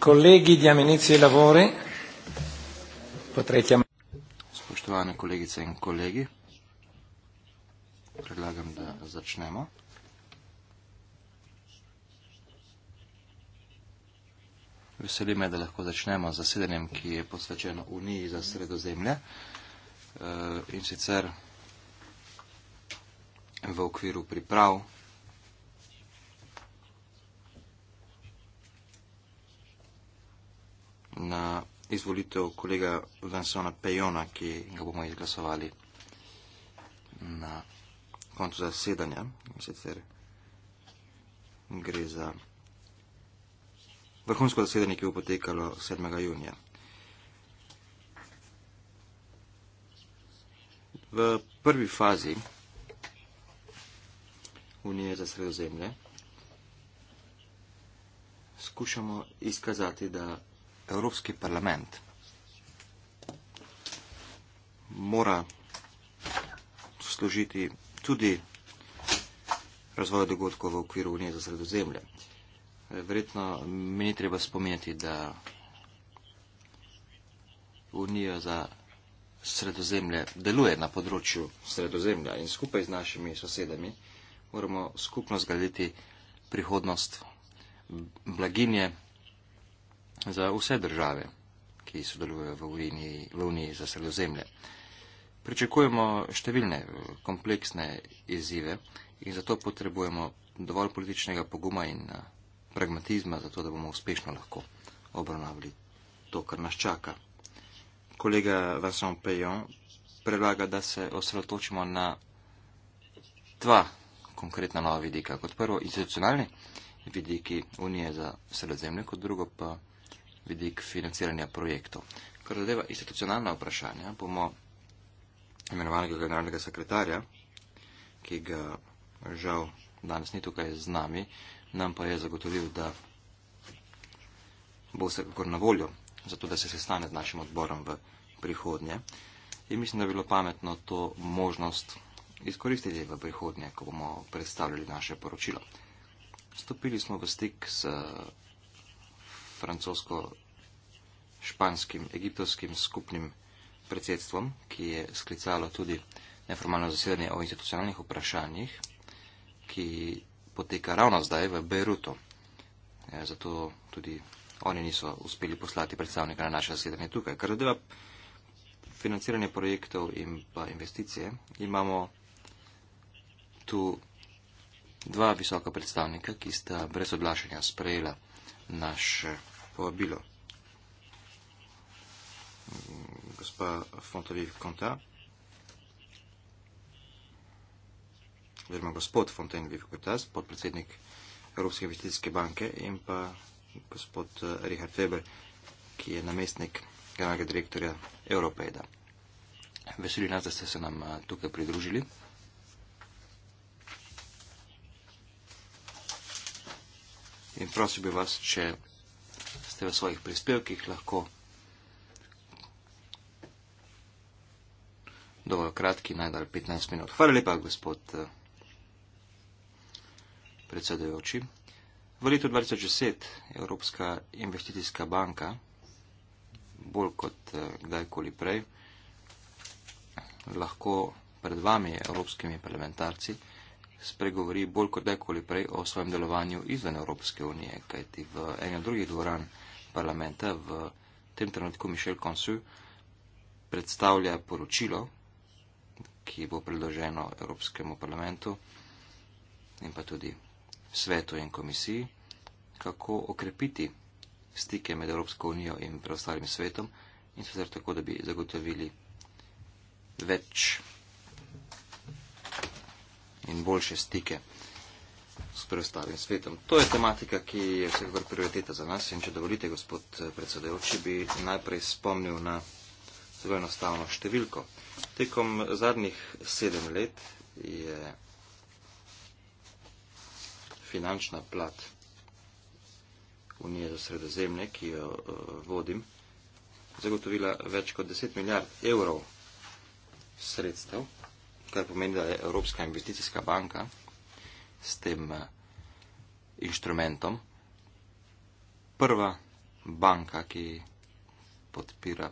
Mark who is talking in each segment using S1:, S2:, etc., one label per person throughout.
S1: Kolegi, diam inizio ai lavori.
S2: Potrei chiamare. Spoštovane kolegice in kolegi, predlagam, da začnemo. Veseli me, da lahko začnemo z zasedanjem, ki je posvečeno Uniji za sredozemlje eh, in sicer v okviru priprav na izvolitev kolega Vensona Pejona, ki ga bomo izglasovali na koncu zasedanja. Sicer gre za vrhunsko zasedanje, ki bo potekalo 7. junija. V prvi fazi Unije za sredozemlje skušamo izkazati, da Evropski parlament mora služiti tudi razvoju dogodkov v okviru Unije za sredozemlje. Verjetno mi ni treba spomeniti, da Unija za sredozemlje deluje na področju sredozemlja in skupaj z našimi sosedami moramo skupno zgraditi prihodnost blaginje za vse države, ki sodelujejo v Uniji, v Uniji za sredozemlje. Pričakujemo številne eh, kompleksne izzive in zato potrebujemo dovolj političnega poguma in eh, pragmatizma, zato da bomo uspešno lahko obravnavali to, kar nas čaka. Kolega Vincent Pejon predlaga, da se osredotočimo na dva konkretna nova vidika. Kot prvo institucionalni vidiki Unije za sredozemlje, kot drugo pa vidik financiranja projektov. Kar zadeva institucionalna vprašanja, bomo imenovanega generalnega sekretarja, ki ga žal danes ni tukaj z nami, nam pa je zagotovil, da bo vse kakor na voljo, zato da se sestane z našim odborom v prihodnje. In mislim, da bi bilo pametno to možnost izkoristiti v prihodnje, ko bomo predstavljali naše poročilo. Stopili smo v stik s francosko-španskim, egiptovskim skupnim predsedstvom, ki je sklicalo tudi neformalno zasedanje o institucionalnih vprašanjih, ki poteka ravno zdaj v Beirutu. Ja, zato tudi oni niso uspeli poslati predstavnika na naše zasedanje tukaj. Kar zadeva financiranje projektov in pa investicije, imamo tu dva visoka predstavnika, ki sta brez odlašanja sprejela naše povabilo. Gospa Fontenvive-Conta, oziroma gospod Fontenvive-Conta, podpredsednik Evropske investicijske banke in pa gospod eh, Richard Weber, ki je namestnik generalnega direktorja Europeda. Veseli nas, da ste se nam eh, tukaj pridružili. In prosil bi vas, če ste v svojih prispevkih lahko dovolj kratki, najdalj 15 minut. Hvala lepa, gospod eh, predsedujoči. V letu 2010 Evropska investicijska banka, bolj kot eh, kdajkoli prej, lahko pred vami, evropskimi parlamentarci, spregovori bolj kot dekoli prej o svojem delovanju izven Evropske unije, kajti v eni od drugih dvoran parlamenta v tem trenutku Mišel Konsu predstavlja poročilo, ki bo predloženo Evropskemu parlamentu in pa tudi svetu in komisiji, kako okrepiti stike med Evropsko unijo in preostalim svetom in sicer tako, da bi zagotovili več in boljše stike s preostalim svetom. To je tematika, ki je vsekakor prioriteta za nas in če dovolite, gospod predsedajoči, bi najprej spomnil na zelo enostavno številko. Tekom zadnjih sedem let je finančna plat Unije za sredozemlje, ki jo eh, vodim, zagotovila več kot 10 milijard evrov sredstev kar pomeni, da je Evropska investicijska banka s tem eh, inštrumentom prva banka, ki podpira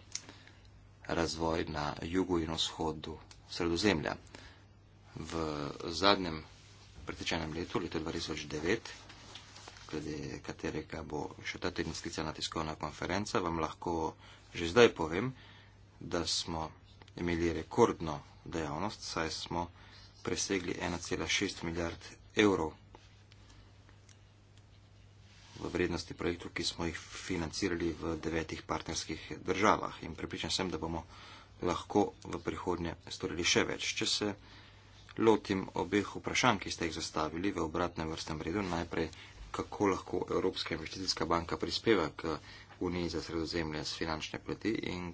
S2: razvoj na jugu in vzhodu sredozemlja. V zadnjem pretečenem letu, letu 2009, glede katerega bo še ta teden sklicana tiskovna konferenca, vam lahko že zdaj povem, da smo imeli rekordno dejavnost, saj smo presegli 1,6 milijard evrov v vrednosti projektov, ki smo jih financirali v devetih partnerskih državah. In pripričan sem, da bomo lahko v prihodnje storili še več. Če se lotim obeh vprašanj, ki ste jih zastavili v obratnem vrstnem redu, najprej, kako lahko Evropska investicijska banka prispeva k Uniji za sredozemlje s finančne plati in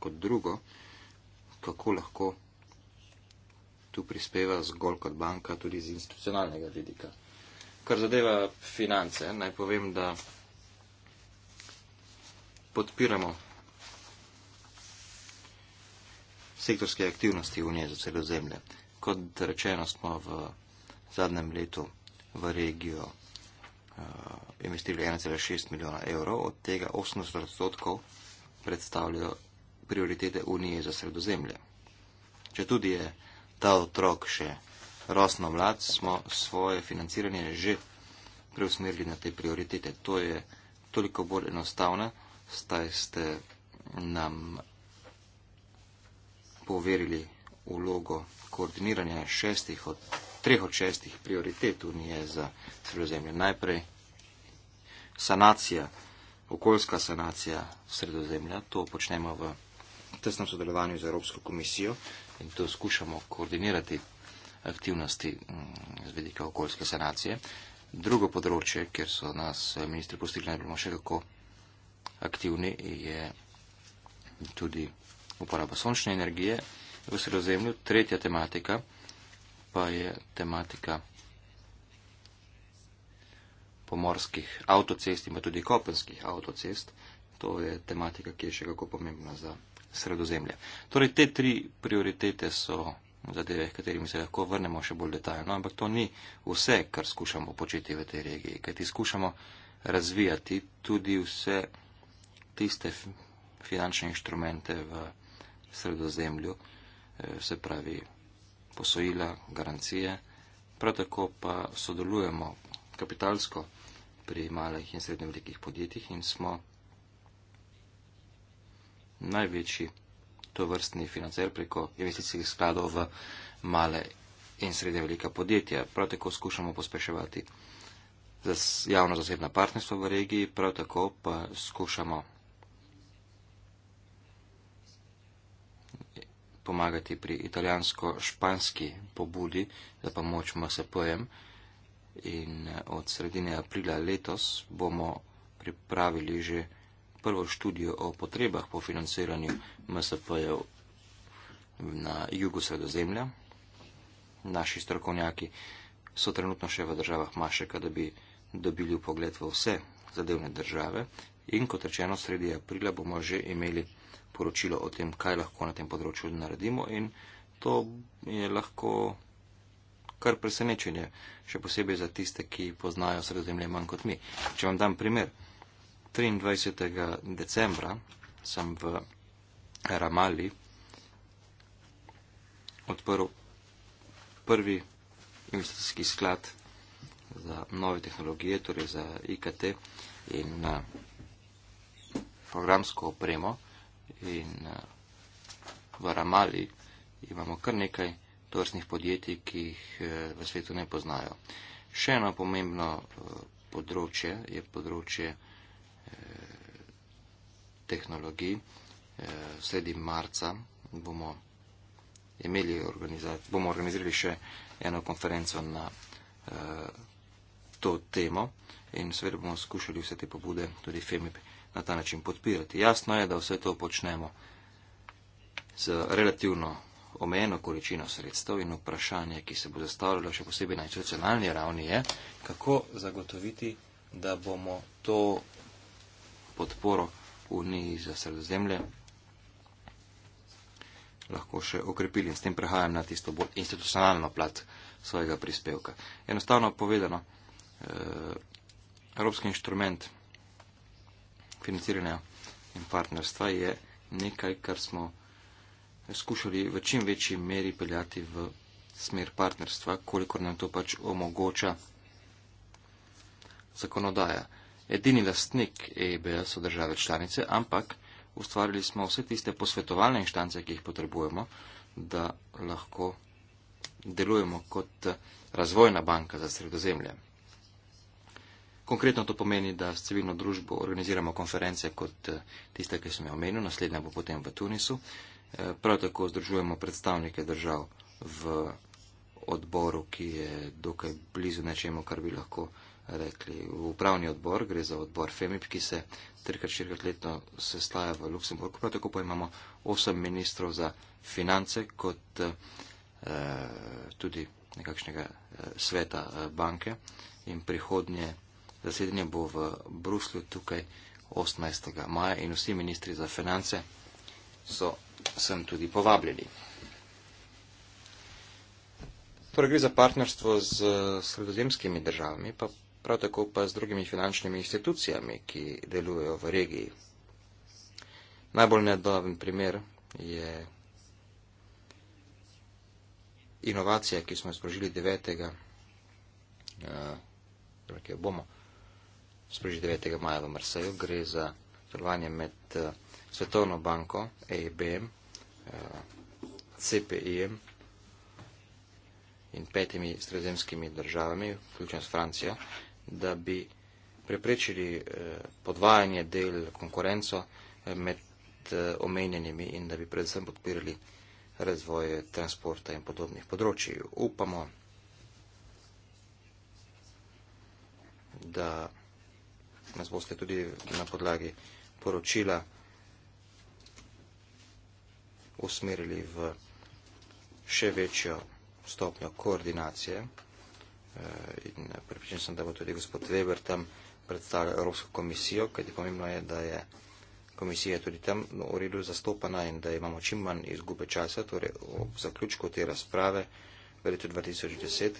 S2: kot drugo, kako lahko tu prispeva zgolj kot banka, tudi iz institucionalnega vidika. Kar zadeva finance, naj povem, da podpiramo sektorske aktivnosti Unije za celo zemlje. Kot rečeno, smo v zadnjem letu v regijo eh, investirali 1,6 milijona evrov, od tega 80 odstotkov predstavljajo prioritete Unije za sredozemlje. Če tudi je ta otrok še rosno mlad, smo svoje financiranje že preusmerili na te prioritete. To je toliko bolj enostavno, staj ste nam poverili vlogo koordiniranja šestih od treh od šestih prioritet Unije za sredozemlje. Najprej sanacija, okoljska sanacija sredozemlja, to počnemo v tesnem sodelovanju z Evropsko komisijo in to skušamo koordinirati aktivnosti mm, z vedika okoljske sanacije. Drugo področje, kjer so nas eh, ministri postili, da bomo še kako aktivni, je tudi uporaba sončne energije v sredozemlju. Tretja tematika pa je tematika pomorskih avtocest in pa tudi kopenskih avtocest. To je tematika, ki je še kako pomembna za sredozemlje. Torej, te tri prioritete so zadeve, s katerimi se lahko vrnemo še bolj detaljno, ampak to ni vse, kar skušamo početi v tej regiji, kajti skušamo razvijati tudi vse tiste finančne inštrumente v sredozemlju, eh, se pravi posojila, garancije, prav tako pa sodelujemo kapitalsko pri malih in srednjevelikih podjetjih in smo največji tovrstni financer preko investicijskih skladov v male in srednje velika podjetja. Prav tako skušamo pospeševati javno zasebna partnerstva v regiji, prav tako pa skušamo pomagati pri italijansko-španski pobudi za pomoč MSP-jem in eh, od sredine aprila letos bomo pripravili že prvo študijo o potrebah po financiranju MSP-jev na jugu sredozemlja. Naši strokovnjaki so trenutno še v državah Mašeka, da bi dobili pogled v vse zadevne države in kot rečeno sredi aprila bomo že imeli poročilo o tem, kaj lahko na tem področju naredimo in to je lahko kar presenečenje, še posebej za tiste, ki poznajo sredozemlje manj kot mi. Če vam dam primer. 23. decembra sem v Ramali odprl prvi investicijski sklad za nove tehnologije, torej za IKT in eh, programsko opremo. In eh, v Ramali imamo kar nekaj tovrstnih podjetij, ki jih eh, v svetu ne poznajo. Še eno pomembno področje je področje tehnologij. V eh, sredi marca bomo, imeli organiza bomo organizirali še eno konferenco na eh, to temo in seveda bomo skušali vse te pobude tudi FEMIP na ta način podpirati. Jasno je, da vse to počnemo z relativno omejeno količino sredstev in vprašanje, ki se bo zastavljalo še posebej na institucionalni ravni, je, kako zagotoviti, da bomo to podporo Uniji za sredozemlje lahko še okrepili in s tem prehajam na tisto bolj institucionalno plat svojega prispevka. Enostavno povedano, eh, evropski inštrument financiranja in partnerstva je nekaj, kar smo skušali v čim večji meri peljati v smer partnerstva, kolikor nam to pač omogoča zakonodaja edini lastnik EIB so države članice, ampak ustvarili smo vse tiste posvetovalne inštance, ki jih potrebujemo, da lahko delujemo kot razvojna banka za sredozemlje. Konkretno to pomeni, da s civilno družbo organiziramo konference kot eh, tiste, ki sem jo omenil, naslednja bo potem v Tunisu. Eh, prav tako združujemo predstavnike držav v odboru, ki je dokaj blizu nečemu, kar bi lahko rekli, v upravni odbor, gre za odbor FEMIP, ki se trikrat širkrat letno sestaja v Luksemburgu, prav tako pa imamo osem ministrov za finance, kot eh, tudi nekakšnega eh, sveta eh, banke in prihodnje zasedanje bo v Bruslju tukaj 18. maja in vsi ministri za finance so sem tudi povabljeni. Torej gre za partnerstvo z sredozemskimi državami, pa prav tako pa z drugimi finančnimi institucijami, ki delujejo v regiji. Najbolj nedoven primer je inovacija, ki smo jo sprožili 9. Uh, eh, torej, bomo, sprožili 9. maja v Marseju. Gre za sodelovanje med uh, Svetovno banko, EIB, uh, eh, CPI in petimi sredozemskimi državami, vključno s Francijo, uh, da bi preprečili eh, podvajanje del konkurenco eh, med eh, omenjenimi in da bi predvsem podpirali razvoj transporta in podobnih področji. Upamo, da nas boste tudi na podlagi poročila usmerili v še večjo stopnjo koordinacije. Eh, in pripričan sem, da bo tudi gospod Weber tam predstavljal Evropsko komisijo, kajti pomembno je, da je komisija tudi tam v redu zastopana in da imamo čim manj izgube časa, torej ob zaključku te razprave v letu 2010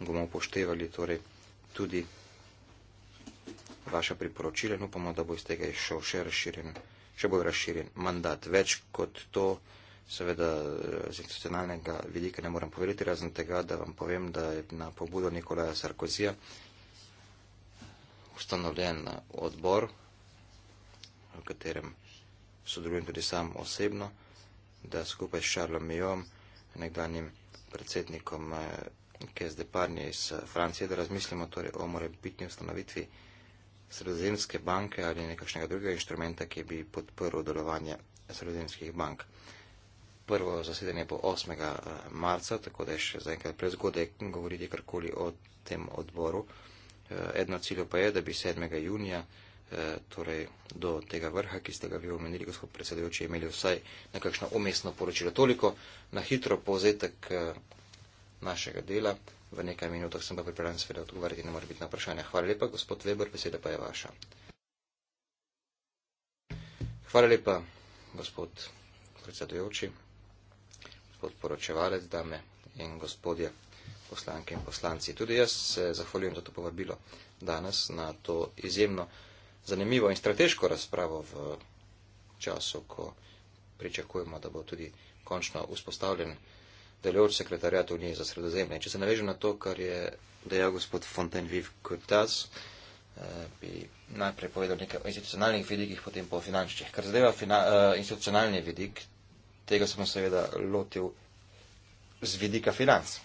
S2: bomo upoštevali torej tudi vaše priporočile in upamo, da bo iz tega izšel še razširjen, še bolj razširjen mandat. Več kot to seveda eh, z institucionalnega vidika ne moram poveriti, razen tega, da vam povem, da je na pobudo Nikolaja Sarkozija ustanovljen eh, odbor, v katerem sodelujem tudi sam osebno, da skupaj s Šarlom Mijom, nekdanjim predsednikom eh, KSD Parni iz Francije, da razmislimo torej o morebitni ustanovitvi sredozemske banke ali nekakšnega drugega inštrumenta, ki bi podprl delovanje sredozemskih bank prvo zasedanje bo 8. Eh, marca, tako da je še zaenkrat prezgodaj govoriti karkoli o tem odboru. Edno eh, ciljo pa je, da bi 7. junija, eh, torej do tega vrha, ki ste ga vi omenili, gospod predsedujoči, imeli vsaj nekakšno umestno poročilo. Toliko na hitro povzetek našega dela. V nekaj minutah sem pa pripravljen seveda odgovarjati na morbitna vprašanja. Hvala lepa, gospod Weber, beseda pa je vaša. Hvala lepa, gospod predsedujoči gospod poročevalec dame in gospodje poslanke in poslanci. Tudi jaz se zahvaljujem za to povabilo danes na to izjemno zanimivo in strateško razpravo v času, ko pričakujemo, da bo tudi končno vzpostavljen delujoč sekretarjat Unije za sredozemlje. Če se navežem na to, kar je dejal gospod Fontenviv Kutas, eh, bi najprej povedal nekaj o institucionalnih vidikih, potem po finančnih. Kar zadeva fina, uh, institucionalni vidik, tega se bom seveda lotil z vidika financ.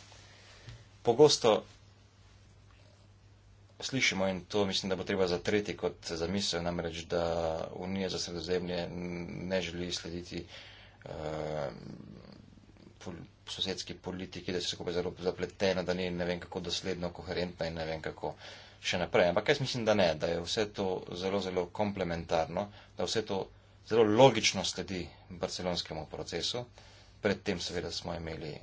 S2: Pogosto slišimo in to mislim, da bo treba zatreti kot zamisel, namreč, da Unija za sredozemlje ne želi slediti uh, sosedski politiki, da se skupaj zelo zapletena, da ni ne vem kako dosledno, koherentna in ne vem kako še naprej. Ampak jaz mislim, da ne, da je vse to zelo, zelo komplementarno, da vse to zelo logično sledi barcelonskemu procesu. Predtem seveda smo imeli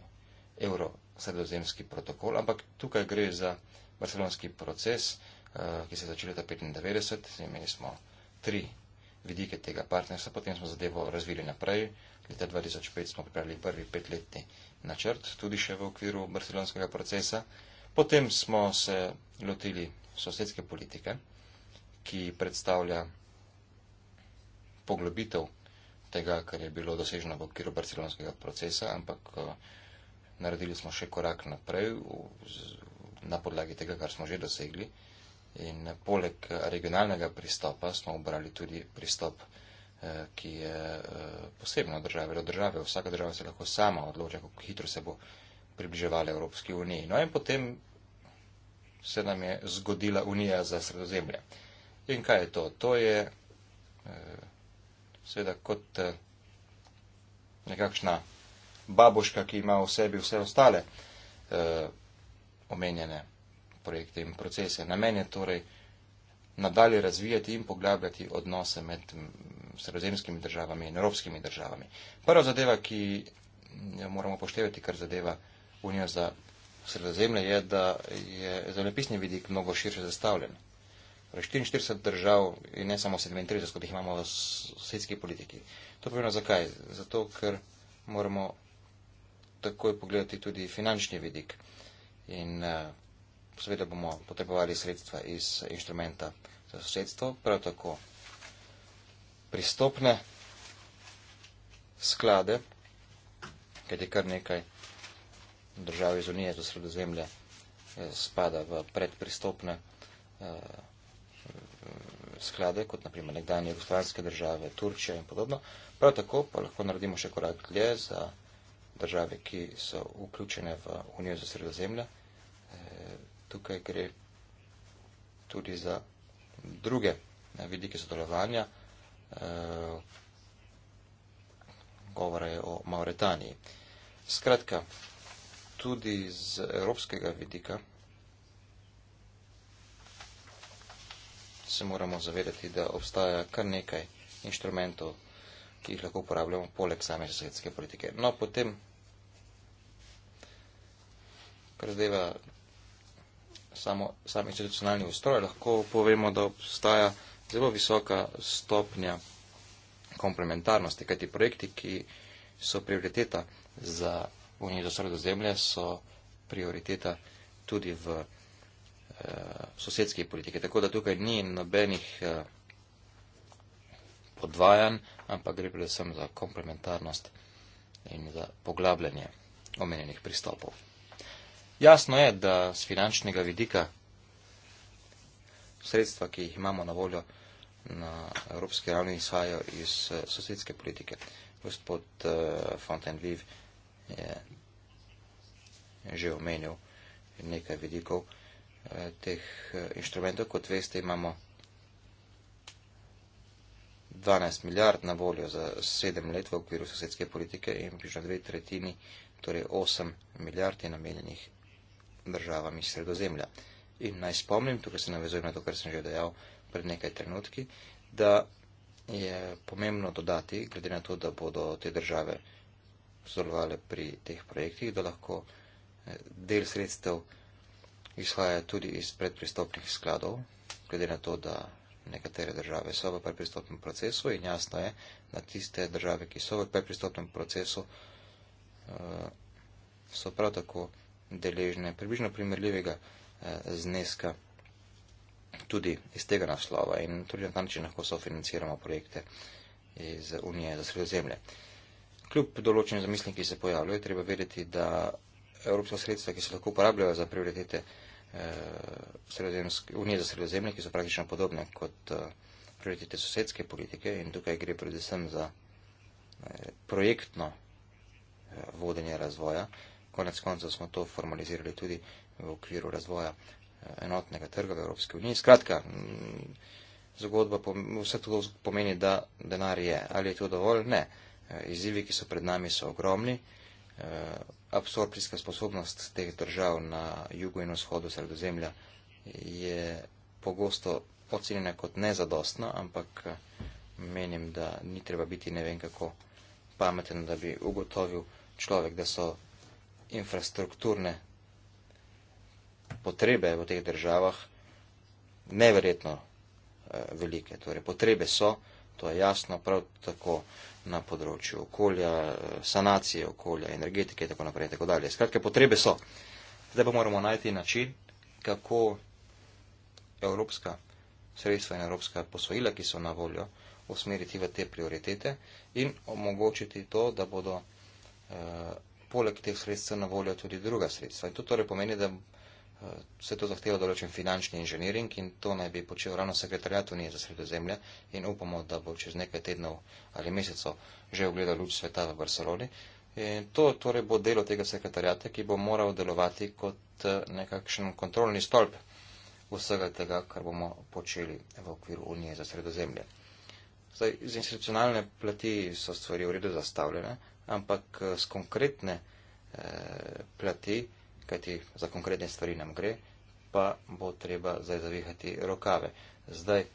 S2: evro-sredozemski protokol, ampak tukaj gre za barcelonski proces, eh, ki se je začel leta 1995. Imeli smo tri vidike tega partnerstva, potem smo zadevo razvili naprej. Leta 2005 smo pripravili prvi petletni načrt, tudi še v okviru barcelonskega procesa. Potem smo se lotili sosedske politike, ki predstavlja poglobitev tega, kar je bilo doseženo v okviru barcelonskega procesa, ampak eh, naredili smo še korak naprej na podlagi tega, kar smo že dosegli. In eh, poleg regionalnega pristopa smo obrali tudi pristop, eh, ki je posebno države do države. Vsaka država se lahko sama odloča, kako hitro se bo približevala Evropski uniji. No in potem se nam je zgodila Unija za sredozemlje. In kaj je to? To je seveda kot eh, nekakšna babuška, ki ima v sebi vse ostale eh, omenjene projekte in procese. Namen je torej nadalje razvijati in poglabljati odnose med sredozemskimi državami in evropskimi državami. Prva zadeva, ki jo moramo poštevati, kar zadeva Unijo za sredozemlje, je, da je zemljepisni vidik mnogo širše zastavljen v 44 držav in ne samo 37, kot jih imamo v sosedski politiki. To pomeni zakaj? Zato, ker moramo takoj pogledati tudi finančni vidik in uh, seveda bomo potrebovali sredstva iz inštrumenta za sosedstvo, prav tako pristopne sklade, kaj je kar nekaj držav iz Unije do sredozemlje eh, spada v predpristopne uh, sklade, kot naprimer nekdanje jugoslovanske države, Turčija in podobno. Prav tako pa lahko naredimo še korak dlje za države, ki so vključene v Unijo za sredozemlje. E, tukaj gre tudi za druge e, vidike sodelovanja. E, govora je o Mauretaniji. Skratka, tudi z evropskega vidika se moramo zavedati, da obstaja kar nekaj inštrumentov, ki jih lahko uporabljamo poleg same sosedske politike. No, potem, kar zadeva samo, sam institucionalni ustroj, lahko povemo, da obstaja zelo visoka stopnja komplementarnosti, kajti projekti, ki so prioriteta za Unijo za sredozemlje, so prioriteta tudi v sosedske politike. Tako da tukaj ni nobenih eh, podvajanj, ampak gre predvsem za komplementarnost in za poglabljanje omenjenih pristopov. Jasno je, da z finančnega vidika sredstva, ki jih imamo na voljo na evropski ravni, izhajajo iz eh, sosedske politike. Gospod eh, Fontenvive je že omenil nekaj vidikov. Eh, teh eh, inštrumentov. Kot veste, imamo 12 milijard na voljo za 7 let v okviru sosedske politike in približno dve tretjini, torej 8 milijard je namenjenih državami sredozemlja. In naj spomnim, tukaj se navezujem na to, kar sem že dejal pred nekaj trenutki, da je pomembno dodati, glede na to, da bodo te države sodelovali pri teh projektih, da lahko eh, del sredstev izhaja tudi iz predpristopnih skladov, glede na to, da nekatere države so v predpristopnem procesu in jasno je, da tiste države, ki so v predpristopnem procesu, eh, so prav tako deležne približno primerljivega eh, zneska tudi iz tega naslova in tudi na ta način lahko sofinanciramo projekte iz Unije za sredozemlje. Kljub določenim zamislim, ki se pojavljajo, treba vedeti, da evropska sredstva, ki se lahko uporabljajo za prioritete eh, Unije za sredozemlje, ki so praktično podobne kot eh, prioritete sosedske politike in tukaj gre predvsem za eh, projektno eh, vodenje razvoja. Konec koncev smo to formalizirali tudi v okviru razvoja eh, enotnega trga v Evropski uniji. Skratka, mm, zgodba, vse to pomeni, da denar je. Ali je to dovolj? Ne. Eh, izzivi, ki so pred nami, so ogromni. Eh, absorpcijska sposobnost teh držav na jugu in vzhodu sredozemlja je pogosto ocenjena kot nezadostna, ampak eh, menim, da ni treba biti ne vem kako pameten, da bi ugotovil človek, da so infrastrukturne potrebe v teh državah neverjetno eh, velike. Torej, potrebe so, To je jasno prav tako na področju okolja, sanacije okolja, energetike in tako naprej. Tako Skratke, potrebe so. Zdaj pa moramo najti način, kako evropska sredstva in evropska posojila, ki so na voljo, usmeriti v te prioritete in omogočiti to, da bodo eh, poleg teh sredstev na voljo tudi druga sredstva. In to torej pomeni, da Vse eh, to zahteva določen finančni inženiring in to naj bi počel ravno sekretarjat Unije za sredozemlje in upamo, da bo čez nekaj tednov ali mesecev že ogledal luč sveta v Barceloni. In to torej bo delo tega sekretarjata, ki bo moral delovati kot eh, nekakšen kontrolni stolp vsega tega, kar bomo počeli v okviru Unije za sredozemlje. Zdaj, z institucionalne plati so stvari v redu zastavljene, ampak z eh, konkretne eh, plati kajti za konkretne stvari nam gre, pa bo treba zdaj zavihati rokave. Zdaj, eh,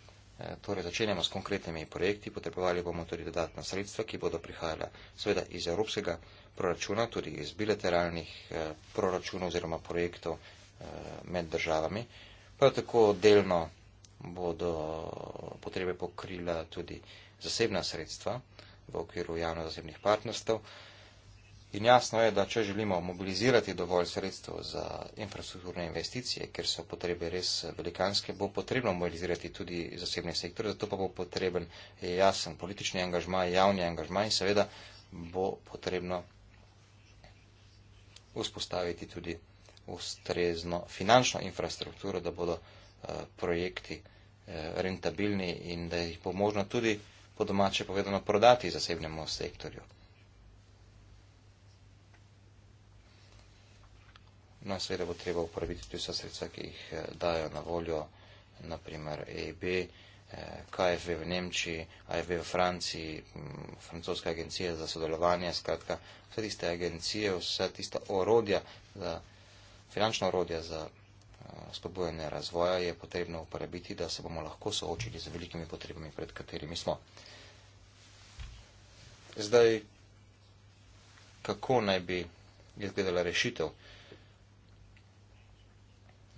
S2: torej, začenjamo s konkretnimi projekti, potrebovali bomo tudi dodatna sredstva, ki bodo prihajala seveda iz evropskega proračuna, tudi iz bilateralnih eh, proračunov oziroma projektov eh, med državami. Prav tako delno bodo potrebe pokrila tudi zasebna sredstva v okviru javno-zasebnih partnerstv. In jasno je, da če želimo mobilizirati dovolj sredstev za infrastrukturne investicije, ker so potrebe res velikanske, bo potrebno mobilizirati tudi zasebni sektor, zato pa bo potreben jasen politični angažma, javni angažma in seveda bo potrebno vzpostaviti tudi ustrezno finančno infrastrukturo, da bodo eh, projekti eh, rentabilni in da jih bo možno tudi po domače povedano prodati zasebnemu sektorju. No, seveda bo treba uporabiti tudi vsa sredstva, ki jih eh, dajo na voljo, naprimer EIB, eh, KFV v Nemčiji, AFV v Franciji, Francoska agencija za sodelovanje, skratka, vse tiste agencije, vse tista orodja, za, finančna orodja za eh, spodbojanje razvoja je potrebno uporabiti, da se bomo lahko soočili z velikimi potrebami, pred katerimi smo. Zdaj, kako naj bi izgledala rešitev?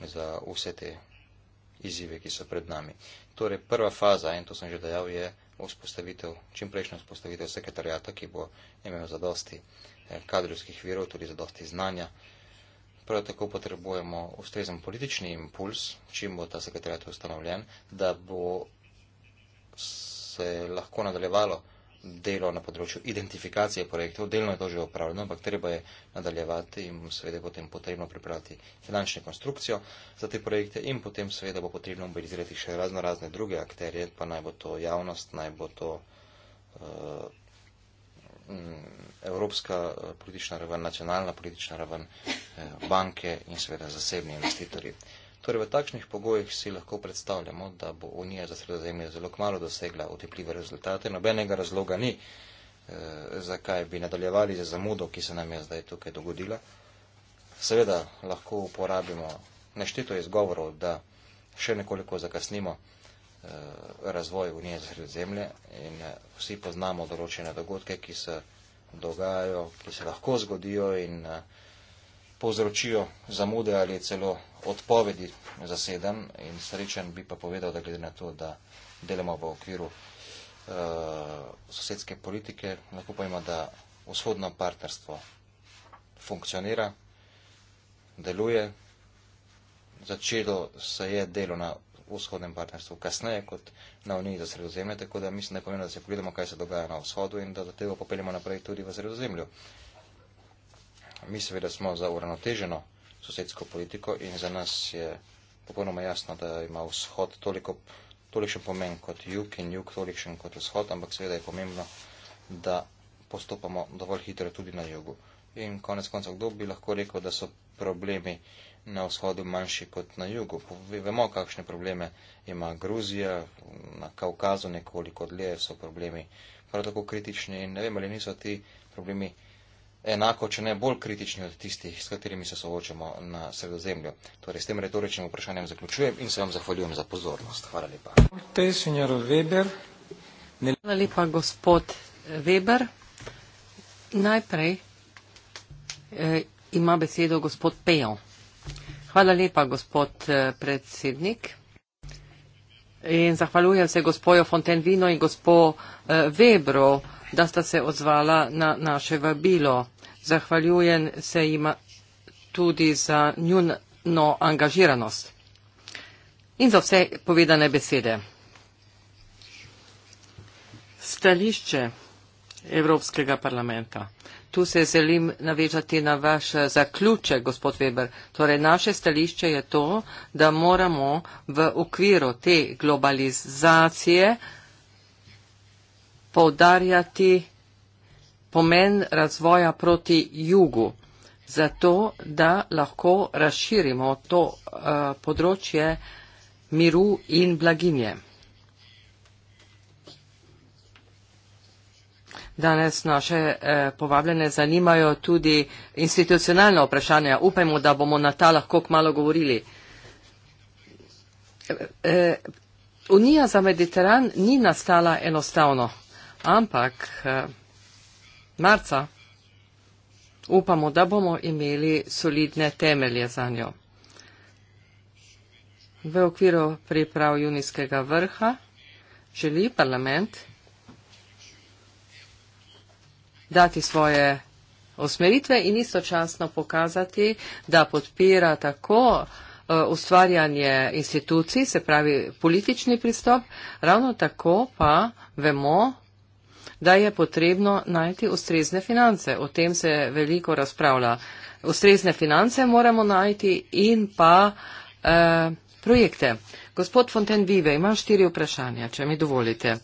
S2: za vse te izzive, ki so pred nami. Torej, prva faza, in to sem že dejal, je vzpostavitev, čimprejšnja vzpostavitev sekretarjata, ki bo imel zadosti eh, kadrovskih virov, tudi zadosti znanja. Prav tako potrebujemo ustrezen politični impuls, čim bo ta sekretarjat ustanovljen, da bo se lahko nadaljevalo delo na področju identifikacije projektov, delno je to že upravljeno, ampak treba je nadaljevati in seveda potem potrebno pripraviti finančno konstrukcijo za te projekte in potem seveda bo potrebno mobilizirati še razno razne druge akterje, pa naj bo to javnost, naj bo to uh, evropska eh, politična raven, nacionalna politična raven, eh, banke in seveda zasebni investitorji. Torej, v takšnih pogojih si lahko predstavljamo, da bo Unija za sredozemlje zelo kmalo dosegla utepljive rezultate. Nobenega razloga ni, eh, zakaj bi nadaljevali za zamudo, ki se nam je zdaj tukaj dogodila. Seveda lahko uporabimo nešteto izgovorov, da še nekoliko zakasnimo eh, razvoj Unije za sredozemlje in eh, vsi poznamo določene dogodke, ki se dogajajo, ki se lahko zgodijo in eh, povzročijo zamude ali celo odpovedi zasedan in srečen bi pa povedal, da glede na to, da delamo v okviru uh, sosedske politike, lahko pa ima, da vzhodno partnerstvo funkcionira, deluje, začelo se je delo na vzhodnem partnerstvu kasneje kot na Uniji za sredozemlje, tako da mislim, da je pomembno, da se pogledamo, kaj se dogaja na vzhodu in da zatevo popeljamo naprej tudi v sredozemlju. Mi seveda smo za uravnoteženo sosedsko politiko in za nas je popolnoma jasno, da ima vzhod toliko, tolikšen pomen kot jug in jug tolikšen kot vzhod, ampak seveda je pomembno, da postopamo dovolj hitro tudi na jugu. In konec koncev, kdo bi lahko rekel, da so problemi na vzhodu manjši kot na jugu. Vemo, kakšne probleme ima Gruzija, na Kaukazu nekoliko dlje so problemi prav tako kritični in ne vem, ali niso ti problemi enako, če ne bolj kritični od tistih, s katerimi se soočamo na sredozemlju. Torej, s tem retoričnim vprašanjem zaključujem in se vam zahvaljujem za pozornost. Hvala lepa.
S3: Hvala lepa, gospod Weber. Najprej eh, ima besedo gospod Pejo. Hvala lepa, gospod eh, predsednik. In zahvaljujem se gospojo Fontenvino in gospo eh, Webro, da sta se odzvala na naše vabilo. Zahvaljujem se jim tudi za njuno angažiranost in za vse povedane besede. Stališče Evropskega parlamenta. Tu se želim navežati na vaš zaključek, gospod Weber. Torej, naše stališče je to, da moramo v okviru te globalizacije poudarjati pomen razvoja proti jugu, zato da lahko razširimo to uh, področje miru in blaginje. Danes naše eh, povabljene zanimajo tudi institucionalna vprašanja. Upajmo, da bomo na ta lahko malo govorili. Eh, eh, Unija za Mediteran ni nastala enostavno, ampak eh, marca. Upamo, da bomo imeli solidne temelje za njo. V okviru priprav junijskega vrha želi parlament dati svoje osmeritve in istočasno pokazati, da podpira tako e, ustvarjanje institucij, se pravi politični pristop, ravno tako pa vemo, da je potrebno najti ustrezne finance. O tem se veliko razpravlja. Ustrezne finance moramo najti in pa eh, projekte. Gospod Fontenvive, imam štiri vprašanja, če mi dovolite.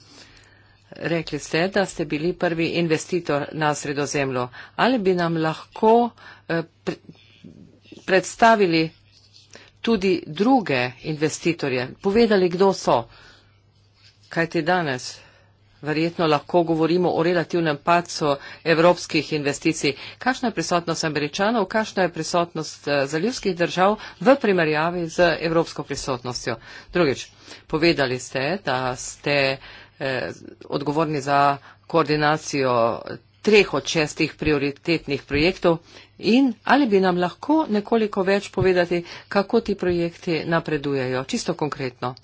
S3: Rekli ste, da ste bili prvi investitor na sredozemlju. Ali bi nam lahko eh, predstavili tudi druge investitorje, povedali, kdo so, kaj ti danes verjetno lahko govorimo o relativnem pacu evropskih investicij. Kakšna je prisotnost američanov, kakšna je prisotnost eh, zaljivskih držav v primerjavi z evropsko prisotnostjo? Drugič, povedali ste, da ste eh, odgovorni za koordinacijo treh od šestih prioritetnih projektov in ali bi nam lahko nekoliko več povedati, kako ti projekti napredujejo, čisto konkretno.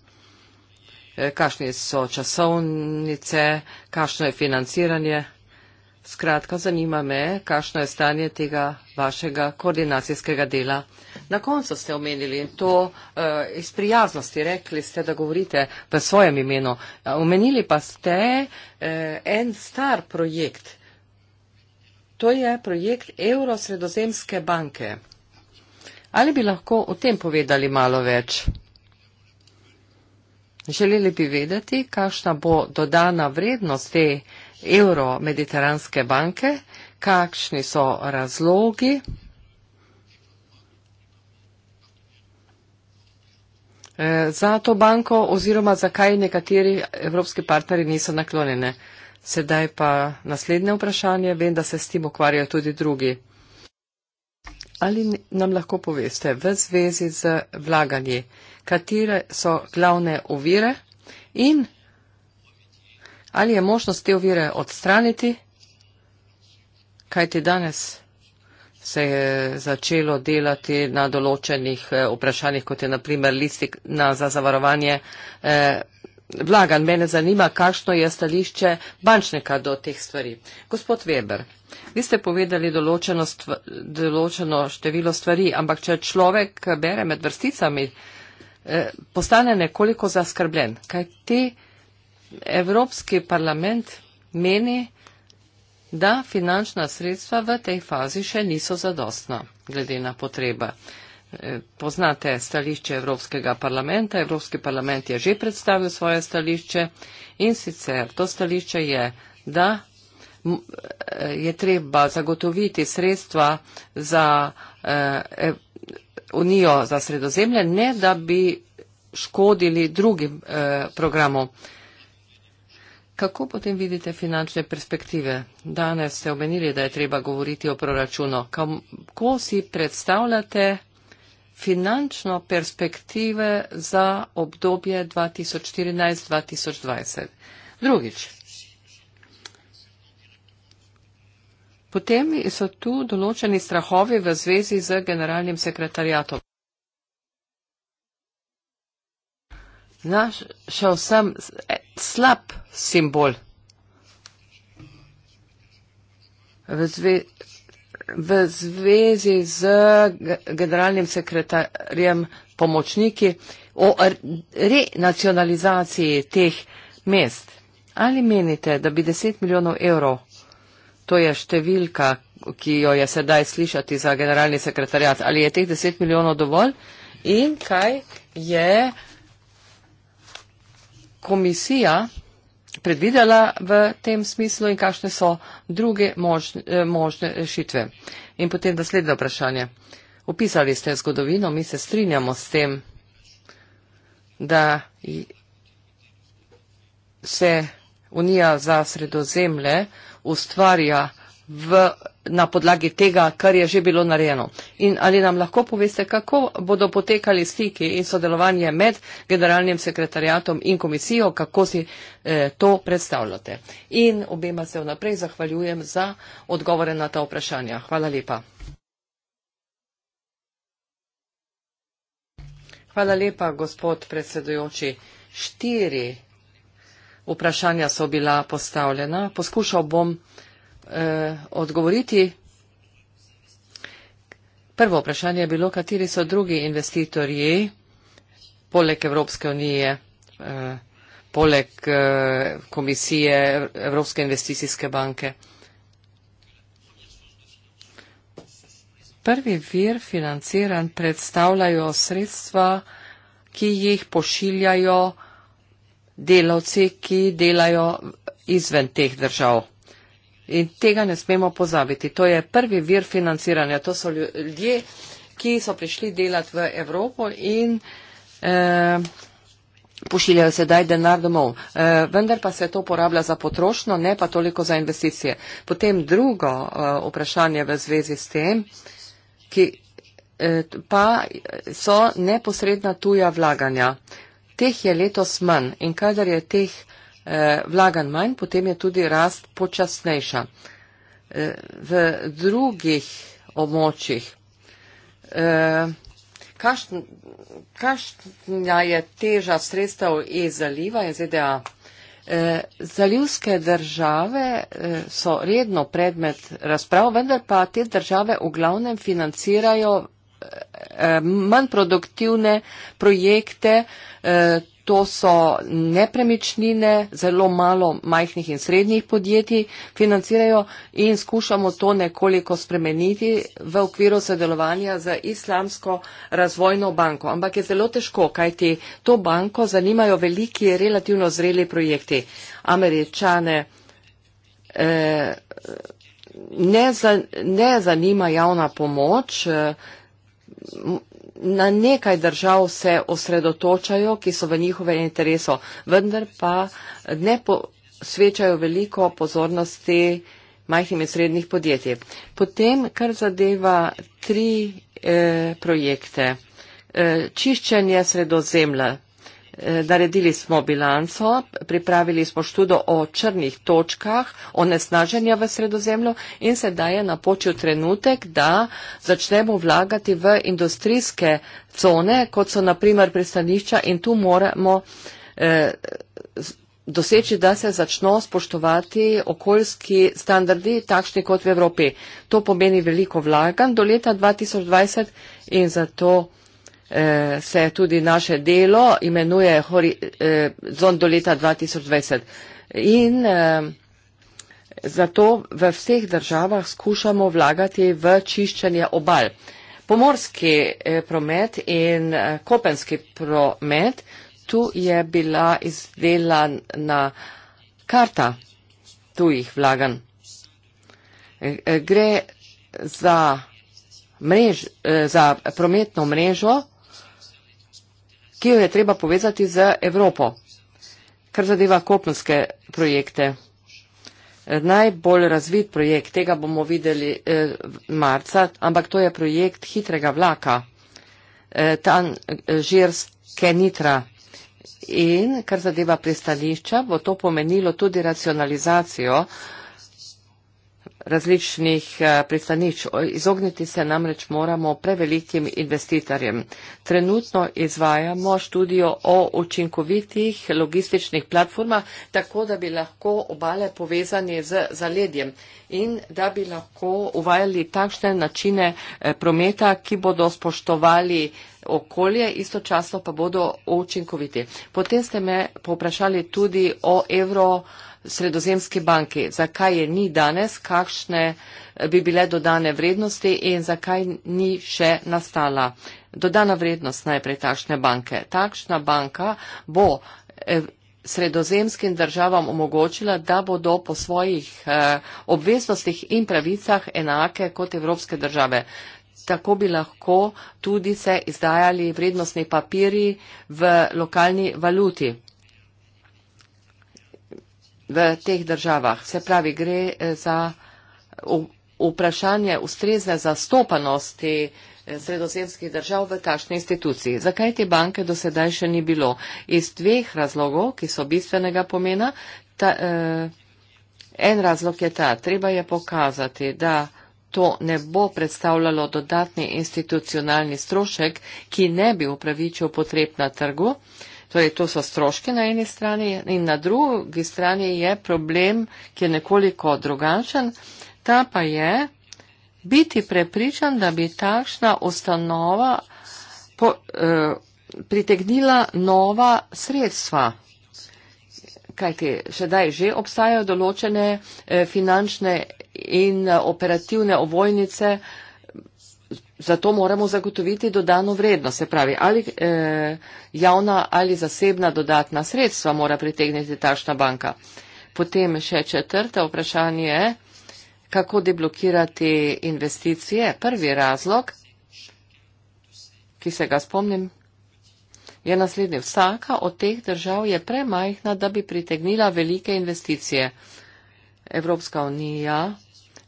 S3: Eh, kakšne so časovnice, kakšno je financiranje. Skratka, zanima me, kakšno je stanje tega vašega koordinacijskega dela. Na koncu ste omenili to uh, iz prijaznosti, rekli ste, da govorite v svojem imenu. Omenili pa ste uh, en star projekt. To je projekt Evrosredozemske banke. Ali bi lahko o tem povedali malo več? Želeli bi vedeti, kakšna bo dodana vrednost te Euro-Mediteranske banke, kakšni so razlogi. E, za to banko oziroma zakaj nekateri evropski partneri niso naklonjene. Sedaj pa naslednje vprašanje, vem, da se s tim ukvarjajo tudi drugi. Ali nam lahko poveste v zvezi z vlaganji? katere so glavne ovire in ali je možnost te ovire odstraniti, kajti danes se je začelo delati na določenih eh, vprašanjih, kot je naprimer listina za zavarovanje eh, vlagan. Mene zanima, kakšno je stališče bančnika do teh stvari. Gospod Weber, vi ste povedali določeno, stv, določeno število stvari, ampak če človek bere med vrsticami, Eh, postane nekoliko zaskrbljen, kaj ti Evropski parlament meni, da finančna sredstva v tej fazi še niso zadostna, glede na potreba. Eh, poznate stališče Evropskega parlamenta. Evropski parlament je že predstavil svoje stališče in sicer to stališče je, da eh, je treba zagotoviti sredstva za Unijo za sredozemlje, ne da bi škodili drugim eh, programom. Kako potem vidite finančne perspektive? Danes ste omenili, da je treba govoriti o proračunu. Kako si predstavljate finančno perspektive za obdobje 2014-2020? Drugič, Potem so tu določeni strahovi v zvezi z generalnim sekretarjatom. Naš šel sem slab simbol. V, zve, v zvezi z generalnim sekretarjem pomočniki o renacionalizaciji teh mest. Ali menite, da bi 10 milijonov evrov to je številka, ki jo je sedaj slišati za generalni sekretarjat. Ali je teh 10 milijonov dovolj in kaj je komisija predvidela v tem smislu in kakšne so druge možne, eh, možne rešitve. In potem naslednje vprašanje. Upisali ste zgodovino, mi se strinjamo s tem, da se Unija za sredozemlje ustvarja v, na podlagi tega, kar je že bilo narejeno. In ali nam lahko poveste, kako bodo potekali stiki in sodelovanje med generalnim sekretarjatom in komisijo, kako si eh, to predstavljate. In obema se vnaprej zahvaljujem za odgovore na ta vprašanja. Hvala lepa. Hvala lepa, gospod predsedujoči. Štiri vprašanja so bila postavljena. Poskušal bom eh, odgovoriti. Prvo vprašanje je bilo, kateri so drugi investitorji poleg Evropske unije, eh, poleg eh, komisije Evropske investicijske banke. Prvi vir financiran predstavljajo sredstva, ki jih pošiljajo eh, delavci, ki delajo izven teh držav. In tega ne smemo pozabiti. To je prvi vir financiranja. To so ljudje, ki so prišli delati v Evropo in eh, pošiljajo sedaj denar domov. Eh, vendar pa se to porablja za potrošno, ne pa toliko za investicije. Potem drugo eh, vprašanje v zvezi s tem, ki, eh, pa so neposredna tuja vlaganja teh je letos manj in kadar je teh eh, vlagan manj, potem je tudi rast počasnejša. Eh, v drugih območjih. Eh, Kakšna je teža sredstev iz zaliva in ZDA? Eh, zalivske države eh, so redno predmet razprav, vendar pa te države v glavnem financirajo Eh, eh, manj produktivne projekte, eh, to so nepremičnine, zelo malo majhnih in srednjih podjetij financirajo in skušamo to nekoliko spremeniti v okviru sodelovanja z Islamsko razvojno banko. Ampak je zelo težko, kajti to banko zanimajo veliki, relativno zreli projekti. Američane ne zanima javna pomoč, na nekaj držav se osredotočajo, ki so v njihove interesu, vendar pa ne posvečajo veliko pozornosti majhnim in srednjih podjetij. Potem, kar zadeva tri eh, projekte. Eh, čiščenje sredozemlja, Eh, naredili smo bilanco, pripravili smo študo o črnih točkah, o nesnaženju v sredozemlju in sedaj je napočil trenutek, da začnemo vlagati v industrijske cone, kot so naprimer pristanišča in tu moramo eh, doseči, da se začno spoštovati okoljski standardi, takšni kot v Evropi. To pomeni veliko vlagan do leta 2020 in zato eh, se tudi naše delo imenuje eh, Zon do leta 2020. In eh, zato v vseh državah skušamo vlagati v čiščenje obal. Pomorski eh, promet in eh, kopenski promet, tu je bila izdelana karta tujih vlagan. Eh, eh, gre za, mrež, eh, za prometno mrežo, ki jo je treba povezati z Evropo, kar zadeva kopenske projekte. Najbolj razvit projekt, tega bomo videli eh, marca, ampak to je projekt hitrega vlaka, eh, tan eh, žirs Kenitra. In kar zadeva pristališča, bo to pomenilo tudi racionalizacijo eh, različnih eh, pristanič. Izogniti se namreč moramo prevelikim investitarjem. Trenutno izvajamo študijo o učinkovitih logističnih platformah, tako da bi lahko obale povezani z zaledjem in da bi lahko uvajali takšne načine eh, prometa, ki bodo spoštovali okolje, istočasno pa bodo učinkoviti. Potem ste me poprašali tudi o evro sredozemski banki. Zakaj je ni danes, kakšne bi bile dodane vrednosti in zakaj ni še nastala dodana vrednost najprej takšne banke. Takšna banka bo eh, sredozemskim državam omogočila, da bodo po svojih eh, obveznostih in pravicah enake kot evropske države. Tako bi lahko tudi se izdajali vrednostni papiri v lokalni valuti v teh državah. Se pravi, gre eh, za vprašanje ustrezne zastopanosti eh, sredozemskih držav v takšni instituciji. Zakaj te banke do sedaj še ni bilo? Iz dveh razlogov, ki so bistvenega pomena. Ta, eh, en razlog je ta, treba je pokazati, da to ne bo predstavljalo dodatni institucionalni strošek, ki ne bi upravičil potreb na trgu. Eh, Torej, to so stroške na eni strani in na drugi strani je problem, ki je nekoliko drugačen. Ta pa je biti prepričan, da bi takšna ustanova po, eh, pritegnila nova sredstva. Kajti, še daj že obstajajo določene eh, finančne in eh, operativne ovojnice eh, zato moramo zagotoviti dodano vrednost, se pravi, ali eh, javna ali zasebna dodatna sredstva mora pritegniti takšna banka. Potem še četrta vprašanje je, kako deblokirati investicije. Prvi razlog, ki se ga spomnim, je naslednji. Vsaka od teh držav je premajhna, da bi pritegnila velike investicije. Evropska unija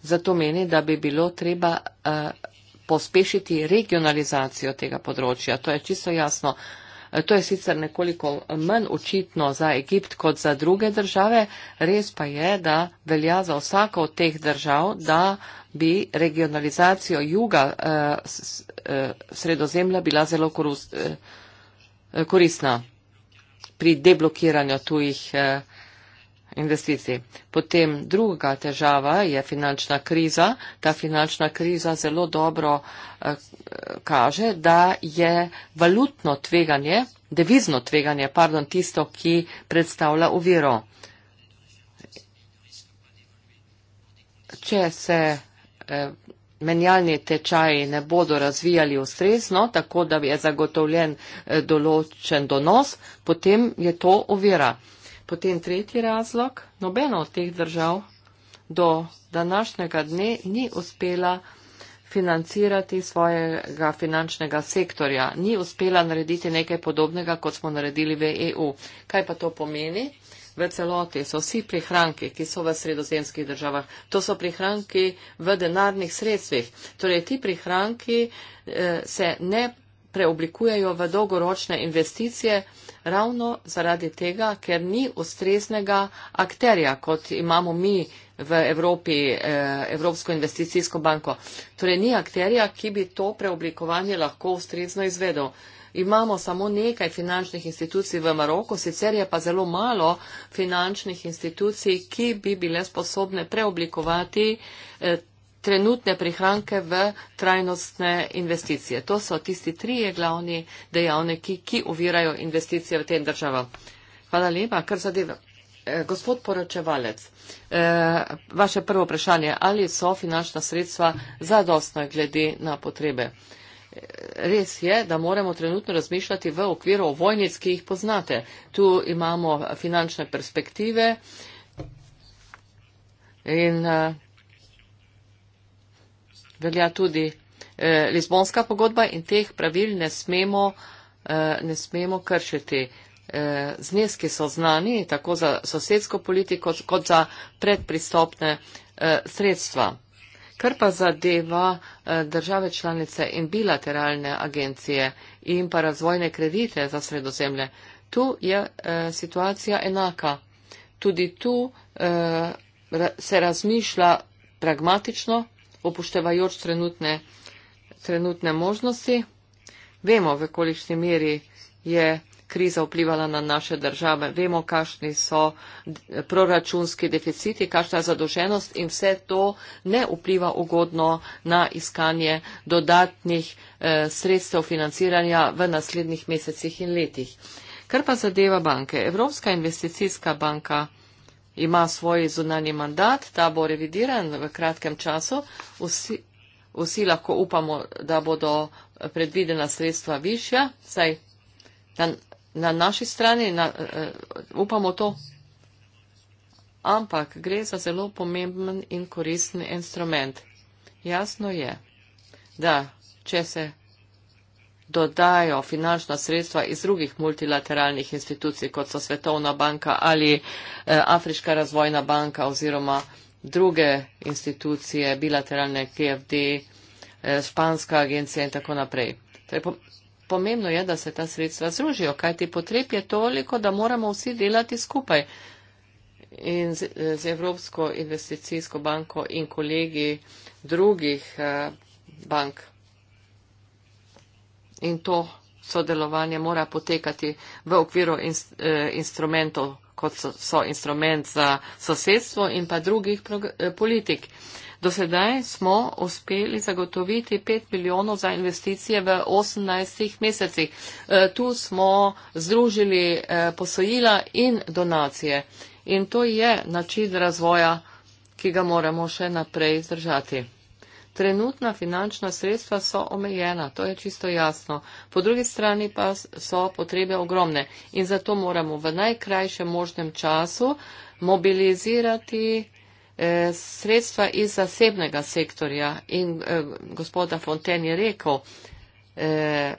S3: zato meni, da bi bilo treba. Eh, pospešiti regionalizacijo tega področja. To je čisto jasno. To je sicer nekoliko manj očitno za Egipt kot za druge države, res pa je, da velja za vsako od teh držav, da bi regionalizacijo juga eh, eh, sredozemlja bila zelo korist, eh, koristna pri deblokiranju tujih investicij. Potem druga težava je finančna kriza. Ta finančna kriza zelo dobro eh, kaže, da je valutno tveganje, devizno tveganje, pardon, tisto, ki predstavlja uviro. Če se eh, menjalni tečaji ne bodo razvijali ustrezno, tako da je zagotovljen eh, določen donos, potem je to uvira. Potem tretji razlog, nobena od teh držav do današnjega dne ni uspela financirati svojega finančnega sektorja, ni uspela narediti nekaj podobnega, kot smo naredili v EU. Kaj pa to pomeni? V celoti so vsi prihranki, ki so v sredozemskih državah, to so prihranki v denarnih sredstvih. Torej, ti prihranki eh, se ne preoblikujejo v dolgoročne investicije, ravno zaradi tega, ker ni ustreznega akterja, kot imamo mi v Evropi, eh, Evropsko investicijsko banko. Torej ni akterja, ki bi to preoblikovanje lahko ustrezno izvedel. Imamo samo nekaj finančnih institucij v Maroku, sicer je pa zelo malo finančnih institucij, ki bi bile sposobne preoblikovati eh, trenutne prihranke v trajnostne investicije. To so tisti trije glavni dejavniki, ki uvirajo investicije v tem državo. Hvala lepa, kar zadeva. Eh, gospod poročevalec, eh, vaše prvo vprašanje, ali so finančna sredstva zadostna glede na potrebe? Eh, res je, da moramo trenutno razmišljati v okviru vojnic, ki jih poznate. Tu imamo finančne perspektive in velja tudi eh, Lizbonska pogodba in teh pravil ne smemo, eh, ne smemo kršiti. Eh, zneski so znani tako za sosedsko politiko kot za predpristopne eh, sredstva. Kar pa zadeva eh, države članice in bilateralne agencije in pa razvojne kredite za sredozemlje, tu je eh, situacija enaka. Tudi tu eh, se razmišlja pragmatično, upoštevajoč trenutne, trenutne možnosti. Vemo, v kolikšni meri je kriza vplivala na naše države, vemo, kakšni so proračunski deficiti, kakšna je zadoženost in vse to ne vpliva ugodno na iskanje dodatnih eh, sredstev financiranja v naslednjih mesecih in letih. Kar pa zadeva banke, Evropska investicijska banka, ima svoj zunani mandat, ta bo revidiran v kratkem času. Vsi, vsi lahko upamo, da bodo predvidena sredstva višja, saj na, na naši strani na, uh, upamo to. Ampak gre za zelo pomemben in koristen instrument. Jasno je, da če se dodajo finančna sredstva iz drugih multilateralnih institucij, kot so Svetovna banka ali eh, Afriška razvojna banka oziroma druge institucije, bilateralne KFD, eh, Španska agencija in tako naprej. Torej, pomembno je, da se ta sredstva združijo, kajti potreb je toliko, da moramo vsi delati skupaj. In z, eh, z Evropsko investicijsko banko in kolegi drugih eh, bank in to sodelovanje mora potekati v okviru inst, eh, instrumentov, kot so, so instrument za sosedstvo in pa drugih prog, eh, politik. Do sedaj smo uspeli zagotoviti 5 milijonov za investicije v 18 mesecih. E, tu smo združili e, posojila in donacije. In to je način razvoja, ki ga moramo še naprej zdržati. Trenutna finančna sredstva so omejena, to je čisto jasno. Po drugi strani pa so potrebe ogromne in zato moramo v najkrajšem možnem času mobilizirati eh, sredstva iz zasebnega sektorja. In eh, gospoda Fonten je rekel, eh,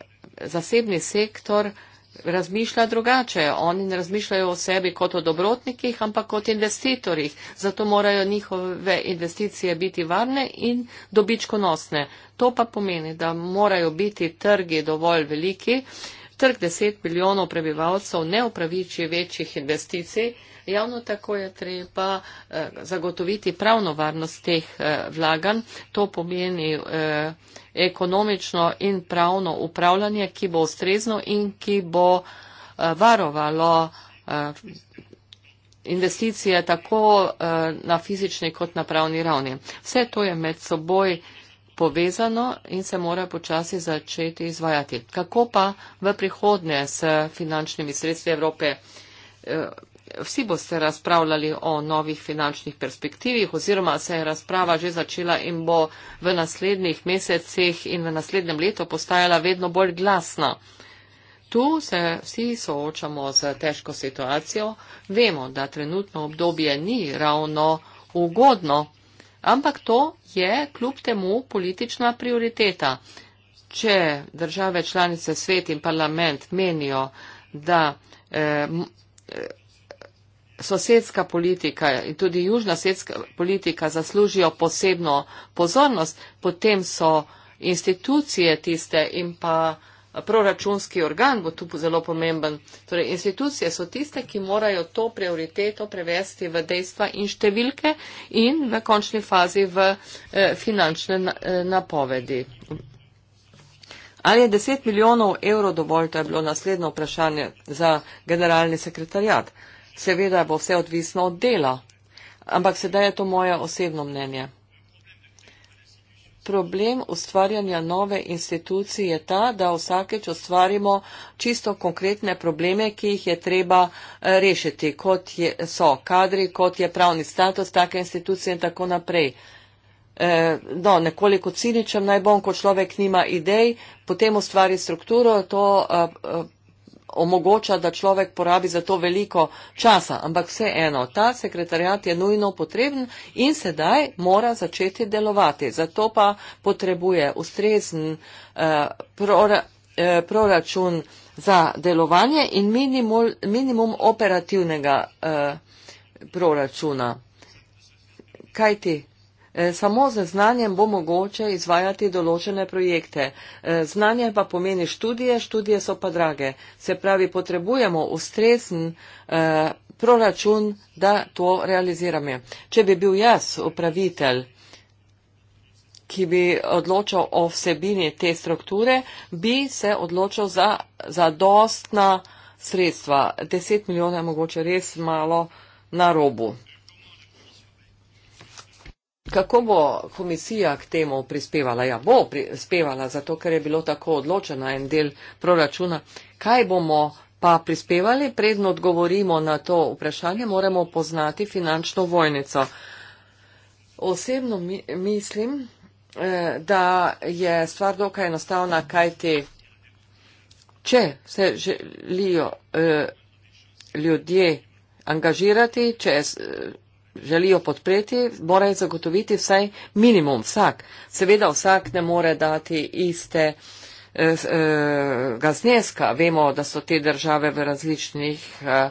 S3: zasebni sektor razmišlja drugače. Oni ne razmišljajo o sebi kot o dobrotnikih, ampak kot investitorjih. Zato morajo njihove investicije biti varne in dobičkonosne. To pa pomeni, da morajo biti trgi dovolj veliki, trg deset milijonov prebivalcev ne upraviči večjih investicij, javno tako je treba eh, zagotoviti pravno varnost teh eh, vlagan. To pomeni eh, ekonomično in pravno upravljanje, ki bo ustrezno in ki bo eh, varovalo. Eh, investicije tako eh, na fizični kot na pravni ravni. Vse to je med seboj povezano in se morajo počasi začeti izvajati. Kako pa v prihodnje s finančnimi sredstvi Evrope? Eh, vsi boste razpravljali o novih finančnih perspektivih oziroma se je razprava že začela in bo v naslednjih mesecih in v naslednjem letu postajala vedno bolj glasna. Tu se vsi soočamo z težko situacijo. Vemo, da trenutno obdobje ni ravno ugodno. Ampak to je kljub temu politična prioriteta. Če države članice svet in parlament menijo, da eh, eh sosedska politika in tudi južna sosedska politika zaslužijo posebno pozornost, potem so institucije tiste in pa eh, proračunski organ bo tu zelo pomemben. Torej, institucije so tiste, ki morajo to prioriteto prevesti v dejstva in številke in v končni fazi v eh, finančne eh, napovedi. Ali je 10 milijonov evrov dovolj, to je bilo naslednje vprašanje za generalni sekretarjat. Seveda bo vse odvisno od dela, ampak sedaj je to moje osebno mnenje problem ustvarjanja nove institucije je ta, da vsakeč ustvarimo čisto konkretne probleme, ki jih je treba eh, rešiti, kot je, so kadri, kot je pravni status take institucije in tako naprej. Eh, no, nekoliko ciničem naj bom, ko človek nima idej, potem ustvari strukturo, to eh, omogoča, da človek porabi za to veliko časa, ampak vseeno, ta sekretarjat je nujno potreben in sedaj mora začeti delovati. Zato pa potrebuje ustrezen uh, prora, uh, proračun za delovanje in minimul, minimum operativnega uh, proračuna. Kaj ti? Eh, samo z znanjem bo mogoče izvajati določene projekte. Eh, znanje pa pomeni študije, študije so pa drage. Se pravi, potrebujemo ustrezen eh, proračun, da to realiziramo. Če bi bil jaz upravitelj, ki bi odločal o vsebini te strukture, bi se odločil za, za dostna sredstva. 10 milijonov je mogoče res malo na robu. Kako bo komisija k temu prispevala? Ja, bo prispevala, zato ker je bilo tako odločena en del proračuna. Kaj bomo pa prispevali? Predno odgovorimo na to vprašanje, moramo poznati finančno vojnico. Osebno mi, mislim, eh, da je stvar dokaj enostavna, kaj ti, če se želijo eh, ljudje angažirati, če. Eh, želijo podpreti, morajo zagotoviti vsaj minimum vsak. Seveda vsak ne more dati iste eh, eh, ga zneska. Vemo, da so te države v različnih eh,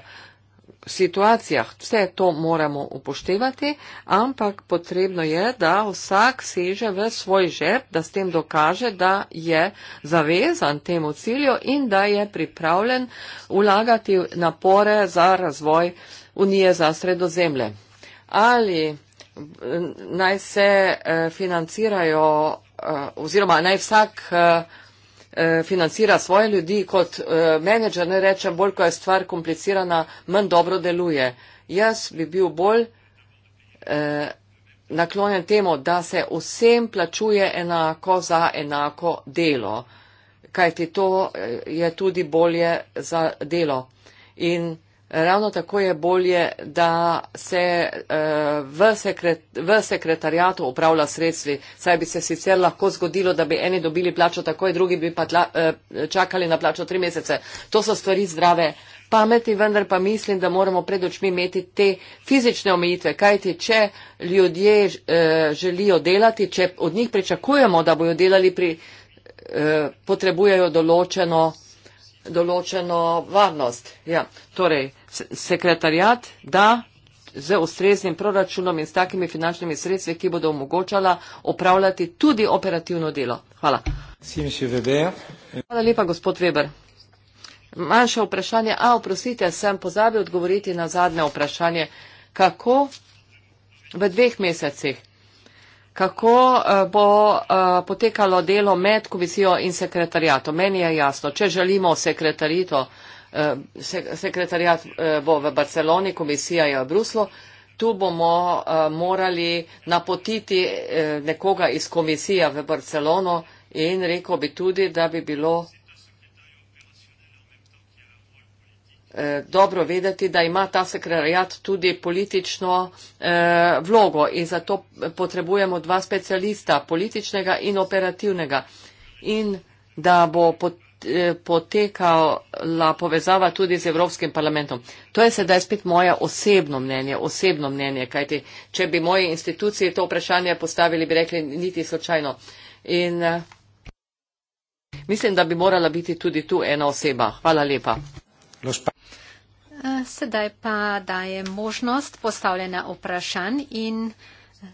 S3: situacijah. Vse to moramo upoštevati, ampak potrebno je, da vsak seže v svoj žep, da s tem dokaže, da je zavezan temu cilju in da je pripravljen vlagati napore za razvoj Unije za sredozemlje ali eh, naj se eh, financirajo eh, oziroma naj vsak financira svoje ljudi kot menedžer, ne rečem, bolj ko je stvar komplicirana, manj dobro deluje. Jaz bi bil bolj naklonjen temu, da se vsem plačuje enako za enako delo, kajti to je tudi bolje za delo. In ravno tako je bolje, da se uh, v, sekret, v sekretarijatu upravlja sredstvi. Saj bi se sicer lahko zgodilo, da bi eni dobili plačo takoj, drugi bi pa tla, uh, čakali na plačo tri mesece. To so stvari zdrave pameti, vendar pa mislim, da moramo pred očmi imeti te fizične omejitve, kajti če ljudje uh, želijo delati, če od njih pričakujemo, da bodo delali pri potrebujejo določeno določeno varnost. Ja, torej, sekretarjat, da z ustreznim proračunom in s takimi finančnimi sredstvi, ki bodo omogočala opravljati tudi operativno delo. Hvala. Hvala lepa, gospod Weber. Manjše vprašanje. A, oprostite, sem pozabil odgovoriti na zadnje vprašanje. Kako v dveh mesecih kako eh, bo eh, potekalo delo med komisijo in sekretarijatom. Meni je jasno, če želimo sekretarito, eh, sekretarijat bo v Barceloni, komisija je v Bruslu, tu bomo morali napotiti nekoga iz komisije v Barcelono in rekel bi tudi, da bi bilo Eh, dobro vedeti, da ima ta sekretarijat tudi politično eh, vlogo in zato potrebujemo dva specialista, političnega in operativnega. In da bo eh, potekala povezava tudi z Evropskim parlamentom. To je sedaj spet moje osebno mnenje, osebno mnenje, kajti če bi moji instituciji to vprašanje postavili, bi rekli niti slučajno. In eh, mislim, da bi morala biti tudi tu ena oseba. Hvala lepa. Lospa.
S4: Eh, sedaj pa dajem možnost postavljena vprašanj in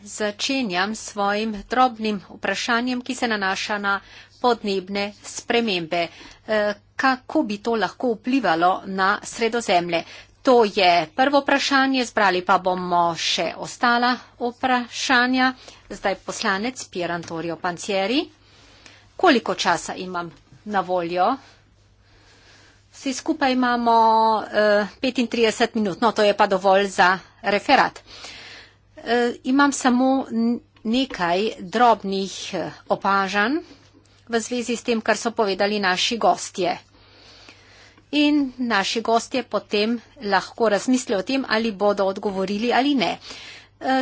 S4: začenjam s svojim drobnim vprašanjem, ki se nanaša na podnebne spremembe. Eh, kako bi to lahko vplivalo na sredozemlje? To je prvo vprašanje, zbrali pa bomo še ostala vprašanja. Zdaj poslanec Pier Antorio Pancieri. Koliko časa imam na voljo? Vsi skupaj imamo uh, eh, 35 minut, no to je pa dovolj za referat. Uh, imam samo nekaj drobnih eh, opažanj v zvezi s tem, kar so povedali naši gostje. In naši gostje potem lahko razmislijo o tem, ali bodo odgovorili ali ne.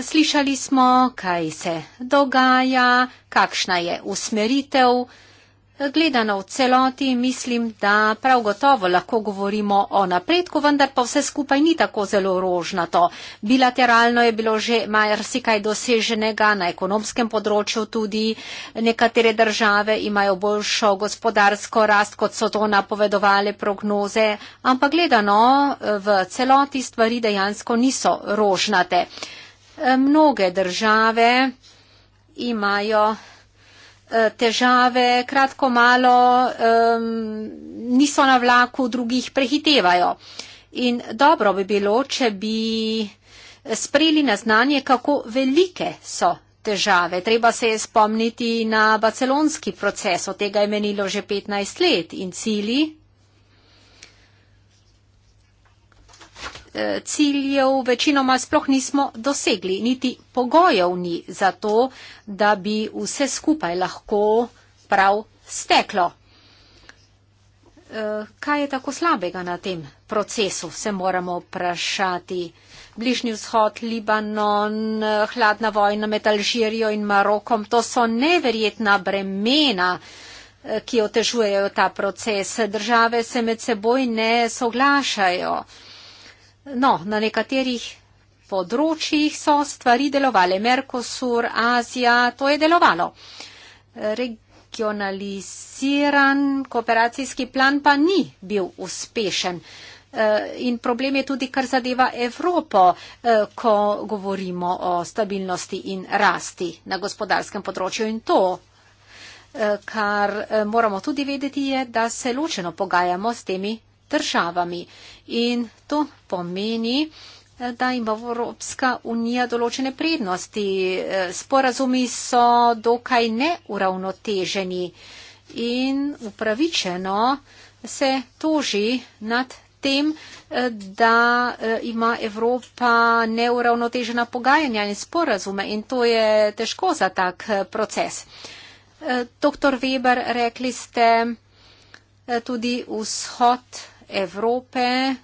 S4: Slišali smo, kaj se dogaja, kakšna je usmeritev, Gledano v celoti mislim, da prav gotovo lahko govorimo o napredku, vendar pa vse skupaj ni tako zelo rožnato. Bilateralno je bilo že marsikaj doseženega, na ekonomskem področju tudi nekatere države imajo boljšo gospodarsko rast, kot so to napovedovale prognoze, ampak gledano v celoti stvari dejansko niso rožnate. Mnoge države imajo Eh, težave, kratko malo um, niso na vlaku, drugih prehitevajo. In dobro bi bilo, če bi sprejeli na znanje, kako velike so težave. Treba se je spomniti na barcelonski proces, od tega je menilo že 15 let in cili ciljev večinoma sploh nismo dosegli, niti pogojev ni za to, da bi vse skupaj lahko prav steklo. Eh, kaj je tako slabega na tem procesu, se moramo vprašati. Bližnji vzhod, Libanon, hladna vojna med Alžirijo in Marokom, to so neverjetna bremena, eh, ki otežujejo ta proces. Države se med seboj ne soglašajo. No, na nekaterih področjih so stvari delovale. Merkosur, Azija, to je delovalo. Regionaliziran kooperacijski plan pa ni bil uspešen. E, in problem je tudi, kar zadeva Evropo, e, ko govorimo o stabilnosti in rasti na gospodarskem področju. In to, e, kar moramo tudi vedeti, je, da se ločeno pogajamo s temi državami. In to pomeni, da ima Evropska unija določene prednosti. Sporazumi so dokaj neuravnoteženi in upravičeno se toži nad tem, da eh, ima Evropa neuravnotežena pogajanja in sporazume in to je težko za tak eh, proces. Eh, doktor Weber, rekli ste tudi vzhod Evrope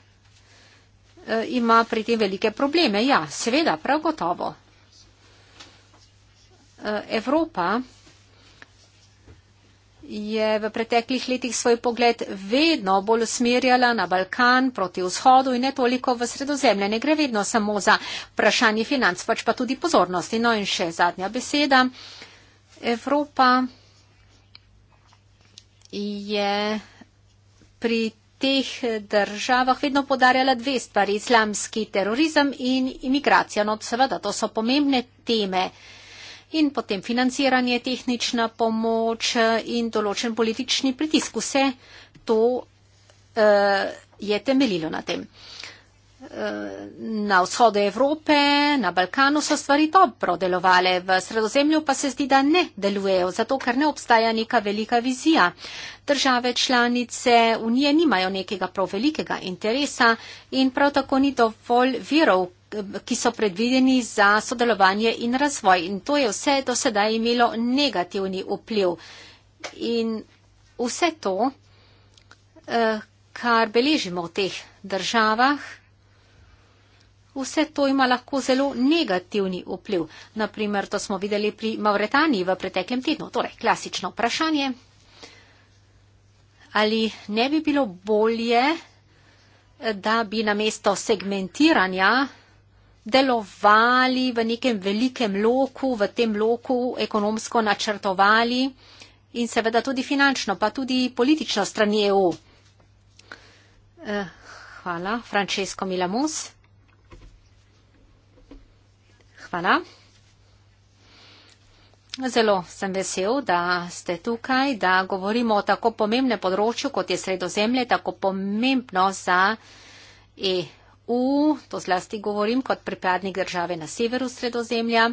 S4: eh, ima pri tem velike probleme. Ja, seveda, prav gotovo. Eh, Evropa je v preteklih letih svoj pogled vedno bolj usmerjala na Balkan proti vzhodu in ne toliko v sredozemlje. Ne gre vedno samo za vprašanje financ, pač pa tudi pozornosti. No in še zadnja beseda. Evropa je pri teh eh, državah vedno podarjala dve stvari, islamski terorizem in imigracija. No, seveda, to so pomembne teme. In potem financiranje, tehnična pomoč eh, in določen politični pritisk. Vse to uh, je temeljilo na tem. Na vzhodu Evrope, na Balkanu so stvari dobro delovale, v sredozemlju pa se zdi, da ne delujejo, zato ker ne obstaja neka velika vizija. Države članice unije nimajo nekega prav velikega interesa in prav tako ni dovolj virov, ki so predvideni za sodelovanje in razvoj. In to je vse do sedaj imelo negativni vpliv. In vse to, eh, kar beležimo v teh državah, Vse to ima lahko zelo negativni vpliv. Naprimer, to smo videli pri Mauretaniji v preteklem tednu. Torej, klasično vprašanje. Ali ne bi bilo bolje, da bi na mesto segmentiranja delovali v nekem velikem loku, v tem loku ekonomsko načrtovali in seveda tudi finančno, pa tudi politično strani EU? Eh, hvala, Francesco Milamus hvala. Zelo sem vesel, da ste tukaj, da govorimo o tako pomembnem področju, kot je sredozemlje, tako pomembno za EU. To zlasti govorim kot pripadnik države na severu sredozemlja.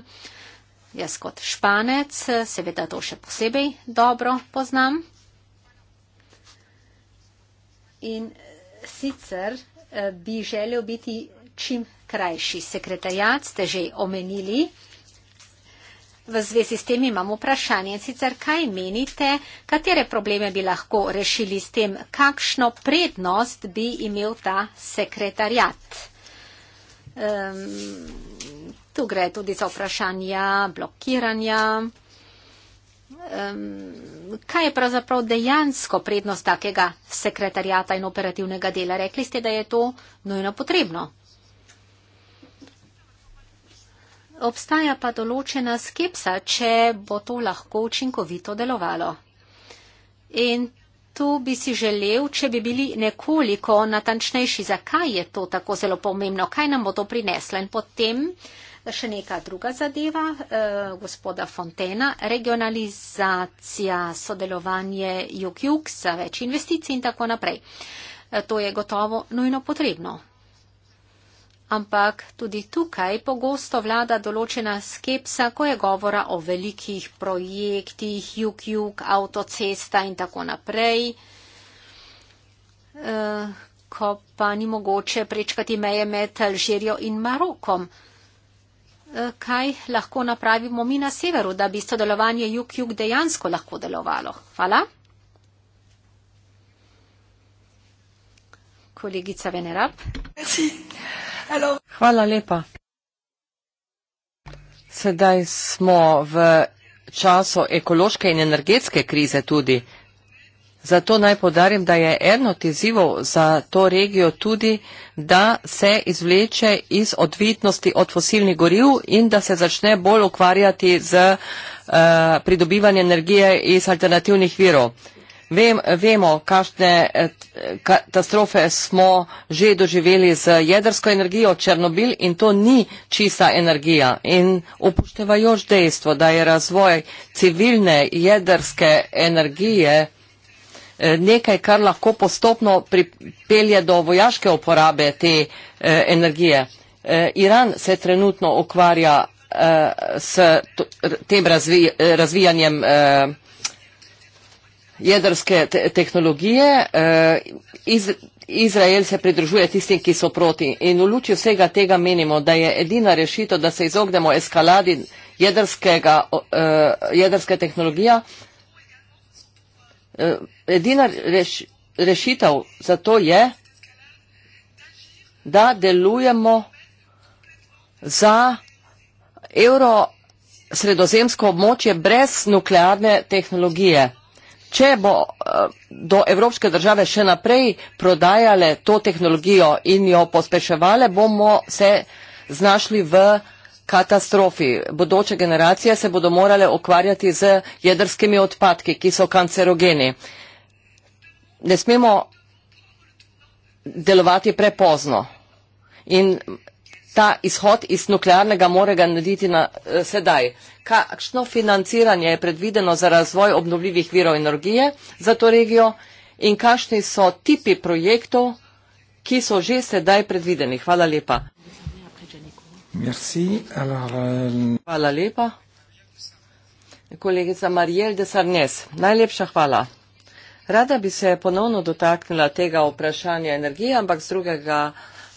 S4: Jaz kot španec seveda to še posebej dobro poznam. In sicer eh, bi želel biti čim krajši. Sekretarjat ste že omenili. V zvezi s tem imamo vprašanje, sicer kaj menite, katere probleme bi lahko rešili s tem, kakšno prednost bi imel ta sekretarjat. Um, tu gre tudi za vprašanja blokiranja. Um, kaj je pravzaprav dejansko prednost takega sekretarjata in operativnega dela? Rekli ste, da je to nujno potrebno. Obstaja pa določena skepsa, če bo to lahko učinkovito delovalo. In tu bi si želel, če bi bili nekoliko natančnejši, zakaj je to tako zelo pomembno, kaj nam bo to prineslo. In potem še neka druga zadeva, eh, gospoda Fontena, regionalizacija, sodelovanje jug-jug za več investicij in tako naprej. Eh, to je gotovo nujno potrebno ampak tudi tukaj pogosto vlada določena skepsa, ko je govora o velikih projektih, jug-jug, avtocesta in tako naprej, eh, ko pa ni mogoče prečkati meje med Alžirijo in Marokom. Eh, kaj lahko napravimo mi na severu, da bi sodelovanje jug-jug dejansko lahko delovalo? Hvala. Kolegica Venerab. Merci.
S3: Hvala lepa. Sedaj smo v času ekološke in energetske krize tudi. Zato naj podarim, da je eno od izzivov za to regijo tudi, da se izvleče iz odvitnosti od fosilnih goriv in da se začne bolj ukvarjati z uh, pridobivanjem energije iz alternativnih virov. Uh, Vem, vemo, kakšne eh, katastrofe smo že doživeli z jedrsko energijo Černobil in to ni čista energija. In upoštevajoč dejstvo, da je razvoj civilne jedrske energije eh, nekaj, kar lahko postopno pripelje do vojaške uporabe te eh, energije. Iran se trenutno ukvarja s tem razvijanjem energije jedrske te tehnologije. Eh, iz Izrael se pridružuje tistim, ki so proti. In v luči vsega tega menimo, da je edina rešitev, da se izognemo eskaladi jedrskega, eh, jedrske tehnologije. Eh, edina reš rešitev za to je, da delujemo za evro sredozemsko območje brez nuklearne tehnologije če bo eh, do evropske države še naprej prodajale to tehnologijo in jo pospeševale, bomo se znašli v katastrofi. Bodoče generacije se bodo morale okvarjati z jedrskimi odpadki, ki so kancerogeni. Ne smemo delovati prepozno. In ta izhod iz nuklearnega morega narediti na, eh, sedaj. Kakšno financiranje je predvideno za razvoj obnovljivih virov energije za to regijo in kakšni so tipi projektov, ki so že sedaj predvideni? Hvala lepa. Merci. Euh, hvala lepa. Kolegica Marijel de Sarnes, najlepša hvala. Rada bi se ponovno dotaknila tega vprašanja energije, ampak z drugega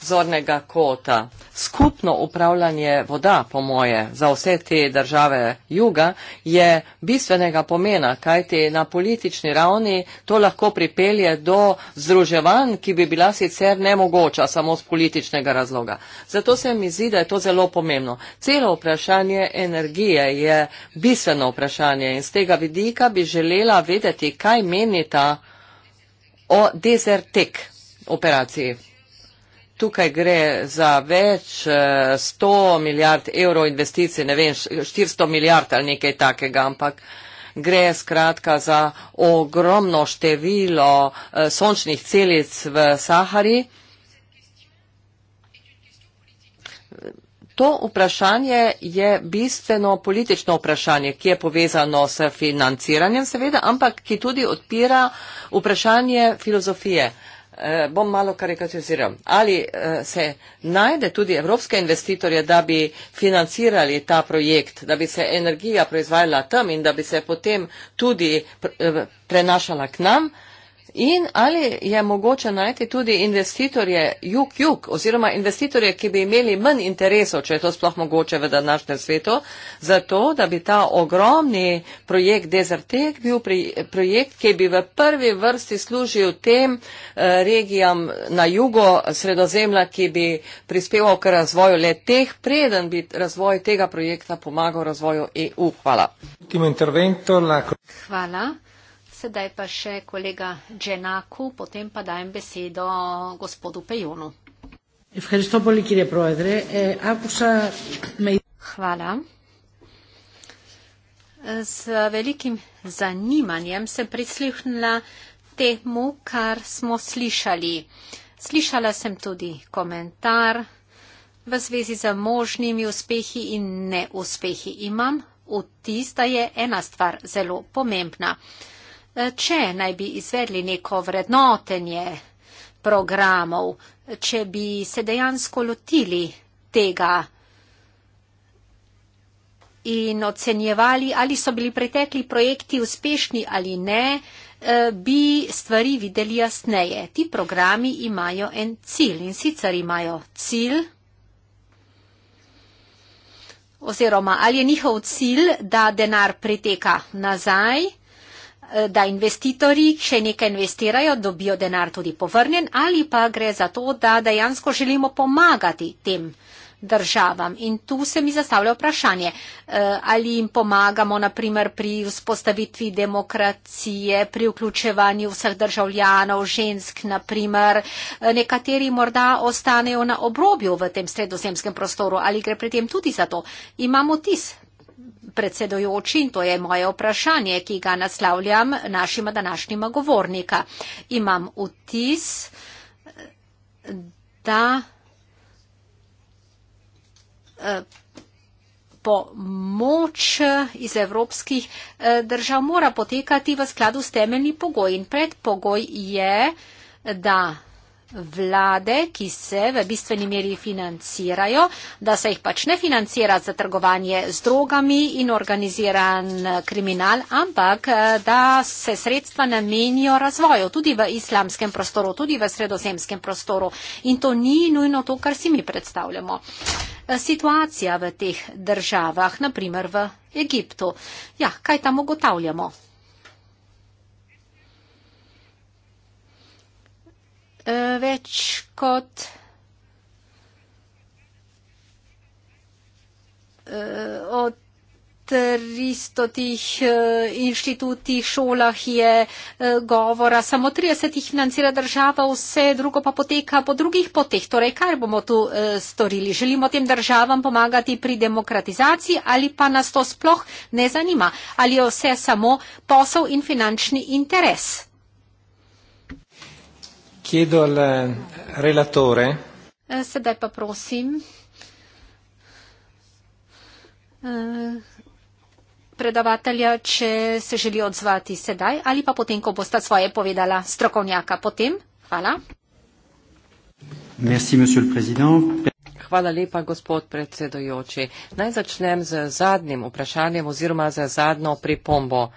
S3: zornega kota. Skupno upravljanje voda, po moje, za vse te države juga je bistvenega pomena, kajti na politični ravni to lahko pripelje do združevanj, ki bi bila sicer nemogoča samo z političnega razloga. Zato se mi zdi, da je to zelo pomembno. Celo vprašanje energije je bistveno vprašanje in z tega vidika bi želela vedeti, kaj menita o desertek operaciji. Tukaj gre za več 100 eh, milijard evrov investicij, ne vem, 400 milijard ali nekaj takega, ampak gre skratka za ogromno število eh, sončnih celic v Sahari. To vprašanje je bistveno politično vprašanje, ki je povezano s financiranjem seveda, ampak ki tudi odpira vprašanje filozofije. Eh, bom malo karikaturiziral, ali eh, se najde tudi evropske investitorje, da bi financirali ta projekt, da bi se energija proizvajala tam in da bi se potem tudi eh, prenašala k nam, In ali je mogoče najti tudi investitorje jug-jug oziroma investitorje, ki bi imeli manj interesov, če je to sploh mogoče v današnjem svetu, za to, da bi ta ogromni projekt Desertek bil projekt, ki bi v prvi vrsti služil tem eh, regijam na jugo sredozemlja, ki bi prispeval k razvoju le teh, preden bi razvoj tega projekta pomagal razvoju EU. Hvala.
S4: Hvala. Sedaj pa še kolega Dženaku, potem pa dajem besedo gospodu Pejonu. Hvala. Z velikim zanimanjem sem prisluhnila temu, kar smo slišali. Slišala sem tudi komentar v zvezi z možnimi uspehi in neuspehi. Imam vtis, da je ena stvar zelo pomembna. Eh, če naj bi izvedli neko vrednotenje programov, če bi se dejansko lotili tega in ocenjevali, ali so bili pretekli projekti uspešni ali ne, eh, bi stvari videli jasneje. Ti programi imajo en cilj in sicer imajo cilj, oziroma ali je njihov cilj, da denar priteka nazaj, da investitorji še nekaj investirajo, dobijo denar tudi povrnjen ali pa gre za to, da dejansko želimo pomagati tem državam. In tu se mi zastavlja vprašanje, eh, ali jim pomagamo naprimer pri vzpostavitvi demokracije, pri vključevanju vseh državljanov, žensk naprimer, eh, nekateri morda ostanejo na obrobju v tem sredozemskem prostoru, ali gre pri tem tudi za to. Imamo tis predsedojoči, in to je moje vprašanje, ki ga naslavljam našima današnjima govornika. Imam vtis, da eh, pomoč iz evropskih eh, držav mora potekati v skladu s temeljni pogoji. In predpogoj je, da vlade, ki se v bistveni meri financirajo, da se jih pač ne financira za trgovanje z drogami in organiziran kriminal, ampak eh, da se sredstva namenijo razvoju tudi v islamskem prostoru, tudi v sredozemskem prostoru. In to ni nujno to, kar si mi predstavljamo. Eh, situacija v teh državah, naprimer v Egiptu. Ja, kaj tam ugotavljamo? Eh, več kot eh, o 300 eh, inštitutih, šolah je govora, samo 30 jih financira država, vse drugo pa poteka po drugih poteh. Torej, kaj bomo tu storili? Želimo tem državam pomagati pri demokratizaciji ali pa nas to sploh ne zanima? Ali je vse samo posel in finančni interes?
S2: Chiedo al eh, relatore.
S4: Eh, sedaj pa prosim. Eh, predavatelja, če se želi odzvati sedaj ali pa potem, ko bosta svoje povedala strokovnjaka. Potem, hvala.
S1: Merci,
S3: Hvala lepa, gospod predsedojoči. Naj začnem z zadnjim vprašanjem oziroma z zadnjo pripombo. Uh,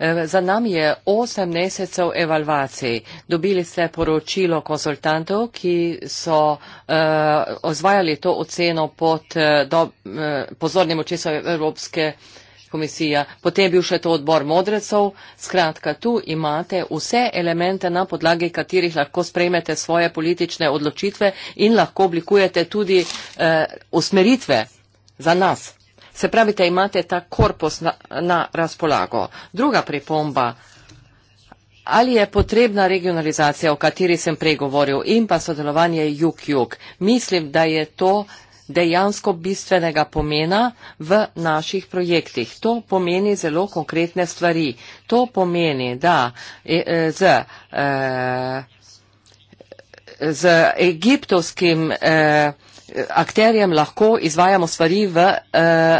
S3: Eh, za nami je 8 mesecev evalvacij. Dobili ste poročilo konsultantov, ki so eh, ozvajali to oceno pod eh, pozornim očesom Evropske komisije. Potem je bil še to odbor modrecov. Skratka, tu imate vse elemente, na podlagi katerih lahko sprejmete svoje politične odločitve in lahko oblikujete tudi usmeritve za nas. Se pravi, da imate ta korpus na, na razpolago. Druga pripomba, ali je potrebna regionalizacija, o kateri sem pregovoril, in pa sodelovanje jug-jug. Mislim, da je to dejansko bistvenega pomena v naših projektih. To pomeni zelo konkretne stvari. To pomeni, da e, e, z, e, z egiptovskim akterjem lahko izvajamo stvari v uh,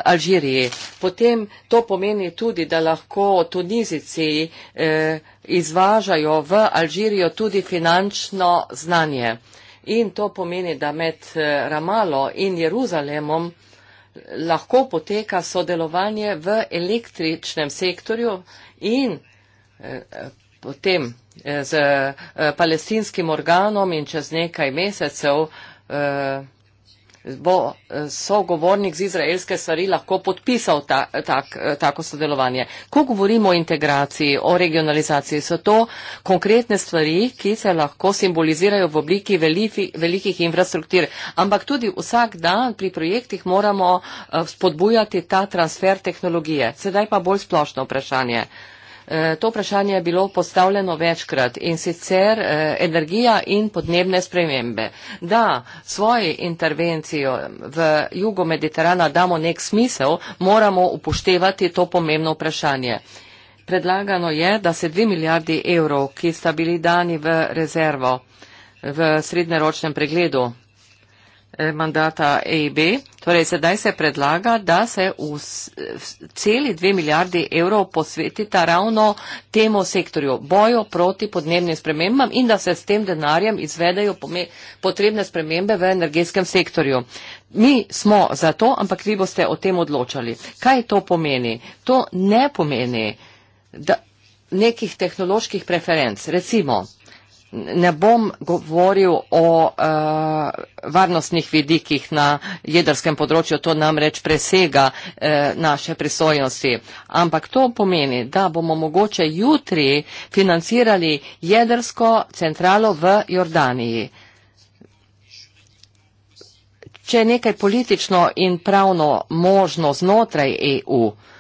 S3: Alžiriji. Potem to pomeni tudi, da lahko tunizici uh, eh, izvažajo v Alžirijo tudi finančno znanje. In to pomeni, da med eh, Ramalo in Jeruzalemom lahko poteka sodelovanje v električnem sektorju in potem z palestinskim organom in čez nekaj mesecev bo eh, sogovornik z izraelske stvari lahko podpisal ta, tak, eh, tako sodelovanje. Ko govorimo o integraciji, o regionalizaciji, so to konkretne stvari, ki se lahko simbolizirajo v obliki veliki, velikih infrastruktur. Ampak tudi vsak dan pri projektih moramo eh, spodbujati ta transfer tehnologije. Sedaj pa bolj splošno vprašanje. To vprašanje je bilo postavljeno večkrat in sicer eh, energija in podnebne spremembe. Da svoji intervencijo v jugo Mediterana damo nek smisel, moramo upoštevati to pomembno vprašanje. Predlagano je, da se 2 milijardi evrov, ki sta bili dani v rezervo v srednjeročnem pregledu, Eh, mandata EIB. Torej, sedaj se predlaga, da se v celi dve milijardi evrov posvetita ravno temu sektorju, bojo proti podnebnim spremembam in da se s tem denarjem izvedejo potrebne spremembe v energetskem sektorju. Mi smo za to, ampak vi boste o tem odločali. Kaj to pomeni? To ne pomeni nekih tehnoloških preferenc. Recimo, ne bom govoril o uh, varnostnih vidikih na jedrskem področju, to namreč presega uh, naše pristojnosti. Ampak to pomeni, da bomo mogoče jutri financirali jedrsko centralo v Jordaniji. Če je nekaj politično in pravno možno znotraj EU, uh,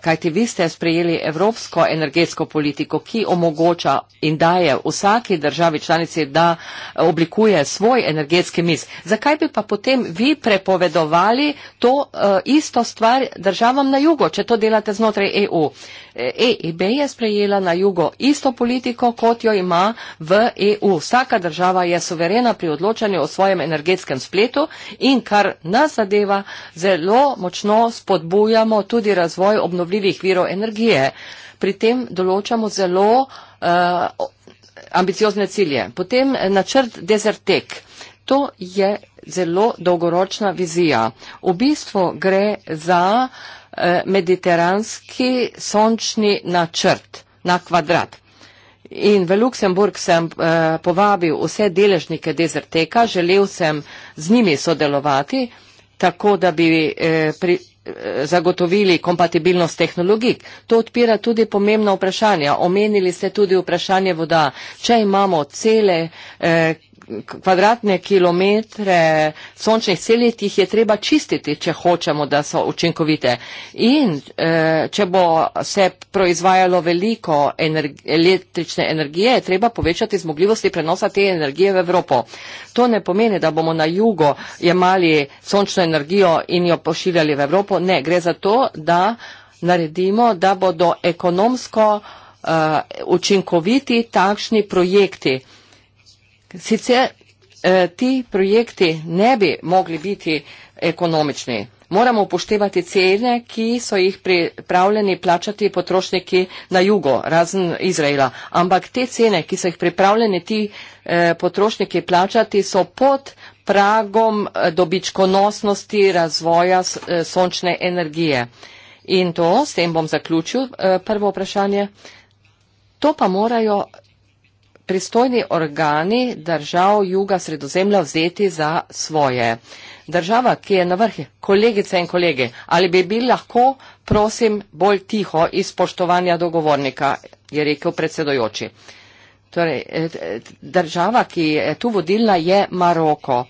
S3: Kajti vi ste sprejeli evropsko energetsko politiko, ki omogoča in daje vsaki državi članici, da oblikuje svoj energetski mis. Zakaj bi pa potem vi prepovedovali to uh, isto stvar državam na jugo, če to delate znotraj EU? EIB e je sprejela na jugo isto politiko, kot jo ima v EU. Vsaka država je suverena pri odločanju o svojem energetskem spletu in kar nas zadeva, zelo močno spodbujamo tudi razvoj obnovljivih obnovljivih virov energije. Pri tem določamo zelo uh, ambiciozne cilje. Potem eh, načrt Desertek. To je zelo dolgoročna vizija. V bistvu gre za eh, mediteranski sončni načrt na kvadrat. In v Luksemburg sem povabil vse deležnike Deserteka, želel sem z njimi sodelovati, tako da bi zagotovili kompatibilnost tehnologij. To odpira tudi pomembna vprašanja. Omenili ste tudi vprašanje voda. Če imamo cele eh, kvadratne kilometre sončnih celic jih je treba čistiti, če hočemo, da so učinkovite. In eh, če bo se proizvajalo veliko električne energije, je treba povečati zmogljivosti prenosa te energije v Evropo. To ne pomeni, da bomo na jugo jemali sončno energijo in jo pošiljali v Evropo. Ne, gre za to, da naredimo, da bodo ekonomsko eh, učinkoviti takšni projekti. Sicer eh, ti projekti ne bi mogli biti ekonomični. Moramo upoštevati cene, ki so jih pripravljeni plačati potrošniki na jugo, razen Izraela. Ampak te cene, ki so jih pripravljeni ti eh, potrošniki plačati, so pod pragom eh, dobičkonosnosti razvoja eh, sončne energije. In to, s tem bom zaključil eh, prvo vprašanje, to pa morajo pristojni organi držav juga sredozemlja vzeti za svoje. Država, ki je na vrhu, kolegice in kolege, ali bi bil lahko, prosim, bolj tiho iz spoštovanja dogovornika, je rekel predsedojoči. Torej, eh, država, ki je tu vodilna, je Maroko.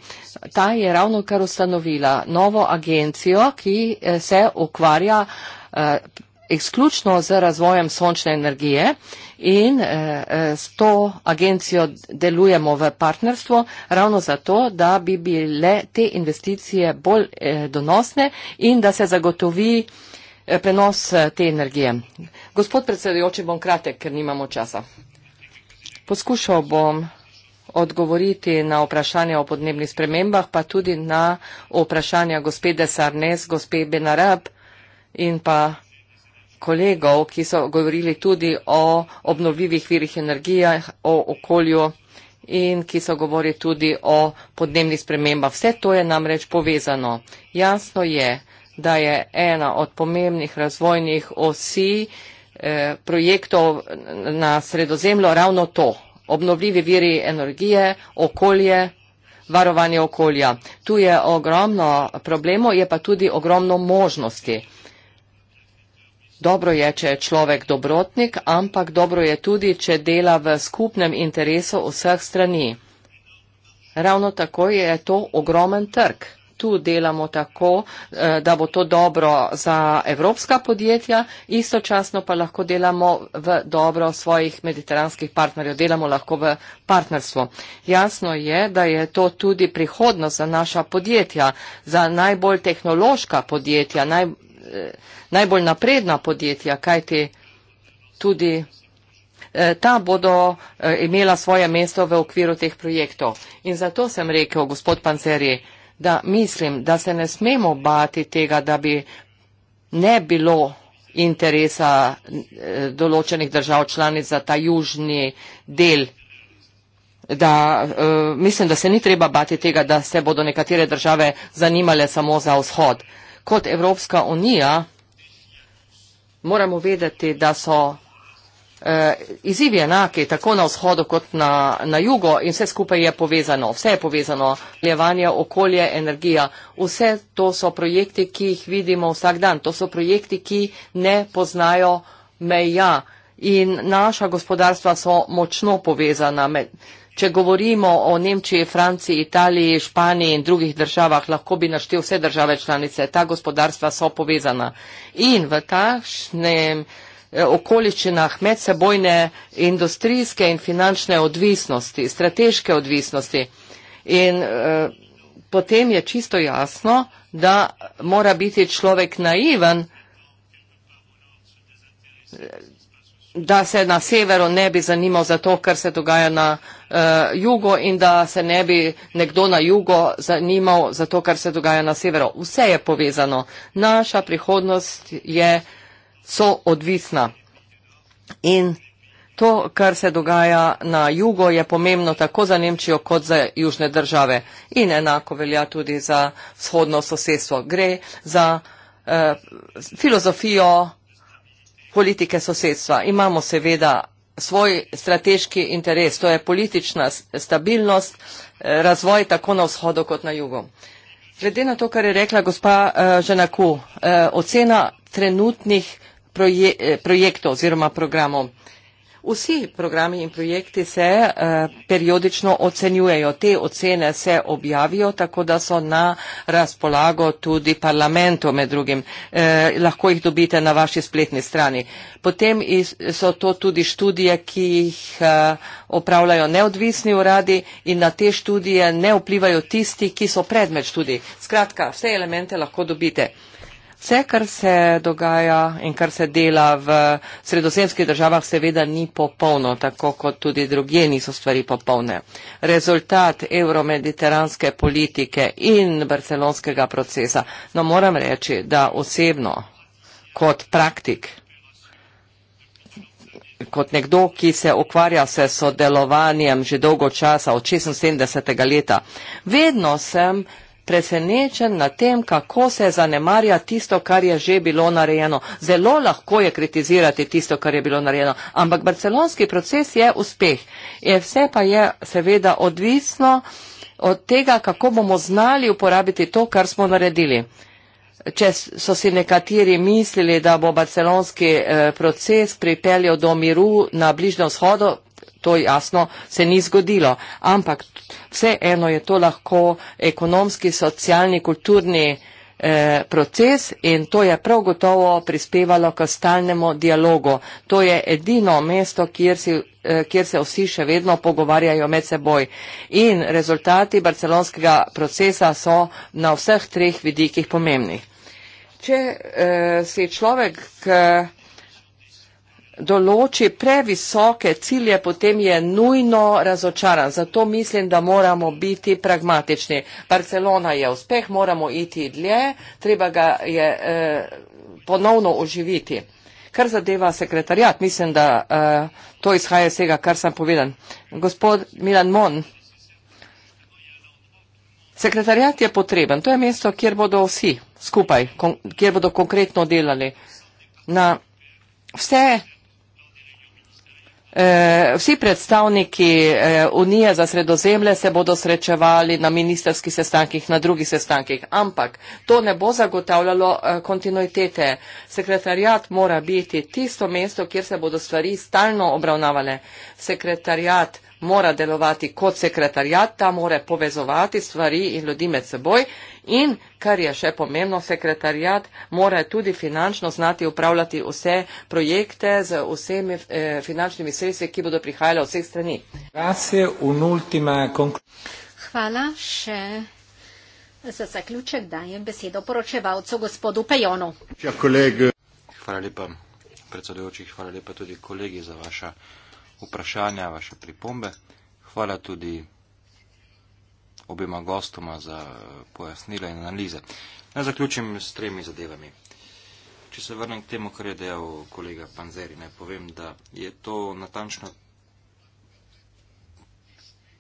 S3: Ta je ravno kar ustanovila novo agencijo, ki eh, se ukvarja eh, izključno z razvojem sončne energije in eh, eh, s to agencijo delujemo v partnerstvo ravno zato, da bi bile te investicije bolj eh, donosne in da se zagotovi prenos te energije. Gospod predsedujoči, bom kratek, ker nimamo časa. Poskušal bom odgovoriti na vprašanje o podnebnih spremembah, pa tudi na vprašanja gospede Sarnes, gospede Benarab in pa kolegov, ki so govorili tudi o obnovljivih virih energije, o okolju in ki so govorili tudi o podnebnih spremembah. Vse to je namreč povezano. Jasno je, da je ena od pomembnih razvojnih osi eh, projektov na sredozemlju ravno to. Obnovljivi viri energije, okolje, varovanje okolja. Tu je ogromno problemov, je pa tudi ogromno možnosti. Dobro je, če je človek dobrotnik, ampak dobro je tudi, če dela v skupnem interesu vseh strani. Ravno tako je to ogromen trg. Tu delamo tako, eh, da bo to dobro za evropska podjetja, istočasno pa lahko delamo v dobro svojih mediteranskih partnerjev, delamo lahko v partnerstvu. Jasno je, da je to tudi prihodnost za naša podjetja, za najbolj tehnološka podjetja. Naj, eh, najbolj napredna podjetja, kajti tudi eh, ta bodo eh, imela svoje mesto v okviru teh projektov. In zato sem rekel, gospod Panceri, da mislim, da se ne smemo bati tega, da bi ne bilo interesa eh, določenih držav članic za ta južni del. Da, mislim, da se ni treba bati tega, da se bodo nekatere države zanimale samo za vzhod. Kot Evropska unija moramo vedeti, da so eh, izzivi enaki tako na vzhodu kot na, na jugu in vse skupaj je povezano. Vse je povezano. Levanje, okolje, energija. Vse to so projekti, ki jih vidimo vsak dan. To so projekti, ki ne poznajo meja. In naša gospodarstva so močno povezana. Med, Če govorimo o Nemčiji, Franciji, Italiji, Španiji in drugih državah, lahko bi naštel vse države članice, ta gospodarstva so povezana. In v takšnem eh, okoliščinah medsebojne industrijske in finančne odvisnosti, strateške odvisnosti. In eh, potem je čisto jasno, da mora biti človek naiven da se na severu ne bi zanimal za to, kar se dogaja na uh, jugu in da se ne bi nekdo na jugu zanimal za to, kar se dogaja na severu. Vse je povezano. Naša prihodnost je so odvisna. In to, kar se dogaja na jugu, je pomembno tako za Nemčijo kot za južne države. In enako velja tudi za vzhodno sosedstvo. Gre za uh, filozofijo, politike sosedstva. Imamo seveda svoj strateški interes, to je politična stabilnost, eh, razvoj tako na vzhodu kot na jugu. Glede na to, kar je rekla gospa uh, eh, Ženaku, uh, eh, ocena trenutnih proje projektov oziroma programov. Uh, Vsi programi in projekti se uh, periodično ocenjujejo. Te ocene se objavijo, tako da so na razpolago tudi parlamentu med drugim. Uh, lahko jih dobite na vaši spletni strani. Potem is, so to tudi študije, ki jih eh, opravljajo uh, neodvisni uradi in na te študije ne vplivajo tisti, ki so predmet študij. Skratka, vse elemente lahko dobite. Uh, Vse, kar se dogaja in kar se dela v sredosemskih državah, seveda ni popolno, tako kot tudi drugje niso stvari popolne. Rezultat evromediteranske politike in barcelonskega procesa. No, moram reči, da osebno, kot praktik, kot nekdo, ki se ukvarja se sodelovanjem že dolgo časa, od 76. leta, vedno sem presenečen na tem, kako se zanemarja tisto, kar je že bilo narejeno. Zelo lahko je kritizirati tisto, kar je bilo narejeno, ampak barcelonski proces je uspeh. Je vse pa je seveda odvisno od tega, kako bomo znali uporabiti to, kar smo naredili. Če so si nekateri mislili, da bo barcelonski eh, proces pripeljal do miru na bližnjem vzhodu, to jasno se ni zgodilo. Ampak vse eno je to lahko ekonomski, socialni, kulturni eh, proces in to je prav gotovo prispevalo k stalnemu dialogu. To je edino mesto, kjer, si, eh, kjer se vsi še vedno pogovarjajo med seboj. In rezultati barcelonskega procesa so na vseh treh vidikih pomembni. Če eh, se človek eh, določi previsoke cilje, potem je nujno razočaran. Zato mislim, da moramo biti pragmatični. Barcelona je uspeh, moramo iti dlje, treba ga je eh, ponovno oživiti. Kar zadeva sekretarjat, mislim, da eh, to izhaja iz tega, kar sem povedal. Gospod Milan Mon. Sekretarjat je potreben, to je mesto, kjer bodo vsi skupaj, kjer bodo konkretno delali na vse Eh, vsi predstavniki eh, Unije za sredozemlje se bodo srečevali na ministerskih sestankih, na drugih sestankih, ampak to ne bo zagotavljalo eh, kontinuitete. Sekretarjat mora biti tisto mesto, kjer se bodo stvari stalno obravnavale. Sekretarjat mora delovati kot sekretarjat, ta mora povezovati stvari in ljudi med seboj In, kar je še pomembno, sekretarjat mora tudi finančno znati upravljati vse projekte z vsemi eh, finančnimi sredstvi, ki bodo prihajale vseh strani.
S4: Hvala še. Za zaključek dajem besedo poročevalcu gospodu Pejonu.
S2: Ja, hvala lepa, predsedujoči, hvala lepa tudi kolegi za vaša vprašanja, vaše pripombe. Hvala tudi obima gostoma za eh, pojasnila in analize. Naj zaključim s tremi zadevami. Če se vrnem k temu, kar je dejal kolega Panzeri, ne povem, da je to natančno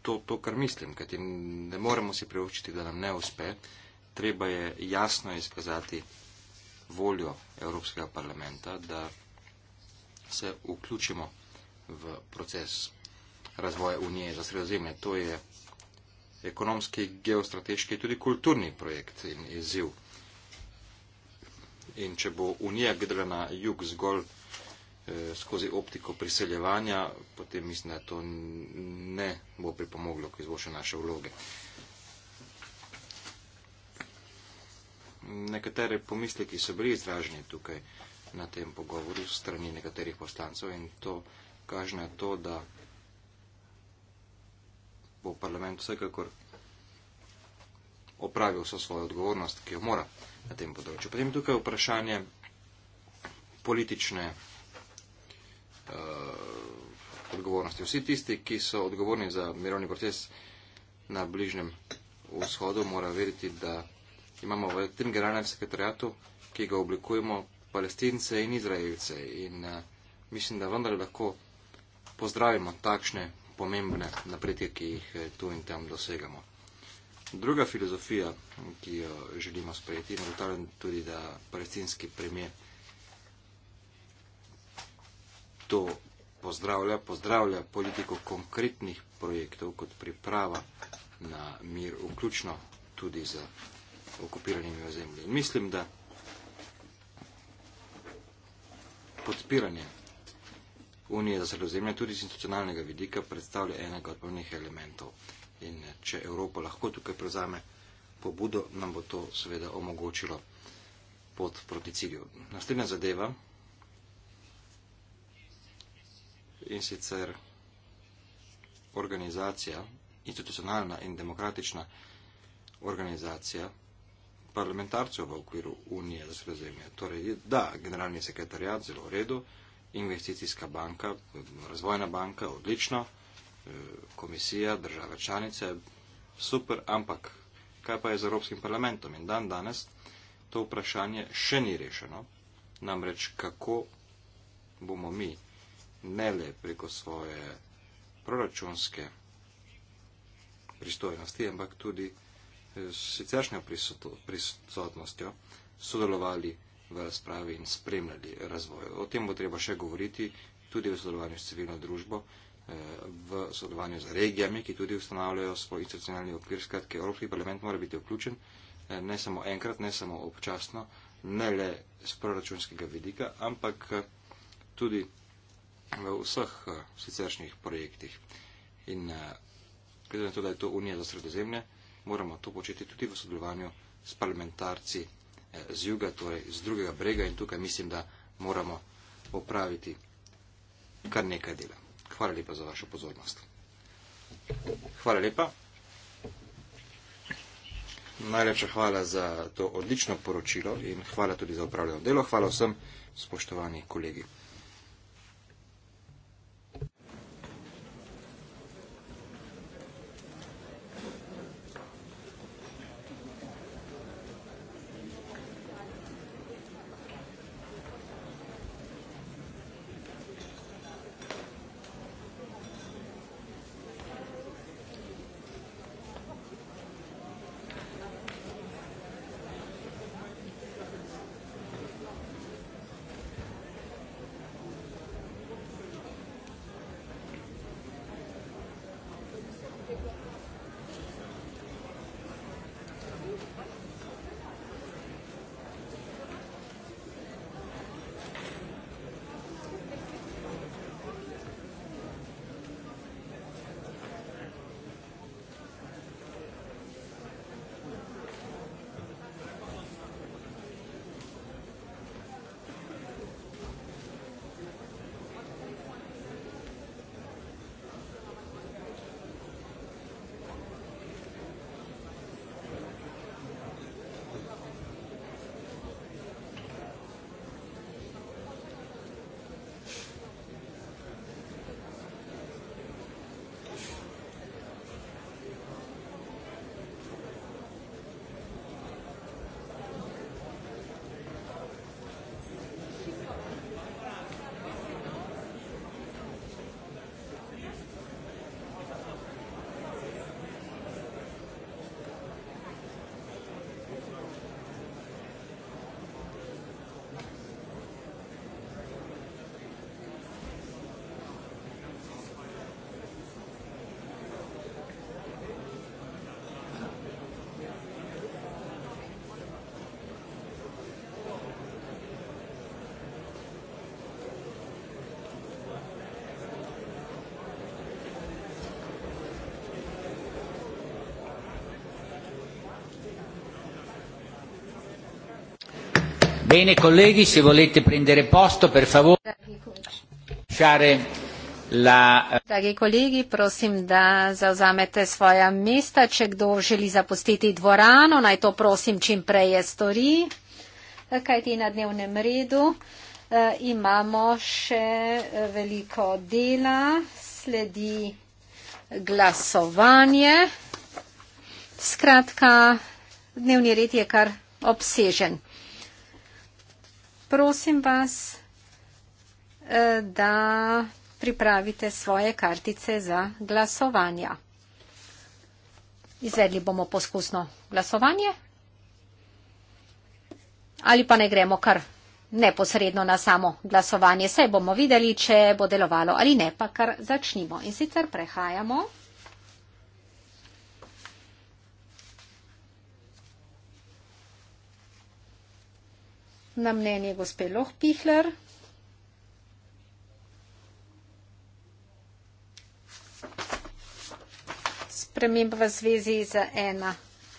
S2: to, to kar mislim, kajti ne moremo si preučiti, da nam ne uspe. Treba je jasno izkazati voljo Evropskega parlamenta, da se vključimo v proces razvoja Unije za sredozemlje. To je ekonomski, geostrateški, tudi kulturni projekt in izziv. In če bo Unija gledala na jug zgolj eh, skozi optiko priseljevanja, potem mislim, da to ne bo pripomoglo k izboljšanju naše vloge. Nekatere pomisleki so bili izraženi tukaj na tem pogovoru strani nekaterih poslancev in to kaže na to, da bo parlament vsekakor opravil vso svojo odgovornost, ki jo mora na tem področju. Potem tukaj je vprašanje politične uh, odgovornosti. Vsi tisti, ki so odgovorni za mirovni proces na bližnjem vzhodu, morajo veriti, da imamo v tem generalnem sekretariatu, ki ga oblikujemo, palestince in izraelce. In uh, mislim, da vendar lahko pozdravimo takšne pomembne napredke, ki jih eh, tu in tam dosegamo. Druga filozofija, ki jo želimo sprejeti, in ugotavljam tudi, da palestinski premijer to pozdravlja, pozdravlja politiko konkretnih projektov kot priprava na mir, vključno tudi z okupiranimi ozemlji. Mislim, da podpiranje Unija za sredozemlje tudi z institucionalnega vidika predstavlja enega od pomembnih elementov. In če Evropa lahko tukaj prevzame pobudo, nam bo to seveda omogočilo pot proti cilju. Naslednja zadeva in sicer organizacija, institucionalna in demokratična organizacija parlamentarcev v okviru Unije za sredozemlje. Torej, da, generalni sekretarjat zelo v redu, investicijska banka, razvojna banka, odlično, e, komisija, države članice, super, ampak kaj pa je z Evropskim parlamentom? In dan danes to vprašanje še ni rešeno, namreč kako bomo mi ne le preko svoje proračunske pristojnosti, ampak tudi e, s siceršnjo prisotnostjo sodelovali v razpravi in spremljali razvoj. O tem bo treba še govoriti tudi v sodelovanju s civilno družbo, eh, v sodelovanju z regijami, ki tudi ustanavljajo svoj institucionalni okvir. Skratka, Evropski parlament mora biti vključen eh, ne samo enkrat, ne samo občasno, ne le z proračunskega vidika, ampak eh, tudi v vseh siceršnjih projektih. In glede na to, da je to Unija za sredozemlje, moramo to početi tudi v sodelovanju s parlamentarci z juga, torej z drugega brega in tukaj mislim, da moramo opraviti kar nekaj dela. Hvala lepa za vašo pozornost. Hvala lepa. Najlepša hvala za to odlično poročilo in hvala tudi za upravljeno delo. Hvala vsem, spoštovani kolegi.
S1: Bene colleghi, se volete prendere posto per favore. Lasciare la... Eh,
S4: Draghi colleghi, prosim da zauzamete svoja mesta. Če kdo želi zapustiti dvorano, naj to prosim čim prej stori. Eh, Kaj ti na dnevnem redu? Eh, imamo še veliko dela, sledi glasovanje. Skratka, dnevni red je kar obsežen prosim vas, eh, da pripravite svoje kartice za glasovanja. Izvedli bomo poskusno glasovanje. Ali pa ne gremo kar neposredno na samo glasovanje. Saj bomo videli, če bo delovalo ali ne, pa kar začnimo. In sicer prehajamo. na mnenje gospe Loh Pihler. Sprememba v zvezi za ena.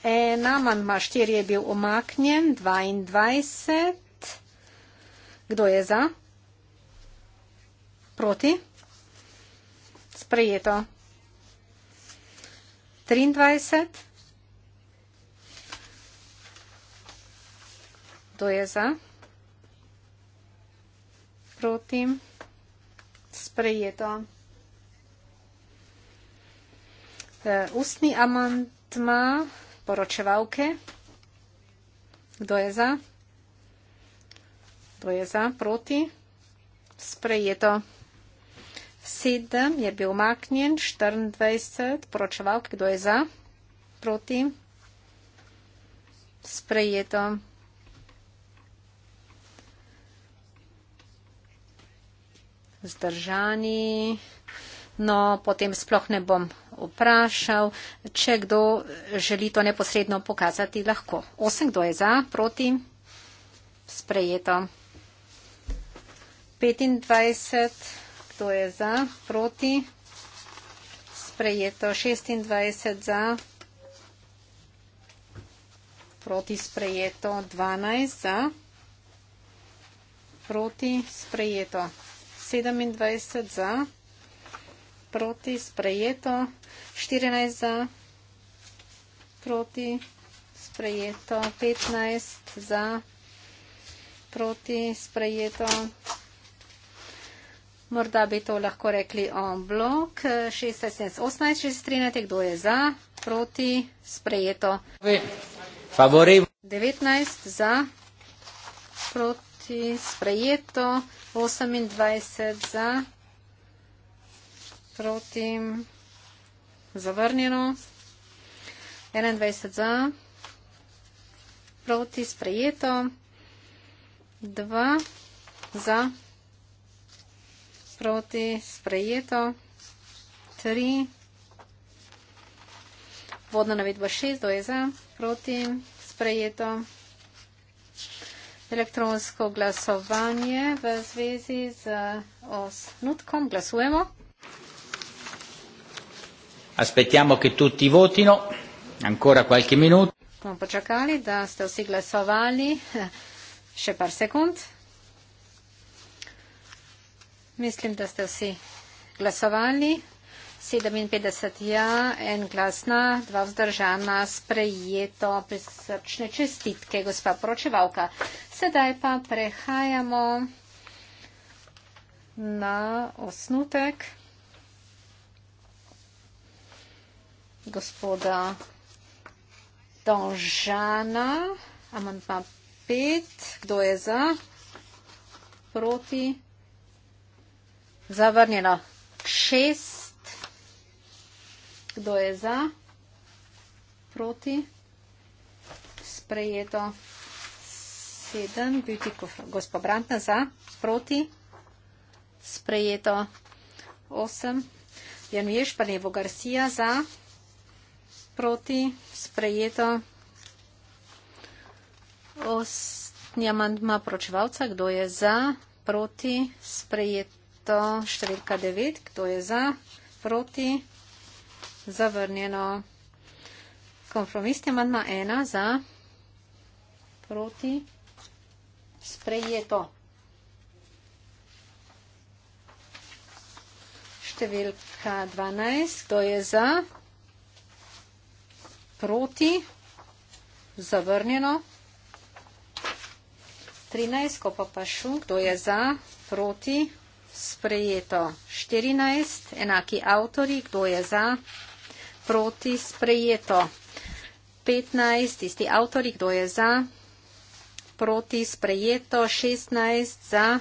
S4: Ena, manjma štiri je bil omaknjen, 22. Kdo je za? Proti? Sprejeto. 23. Kdo je za? nasproti sprejeto. E, ustni amantma poročevalke. Kdo je za? Kdo je za? Proti? Sprejeto. 7 je bil umaknjen, 24 poročevalke. Kdo je za? Proti? Sprejeto. zdržani. No, potem sploh ne bom vprašal, če kdo želi to neposredno pokazati, lahko. Osem, kdo je za, proti, sprejeto. 25, kdo je za, proti, sprejeto. 26 za, proti, sprejeto. 12 za, proti, sprejeto. 27 za, proti sprejeto, 14 za, proti sprejeto, 15 za, proti sprejeto. Morda bi to lahko rekli on blok, 16, 18, 613, kdo je za, proti sprejeto.
S1: 19
S4: za, proti proti, sprejeto, 28 za, proti, zavrnjeno, 21 za, proti, sprejeto, 2 za, proti, sprejeto, 3, vodna navedba 6 do je za, proti, sprejeto, 4, elektronsko glasovanje v zvezi z osnutkom. Glasujemo.
S1: Aspettiamo che tutti votino. Ancora qualche minuto.
S4: Bomo počakali, da ste vsi glasovali. Še par sekund. Mislim, da ste vsi glasovali. 57 ja, en glasna, dva vzdržana, sprejeto, prisrčne čestitke, gospa poročevalka. Sedaj pa prehajamo na osnutek gospoda Donžana, amantma 5, kdo je za, proti, zavrnjeno 6 kdo je za, proti, sprejeto sedem, biti gospod Brantna za, proti, sprejeto osem, Janujež Panevo Garcia za, proti, sprejeto osni amandma pročevalca, kdo je za, proti, sprejeto številka devet, kdo je za, proti, zavrnjeno. Kompromis je manj ena za proti sprejeto. Številka 12, kdo je za proti zavrnjeno. 13, ko pa pa šu, kdo je za proti sprejeto. 14, enaki avtori, kdo je za proti sprejeto. 15, tisti avtori, kdo je za, proti sprejeto, 16 za,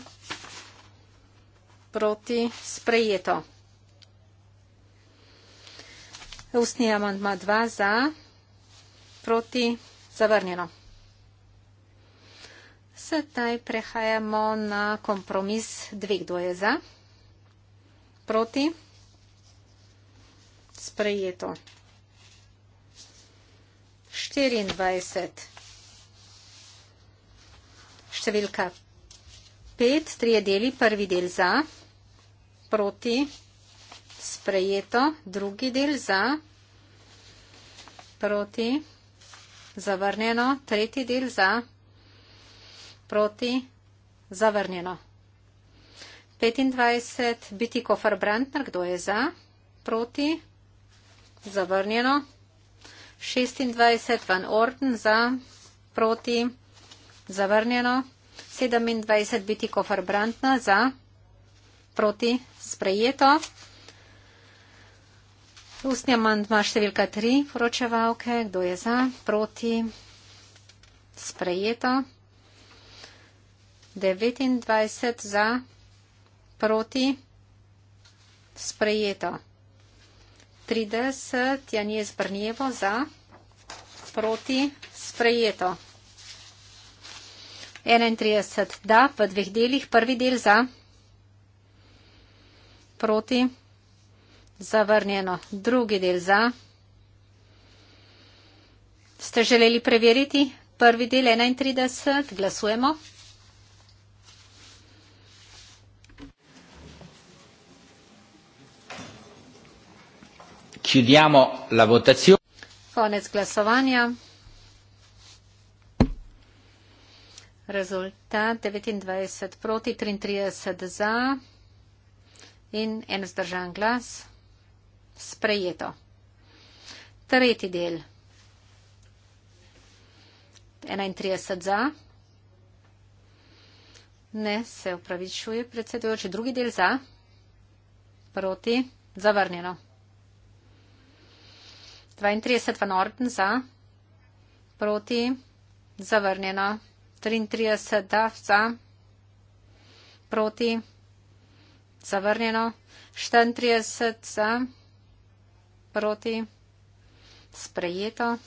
S4: proti sprejeto. Ustni amandma 2 za, proti zavrnjeno. Sedaj prehajamo na kompromis 2, kdo je za, proti sprejeto. 24. Številka 5, trije deli, prvi del za, proti, sprejeto, drugi del za, proti, zavrnjeno, tretji del za, proti, zavrnjeno. 25. Biti kofar Brandner, kdo je za, proti, zavrnjeno. 26 Van Orden za proti zavrnjeno. 27 Biti Kofar Brantna za proti sprejeto. Ustni amandma številka 3 poročevalke. Kdo je za proti sprejeto? 29 za proti sprejeto. 30 je ni izbrnjevo za proti sprejeto. 31 da v dveh delih, prvi del za proti zavrnjeno, drugi del za. Ste želeli preveriti prvi del 31? Glasujemo.
S1: chiudiamo la votazione.
S4: Konec glasovanja. Rezultat 29 proti 33 za in en zdržan glas. Sprejeto. Tretji del. 31 za. Ne, se upravičuje predsedujoči. Drugi del za. Proti. Zavrnjeno. 32 v Norden za, proti, zavrnjeno. 33 DAF za, proti, zavrnjeno. 34 za, proti, sprejeto.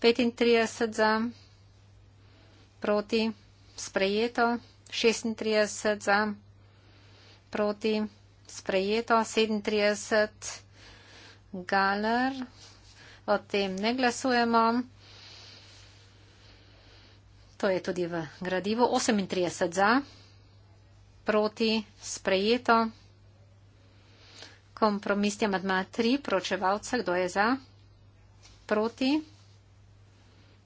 S4: 35 za, proti, sprejeto. 36 za, proti, sprejeto. 37 galer o tem ne glasujemo. To je tudi v gradivu 38 za, proti sprejeto. Kompromis je med 3 pročevalce, kdo je za, proti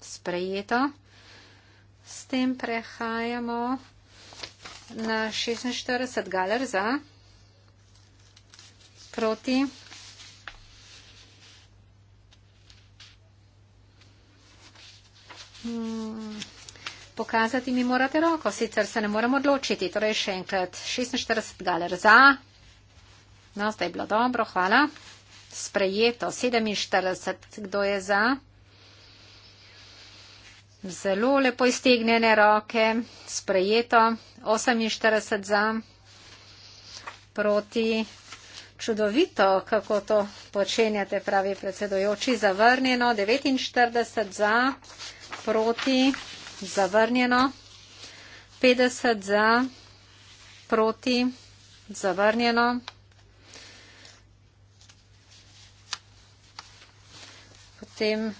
S4: sprejeto. S tem prehajamo na 46 galer za, proti. Hmm. Pokazati mi morate roko, sicer se ne moremo odločiti. Torej, še enkrat, 46 galer za. No, zdaj je bilo dobro, hvala. Sprejeto, 47, kdo je za. Zelo lepo iztegnjene roke, sprejeto, 48 za. Proti. Čudovito, kako to počenjate, pravi predsedojoči, zavrnjeno, 49 za proti, zavrnjeno. 50 za, proti, zavrnjeno. Potem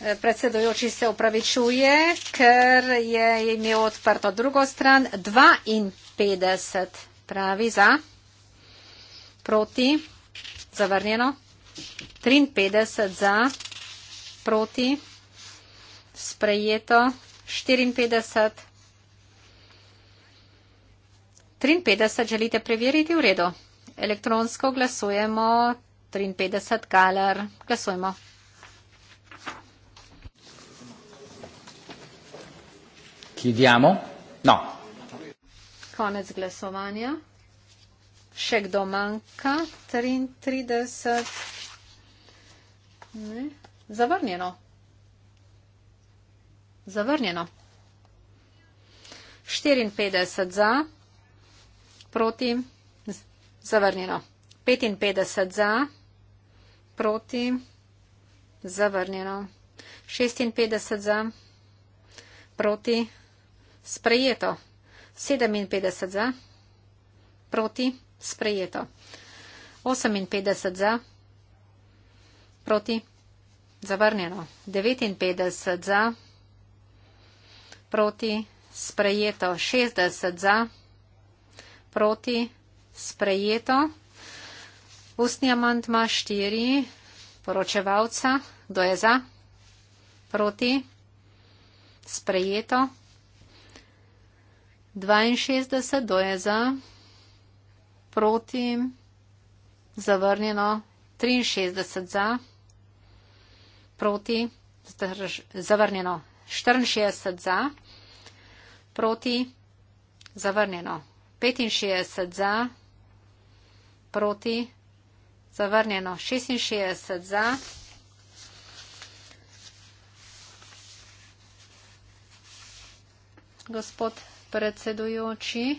S4: eh, predsedujoči se upravičuje, ker je imel odprto drugo stran. 52 pravi za, proti, zavrnjeno. 53 za, proti, zavrnjeno sprejeto 54. 53 želite preveriti v redu. Elektronsko glasujemo 53 galer. Glasujemo.
S1: Chiediamo. No.
S4: Konec glasovanja. Še kdo manjka? 33. Ne. Zavrnjeno. Zavrnjeno. 54 za, proti, zavrnjeno. 55 za, proti, zavrnjeno. 56 za, proti, sprejeto. 57 za, proti, sprejeto. 58 za, proti, zavrnjeno. 59 za, proti proti sprejeto, 60 za proti sprejeto. Ustni amantma 4 poročevalca, kdo je za proti sprejeto. 62 do je za proti zavrnjeno. 63 za proti zavrnjeno. 64 za, proti zavrnjeno. 65 za, proti zavrnjeno. 66 za, gospod predsedujoči.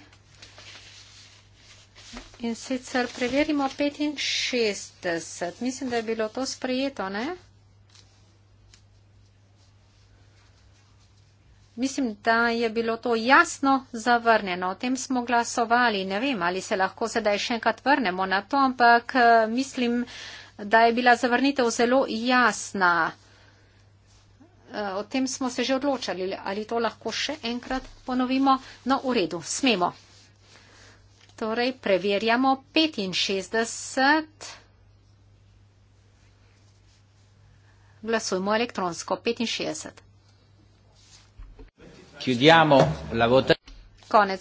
S4: In sicer preverimo 65. Mislim, da je bilo to sprejeto, ne? Mislim, da je bilo to jasno zavrnjeno. O tem smo glasovali. Ne vem, ali se lahko sedaj še enkrat vrnemo na to, ampak eh, mislim, da je bila zavrnitev zelo jasna. Eh, o tem smo se že odločali, ali to lahko še enkrat ponovimo. No, v redu, smemo. Torej, preverjamo 65. Glasujmo elektronsko 65.
S1: Chiudiamo la votazione.
S4: Ja, e,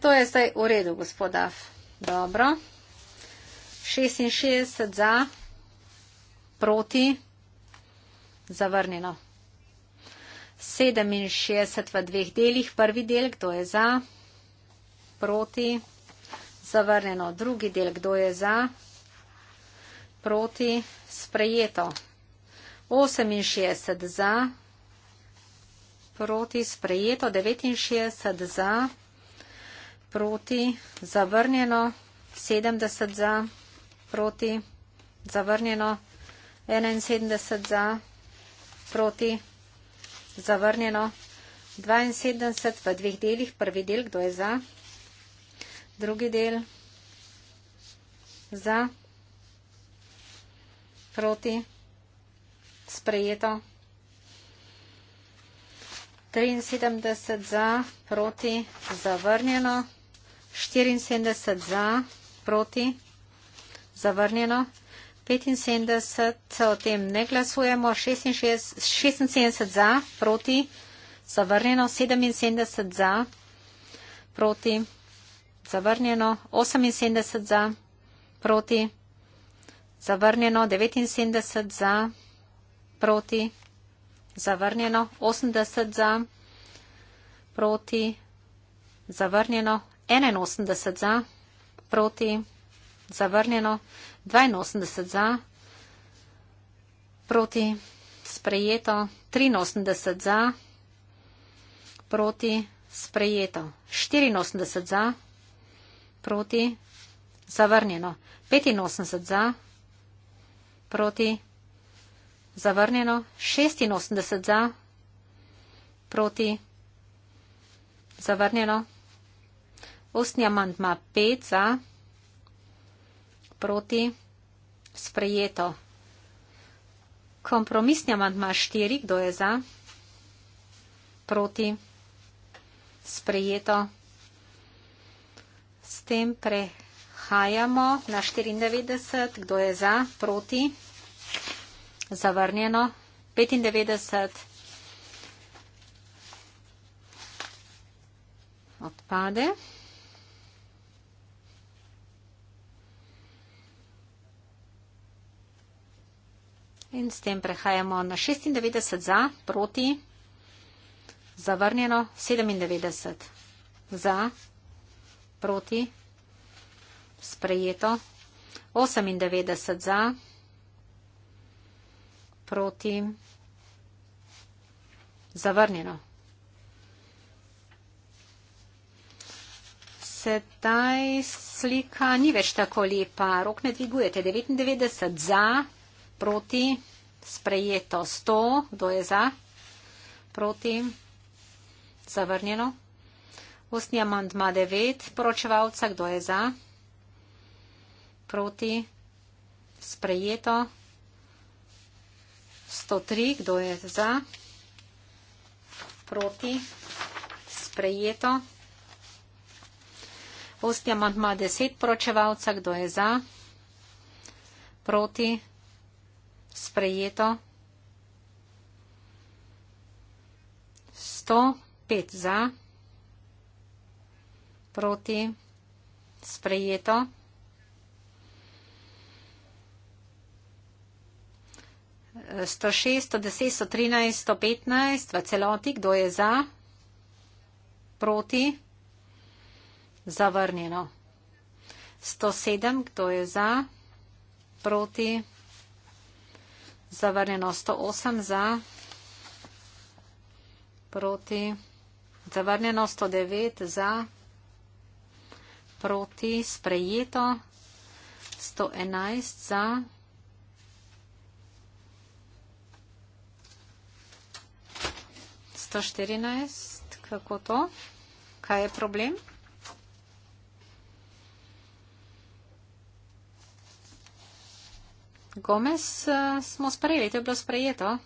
S4: to je zdaj v redu, gospod Af. Dobro. 66 za, proti, zavrnjeno. 67 v dveh delih, prvi del, kdo je za? proti, zavrnjeno. Drugi del, kdo je za, proti, sprejeto. 68 za, proti, sprejeto. 69 za, proti, zavrnjeno. 70 za, proti, zavrnjeno. 71 za, proti, zavrnjeno. 72 v dveh delih, prvi del, kdo je za drugi del za, proti, sprejeto. 73 za, proti, zavrnjeno. 74 za, proti, zavrnjeno. 75 o tem ne glasujemo. 76 za, proti, zavrnjeno. 77 za, proti, zavrnjeno zavrnjeno 78 za, proti, zavrnjeno 79 za, proti, zavrnjeno 80 za, proti, zavrnjeno 81 za, proti, zavrnjeno 82 za, proti, sprejeto 83 za, proti, sprejeto 84 za, proti, zavrnjeno. 85 za, proti, zavrnjeno. 86 za, proti, zavrnjeno. Ustni amantma 5 za, proti, sprejeto. Kompromisni amantma 4, kdo je za, proti, sprejeto. S tem prehajamo na 94. Kdo je za? Proti? Zavrnjeno. 95. Odpade. In s tem prehajamo na 96 za, proti, zavrnjeno 97 za, proti, sprejeto, 98 za, proti, zavrnjeno. Sedaj slika ni več tako lepa, rok ne dvigujete, 99 za, proti, sprejeto, 100, kdo je za, proti, zavrnjeno. Ustni amandma 9, poročevalca, kdo je za? Proti? Sprejeto? 103, kdo je za? Proti? Sprejeto? Ustni amandma 10, poročevalca, kdo je za? Proti? Sprejeto? 105 za? proti sprejeto. Sto šest, sto deset, sto trinajst, sto petnajst v celoti, kdo je za, proti, zavrnjeno. Sto sedem, kdo je za, proti, zavrnjeno. Sto osem za, proti, zavrnjeno. Sto devet za, proti sprejeto. 111 za. štirinajst, kako to? Kaj je problem? Gomez uh, smo sprejeli, to je bilo sprejeto.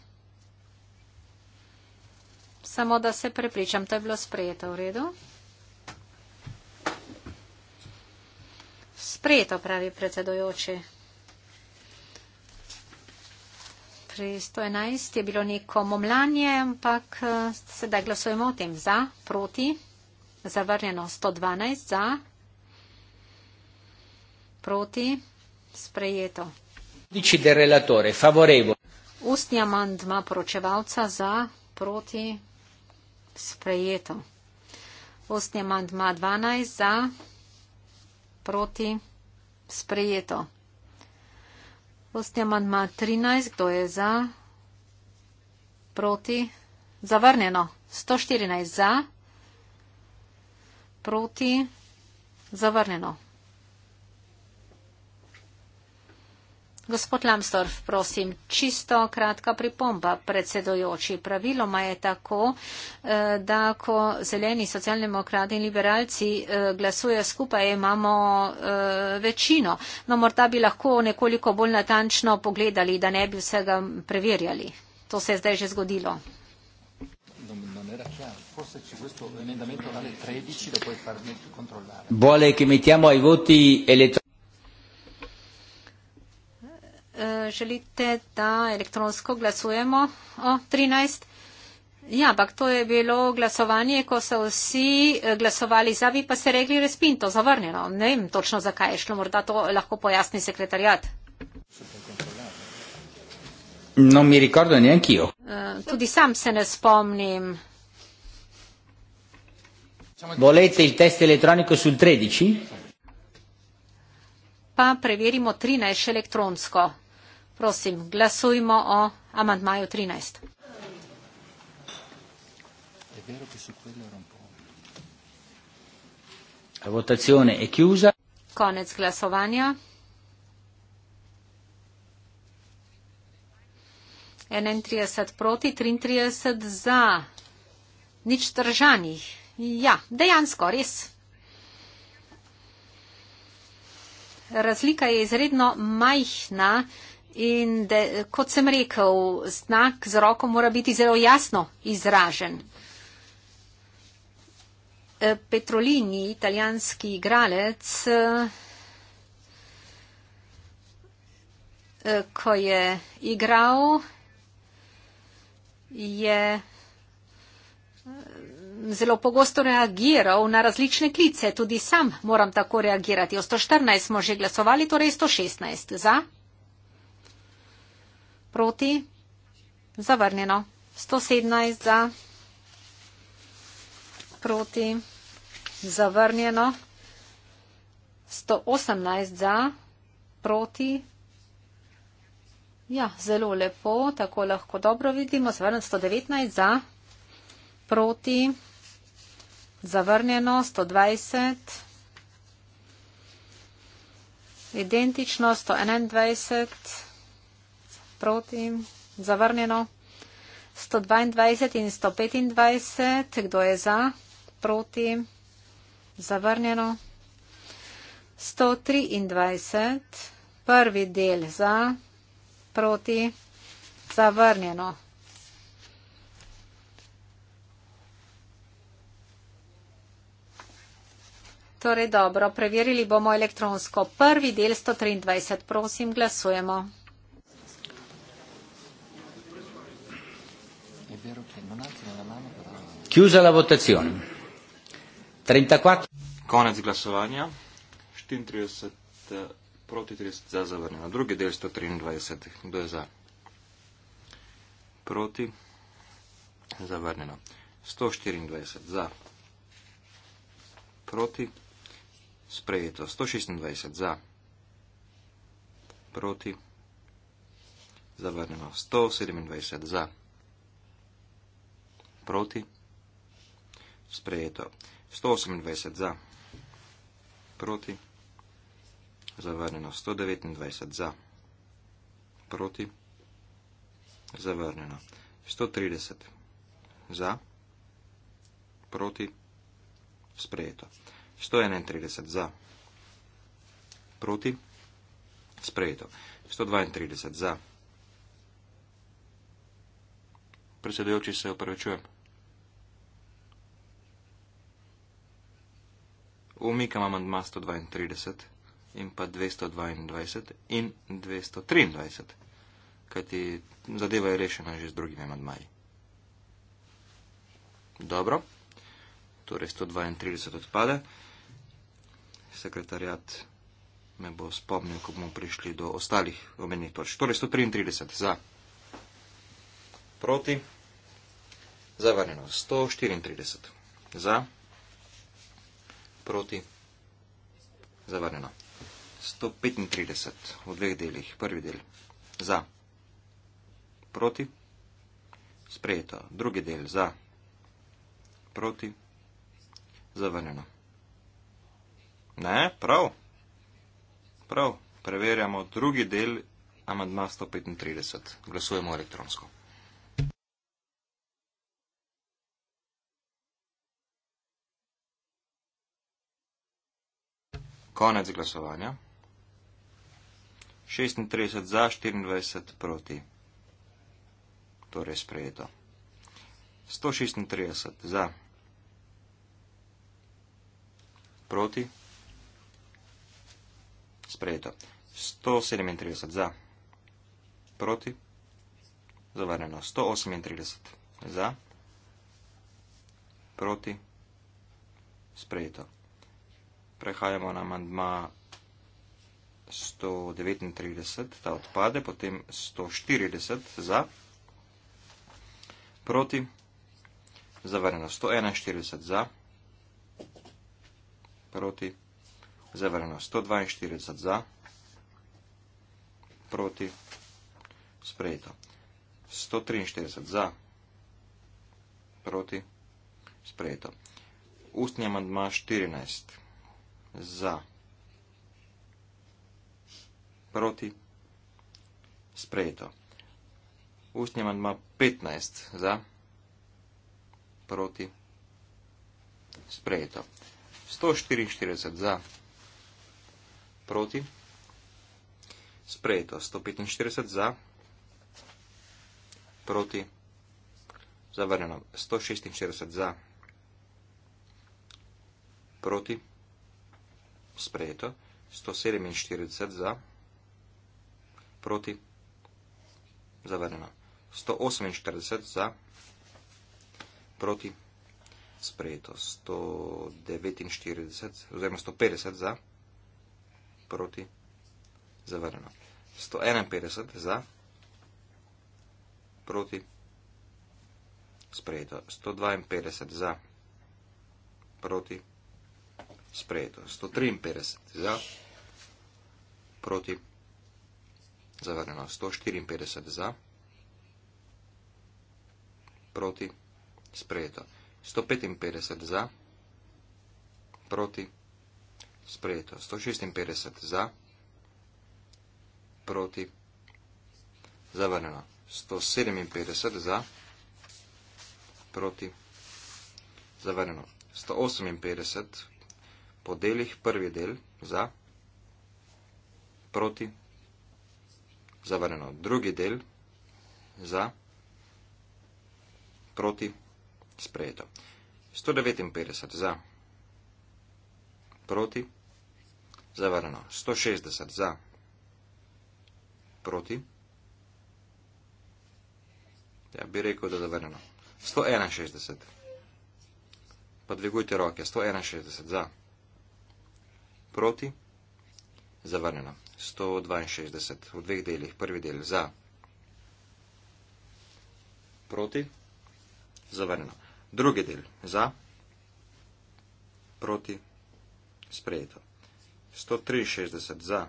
S4: Samo da se prepričam, to je bilo sprejeto v redu. sprejeto, pravi predsedojoče. Pri 111 je bilo neko momlanje, ampak eh, sedaj glasujemo o tem za, proti, zavrnjeno 112 za, proti, sprejeto. Ustni amandma poročevalca za, proti, sprejeto. Ustni amandma 12 za, proti, sprejeto sprejeto. Postjaman ima 13, kdo je za, proti, zavrnjeno, 114 za, proti, zavrnjeno. Gospod Lamstorf, prosim, čisto kratka pripomba predsedojoči. Praviloma je tako, eh, da ko zeleni socialdemokrati in liberalci eh, glasujejo skupaj, imamo eh, večino. No, morda bi lahko nekoliko bolj natančno pogledali, da ne bi vsega preverjali. To se je zdaj že zgodilo.
S1: Bole, ki mi temo,
S4: Eh, želite, da elektronsko glasujemo o 13? Ja, ampak to je bilo glasovanje, ko so vsi eh, glasovali za, vi pa ste rekli respinto, zavrnjeno. Ne vem točno, zakaj je šlo, morda to lahko pojasni sekretarjat.
S1: No, mi ricordo neankijo.
S4: Eh, tudi sam se ne spomnim.
S1: Volete il test elettronico sul 13?
S4: Pa preverimo 13 elektronsko. Prosim, glasujmo o amantmaju 13. Konec glasovanja. Enem 30 proti, 33 za. Nič držanih. Ja, dejansko, res. Razlika je izredno majhna. In de, kot sem rekel, znak z roko mora biti zelo jasno izražen. E, Petrolini, italijanski igralec, e, ko je igral, je e, zelo pogosto reagiral na različne klice. Tudi sam moram tako reagirati. O 114 smo že glasovali, torej 116 za proti. Zavrnjeno. 117 za. Proti. Zavrnjeno. 118 za. Proti. Ja, zelo lepo, tako lahko dobro vidimo. Zavrnjeno 119 za. Proti. Zavrnjeno 120. Identično 121 proti, zavrnjeno. 122 in 125, kdo je za, proti, zavrnjeno. 123, prvi del za, proti, zavrnjeno. Torej dobro, preverili bomo elektronsko prvi del 123, prosim, glasujemo.
S1: Chiusa la votazione.
S2: 34. Konec glasovanja. 34 eh, proti 30 za zavrnjeno. Drugi del 123. Kdo je za? Proti. Zavrnjeno. 124 za. Proti. Sprejeto. 126 za. Proti. Zavrnjeno. 127 za. Proti sprejeto. 128 za, proti, zavrnjeno. 129 za, proti, zavrnjeno. 130 za, proti, sprejeto. 131 za, proti, sprejeto. 132 za. Predsedujoči se opravičujem. umikam amandma 132 in pa 222 in 223, kajti zadeva je rešena že z drugimi amandmaji. Dobro, torej 132 odpade. Sekretarjat me bo spomnil, ko bomo prišli do ostalih omenjenih točk. Torej 133 za, proti, zavarjeno 134 za proti. Zavrnjeno. 135 v dveh delih. Prvi del. Za. Proti. Sprejeto. Drugi del. Za. Proti. Zavrnjeno. Ne, prav. Prav. Preverjamo drugi del amadma 135. Glasujemo elektronsko. Konec glasovanja. 36 za, 24 proti. Torej sprejeto. 136 za. Proti. Sprejeto. 137 za. Proti. Zavrneno. 138 za. Proti. Sprejeto. Prehajamo na amandma 139, ta odpade, potem 140 za, proti, zavrnjeno 141 za, proti, zavrnjeno 142 za, proti, sprejeto 143 za, proti, sprejeto. Ustni amandma 14 za, proti, sprejeto. Ustni amandma 15 za, proti, sprejeto. 144 za, proti, sprejeto. 145 za, proti, zavrnjeno. 146 za, proti, sprejeto sprejeto 147 za, proti zavrnjeno 148 za, proti sprejeto 149 oziroma 150 za, proti zavrnjeno 151 za, proti sprejeto 152 za, proti zavrnjeno sprejeto. 153 za, proti, zavrnjeno. 154 za, proti, sprejeto. 155 za, proti, sprejeto. 156 za, proti, zavrnjeno. 157 za, proti, zavrnjeno. 158 po delih prvi del za, proti, zavrnjeno. Drugi del za, proti, sprejeto. 159 za, proti, zavrnjeno. 160 za, proti. Ja, bi rekel, da je zavrnjeno. 161. Podvigujte roke. 161 za proti, zavrnjeno. 162 v dveh delih, prvi del za, proti, zavrnjeno. Drugi del za, proti, sprejeto. 163 za,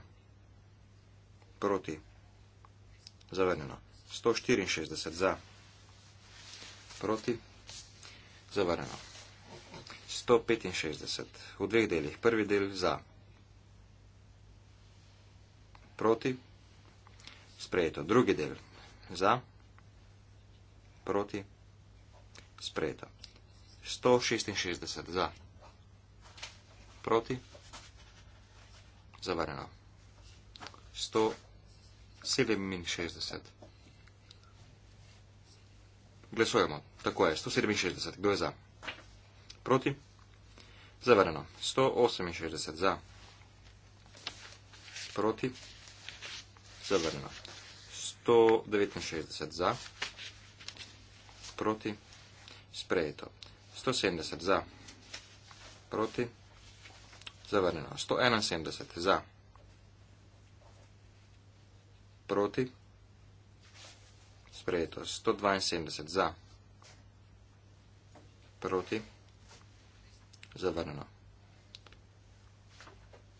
S2: proti, zavrnjeno. 164 za, proti, zavrnjeno. 165 v dveh delih, prvi del za proti, sprejeto. Drugi del za, proti, sprejeto. 166 za, proti, zavarjeno. 167. Glasujemo. Tako je. 167. Kdo je za? Proti? Zavrnjeno. 168 za. Proti? zavrnila. 169 za, proti, sprejeto. 170 za, proti, zavrnjeno. 171 za, proti, sprejeto. 172 za, proti, zavrnjeno.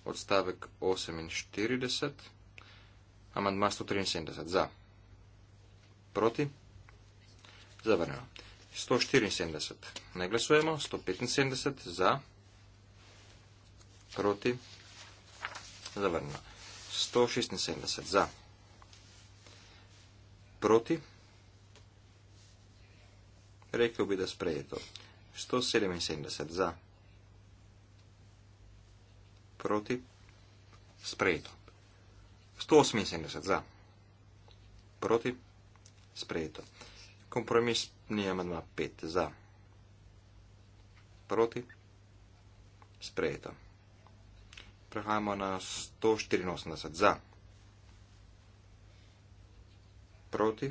S2: Odstavek 48. Amandma 173. Za. Proti. Zavrneno. 174. Ne glasujemo. 175. Za. Proti. Zavrneno. 176. Za. Proti. Rekel bi, da spreje to. 177. Za. Proti. Sprejeto. 178 za, proti, sprejeto. Kompromis ni amandma 5 za, proti, sprejeto. Prehajamo na 184 za, proti,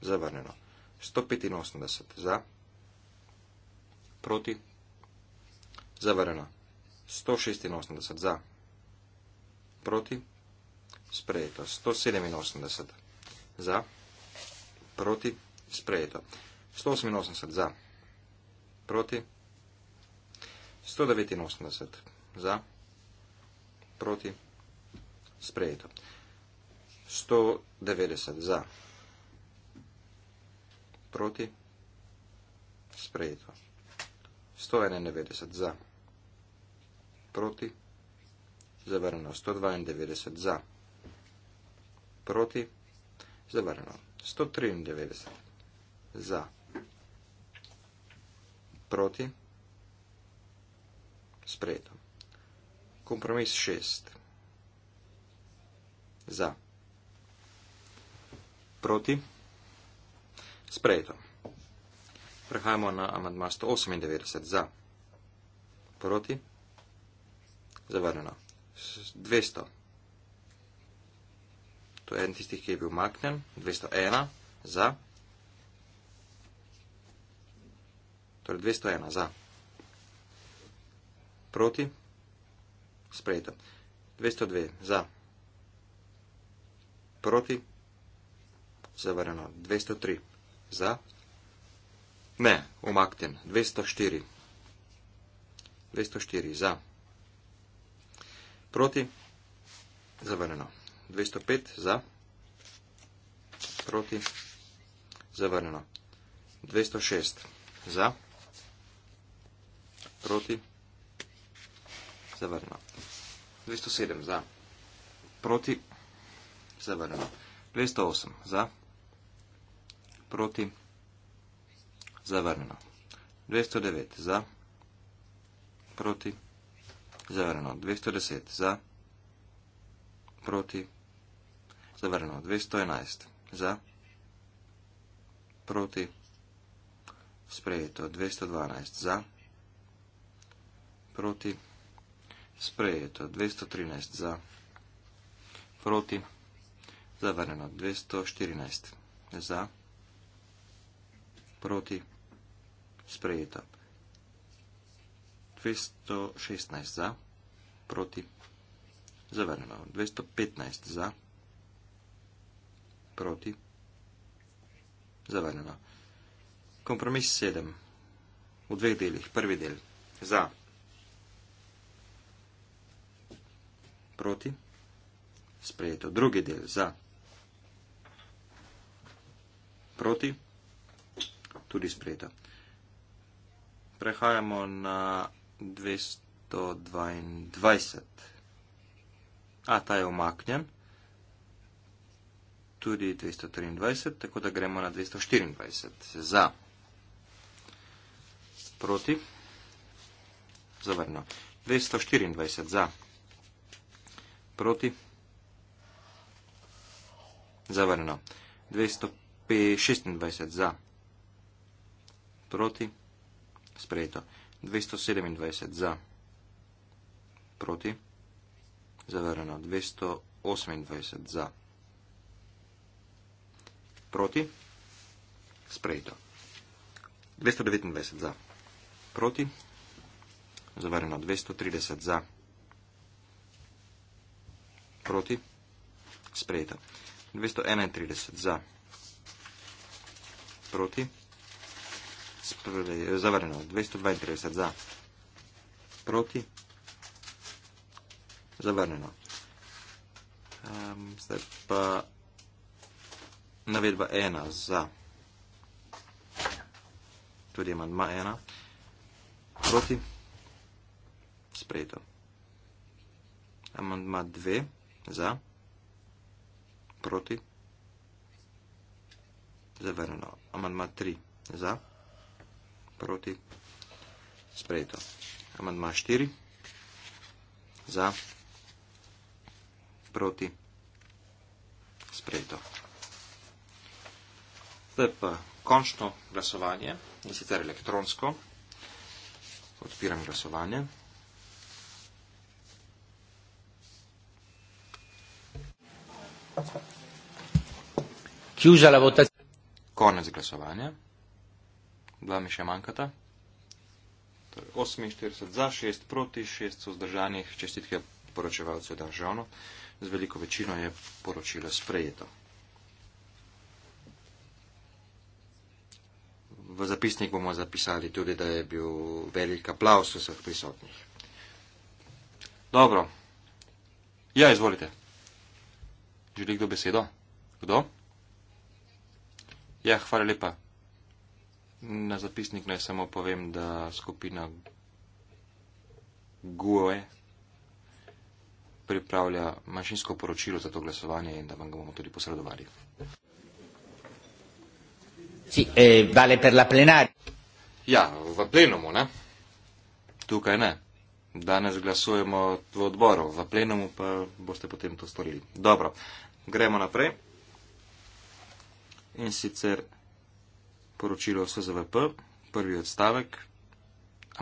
S2: zavrnjeno. 185 za, proti, zavrnjeno. 186 za, proti, zavrnjeno sprejeto. 187 za, proti, sprejeto. 188 za, proti, 189 za, proti, sprejeto. 190 za, proti, sprejeto. 191 za, proti, zavrnjeno. 192 za proti, zavrnjeno. 193 za, proti, sprejeto. Kompromis 6 za, proti, sprejeto. Prehajamo na amadma 198 za, proti, zavrnjeno. 200 to je en tistih, ki je bil maknen, 201 za. Torej 201 za. Proti. Sprejeto. 202 za. Proti. Zavrnjeno. 203 za. Ne, umaknjen. 204. 204 za. Proti. Zavrnjeno. 205 za, proti, zavrnjeno. 206 za, proti, zavrnjeno. 207 za, proti, zavrnjeno. 208 za, proti, zavrnjeno. 209 za, proti, zavrnjeno. 210 za, proti, zavrnjeno. Zavrnil. 211. Za. Proti. Sprejeto. 212. Za. Proti. Sprejeto. 213. Za. Proti. Zavrnjeno. 214. Za. Proti. Sprejeto. 216. Za. Proti. Zavrnjeno. 215. Za. Proti. Zavrnjeno. Kompromis sedem. V dveh delih. Prvi del. Za. Proti. Sprejeto. Drugi del. Za. Proti. Tudi sprejeto. Prehajamo na 222. A, ta je omaknjen tudi 223, tako da gremo na 224. Za. Proti. Zavrno. 224. Za. Proti. Zavrno. 226. Za. Proti. Sprejeto. 227. Za. Proti. Zavrno. 228. Za. Proti? Sprejeto. 229 za. Proti? Zavarjeno 230 za. Proti? Sprejeto. 231 za. Proti? Sprej, zavarjeno 232 za. Proti? Zavarjeno. Um, ehm, zdaj pa. Navedba ena za. Tudi manjma ena. Proti. Sprejeto. Amandma dve za. Proti. Zavrnjeno. Amandma tri za. Proti. Sprejeto. Amandma štiri za. Proti. Sprejeto. To je pa končno glasovanje, in sicer elektronsko. Odpiram glasovanje. Konec glasovanja. Dva mi še manjkata. 48 torej, za, 6 proti, 6 so zdržanih. Čestitke poročevalcu Danžano. Z veliko večino je poročilo sprejeto. v zapisnik bomo zapisali tudi, da je bil velik aplaus vseh prisotnih. Dobro. Ja, izvolite. Želi kdo besedo? Kdo? Ja, hvala lepa. Na zapisnik naj samo povem, da skupina GUE pripravlja manjšinsko poročilo za to glasovanje in da vam ga bomo tudi posredovali.
S1: Sì, eh, vale per la plenaria.
S2: Ja, v plenumu, ne? Tukaj ne. Danes glasujemo v odboru, v plenumu pa boste potem to storili. Dobro, gremo naprej. In sicer poročilo SZVP, prvi odstavek,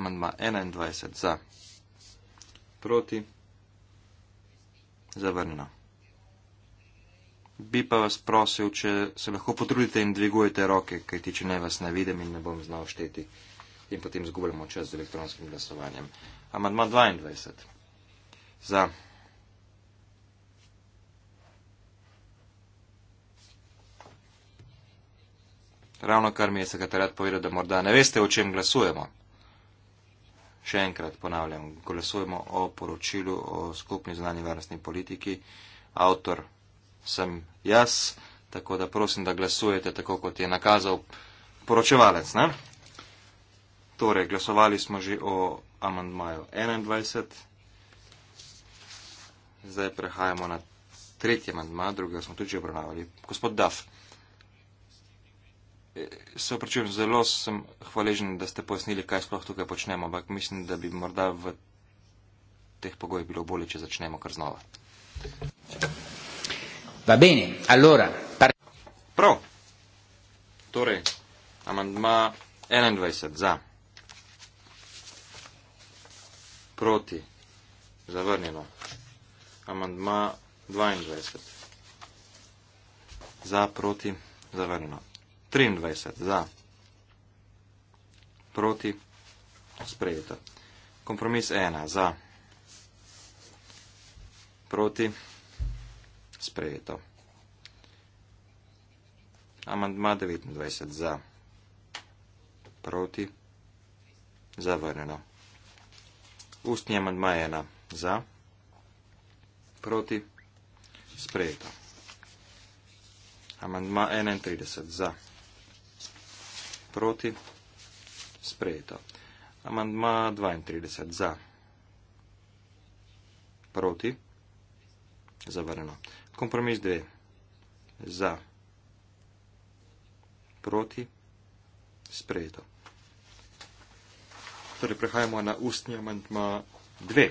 S2: amandma 21 za, proti, zavrnjeno bi pa vas prosil, če se lahko potrudite in dvigujete roke, kajti če ne vas ne vidim in ne bom znal šteti in potem zgubljamo čas z elektronskim glasovanjem. Amadma 22. Za. Ravno kar mi je sekretarjat povedal, da morda ne veste, o čem glasujemo. Še enkrat ponavljam, glasujemo o poročilu o skupni zunanji varnostni politiki. Autor sem jaz, tako da prosim, da glasujete tako, kot je nakazal poročevalec. Ne? Torej, glasovali smo že o amandmaju 21. Zdaj prehajamo na tretji amandma, drugega smo tudi že obravnavali. Gospod Daf, e, se opračujem, zelo sem hvaležen, da ste pojasnili, kaj sploh tukaj počnemo, ampak mislim, da bi morda v teh pogojih bilo bolje, če začnemo kar znova. Va
S1: bene, allora.
S2: Par- Pro. Torej, amandma 21 za. Proti. Zavrnjeno. Amandma 22. Za, proti, zavrnjeno. 23 za. Proti. Sprejeto. Kompromis 1 za. Proti sprejeto. Amandma 29 za. Proti. Zavrnjeno. Ustni amandma 1 za. Proti. Sprejeto. Amandma 31 za. Proti. Sprejeto. Amandma 32 za. Proti. Zavrnjeno. Kompromis 2. Za. Proti. Sprejeto. Torej, prehajamo na ustni amantma 2.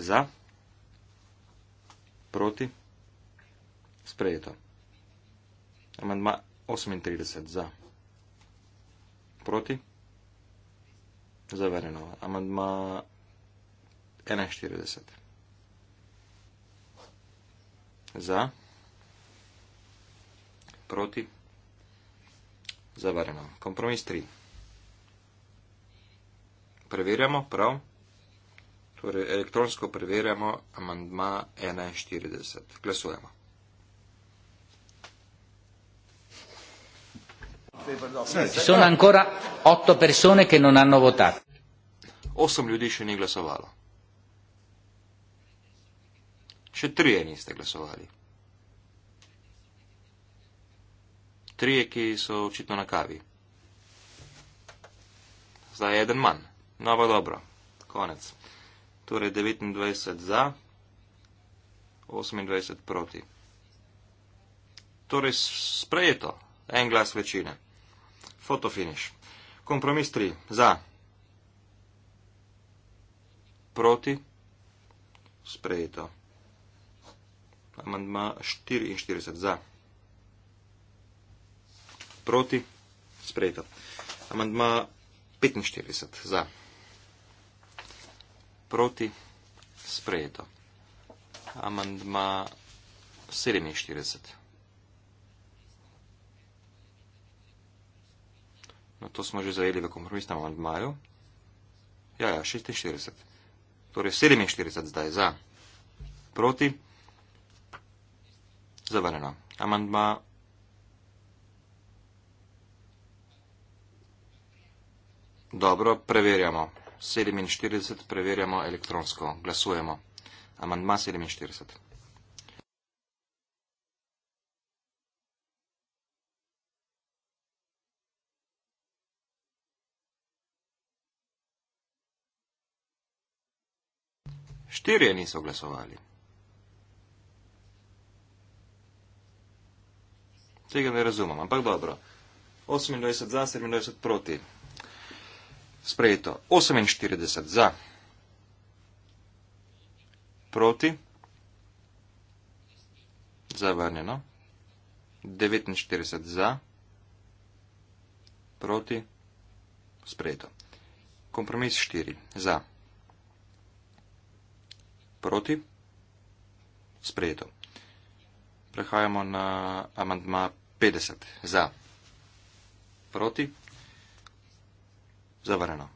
S2: Za. Proti. Sprejeto. Amantma 38. Za. Proti. Zavereno. Amantma 41 za, proti, zavarjeno. Kompromis 3. Preverjamo, prav. Torej, elektronsko preverjamo amandma 41. Glasujemo. Ci sono ancora
S1: otto persone che non hanno votato.
S2: Osem ljudi še ni glasovalo. Še trije niste glasovali. Trije, ki so očitno na kavi. Zdaj je eden manj. Novo dobro. Konec. Torej 29 za, 28 proti. Torej sprejeto. En glas večine. Fotofiniš. Kompromis 3. Za. Proti. Sprejeto. Amandma 44 za. Proti. Sprejeto. Amandma 45 za. Proti. Sprejeto. Amandma 47. No, to smo že zajeli v kompromisnem amandmaju. Ja, ja, 46. Torej 47 zdaj za. Proti. Zavarjeno. Amandma. Dobro, preverjamo. 47 preverjamo elektronsko. Glasujemo. Amandma 47. Štirje niso glasovali. Tega ne razumem, ampak dobro. 28 za, 27 proti. Sprejeto. 48 za. Proti. Zavrnjeno. 49 za. Proti. Sprejeto. Kompromis 4. Za. Proti. Sprejeto. Prehajamo na amandma 50 za, proti, zavarano.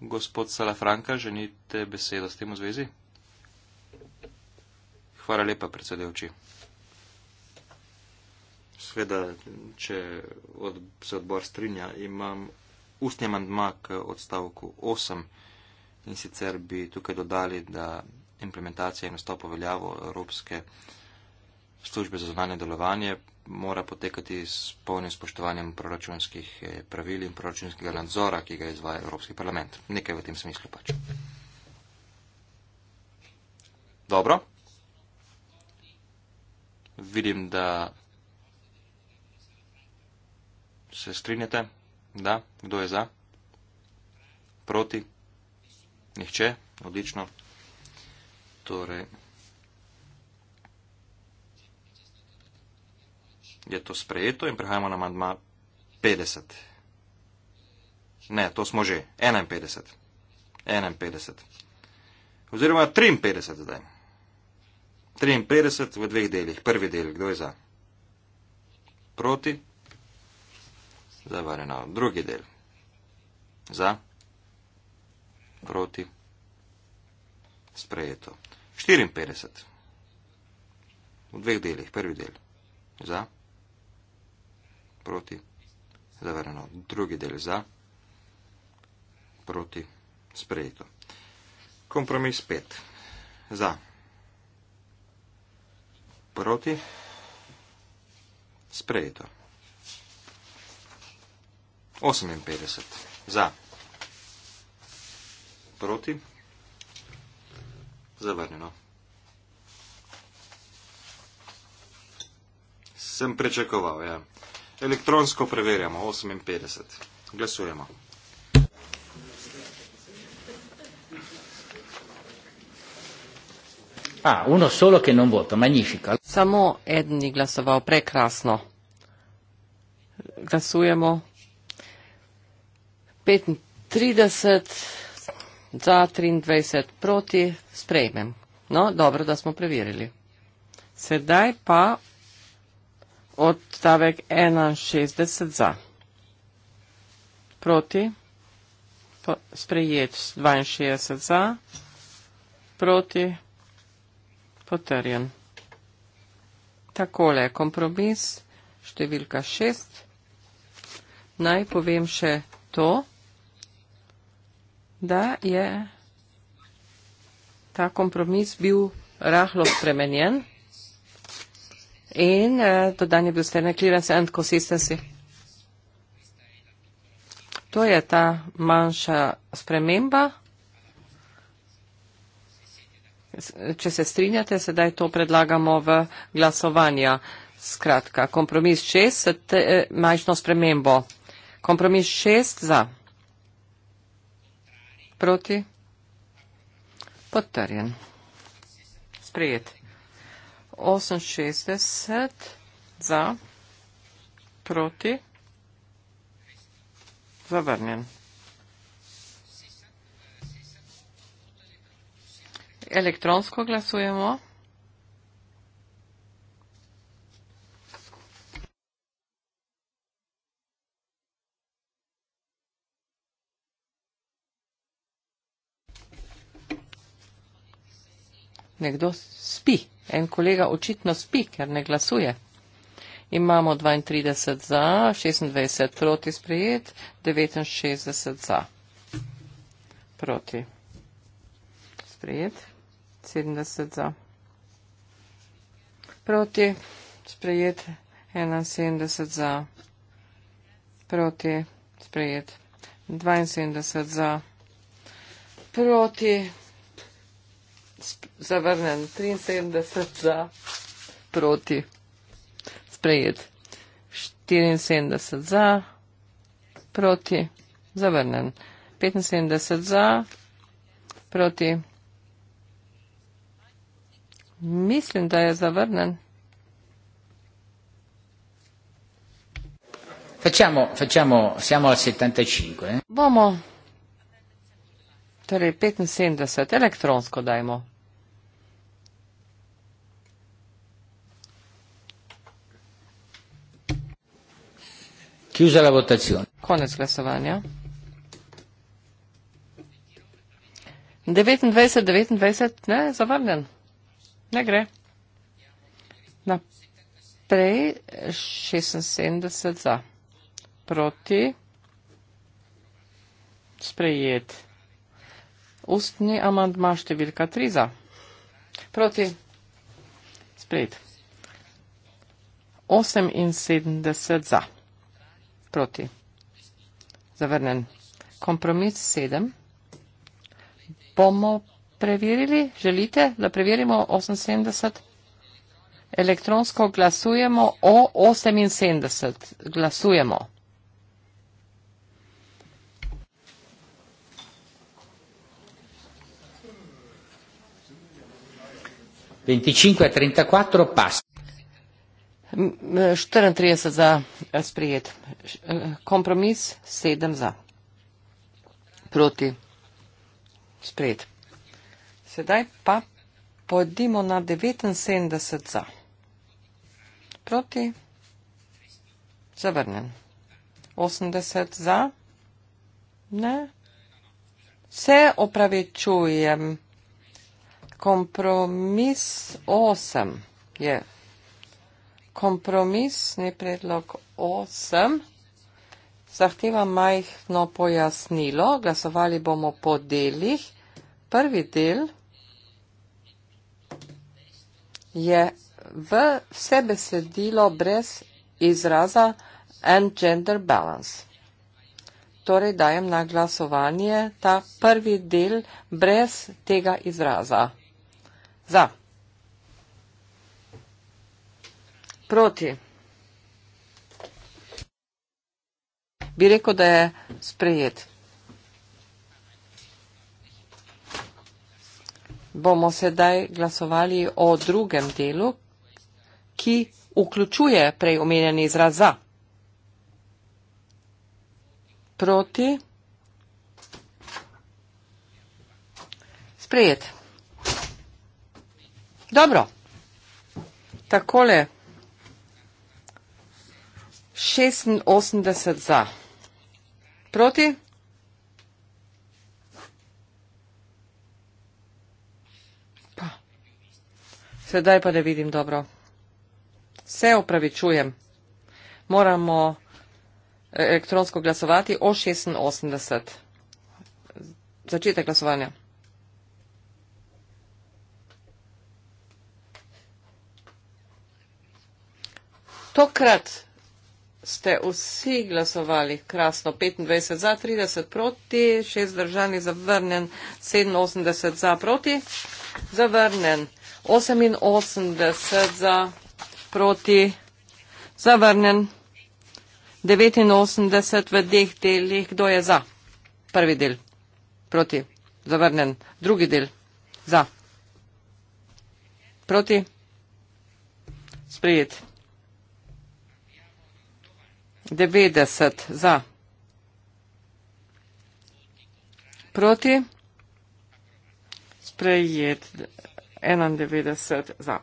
S2: Gospod Salafranka, želite besedo s tem v zvezi? Hvala lepa, predsedevči. Sveda, če od, se odbor strinja, imam ustni mandma k odstavku 8 in sicer bi tukaj dodali, da implementacija in vstop v veljavo Evropske službe za zunanje delovanje mora potekati s polnim spoštovanjem proračunskih eh, pravil in proračunskega nadzora, ki ga izvaja Evropski parlament. Nekaj v tem smislu pač. Dobro. Vidim, da se strinjate. Da, kdo je za? Proti? Nihče? Odlično. Torej, je to sprejeto in prehajamo na mandma 50. Ne, to smo že. 51. 51. Oziroma 53 zdaj. 53 v dveh delih. Prvi del, kdo je za? Proti. Zavarjeno. Drugi del. Za. Proti. Sprejeto. 54. V dveh delih. Prvi del. Za. Proti. Zavrnjeno. Drugi del. Za. Proti. Sprejeto. Kompromis 5. Za. Proti. Sprejeto. 58. Za. Proti zavrnjeno. Sem pričakoval, ja. Elektronsko preverjamo, 58. Glasujemo.
S3: A, ah, uno solo, ki non vota, magnifico. Samo eden je glasoval, prekrasno. Glasujemo. 35 za 23 proti sprejmem. No, dobro, da smo preverili. Sedaj pa odstavek 61 za. Proti, sprejet 62 za, proti, potrjen. Takole je kompromis, številka 6. Naj povem še to da je ta kompromis bil rahlo spremenjen in eh, dodan je bil sterne clearance and consistency. To je ta manjša sprememba. Če se strinjate, sedaj to predlagamo v glasovanja. Skratka, kompromis 6, eh, majhno spremembo. Kompromis 6 za. Proti? Potrjen. Sprejet. 68 za. Proti? Zavrnjen. Elektronsko glasujemo. nekdo spi. En kolega očitno spi, ker ne glasuje. Imamo 32 za, 26 proti sprejet, 69 za. Proti. Sprejet. 70 za. Proti. Sprejet. 71 za. Proti. Sprejet. 72 za. Proti zavrnjen, 73 za, proti, sprejet, 74 za, proti, zavrnjen, 75 za, proti. Mislim, da je zavrnjen.
S1: Facciamo, facciamo, siamo al 75. Eh?
S3: Bomo. Torej 75, elektronsko dajmo.
S1: Chiusa la votazione.
S3: Konec glasovanja. 29, 29, ne, zavrnjen. Ne gre. Naprej 76 za. Proti. Sprejet. Ustni amandma številka 3 za. Proti. Sprejet. 78 za. Proti. Zavrnen. Kompromis 7. Bomo preverili, želite, da preverimo 78? Elektronsko glasujemo o 78. Glasujemo. Glasujemo.
S1: 25 a 34 passa.
S3: 34 eh, za eh, sprejet. Eh, kompromis 7 za. Proti sprejet. Sedaj pa pojdimo na 79 za. Proti zavrnen. 80 za. Ne. Se opravičujem kompromis 8 je kompromisni predlog 8. Zahteva majhno pojasnilo. Glasovali bomo po delih. Prvi del je vse besedilo brez izraza and gender balance. Torej dajem na glasovanje ta prvi del brez tega izraza. Za. Proti. Bi rekel, da je sprejet. Bomo sedaj glasovali o drugem delu, ki vključuje prej omenjeni izraz za. Proti. Sprejet. Dobro, takole 86 za. Proti? Pa. Sedaj pa ne vidim dobro. Se opravičujem. Moramo eh, elektronsko glasovati o 86. Začetek glasovanja. Tokrat ste vsi glasovali krasno, 25 za, 30 proti, 6 zdržani, zavrnen, 87 za proti, zavrnen, 88 za proti, zavrnen, 89 v dveh delih, kdo je za. Prvi del proti, zavrnen, drugi del za. Proti, sprejet. 90 za, proti, sprejet 91 za,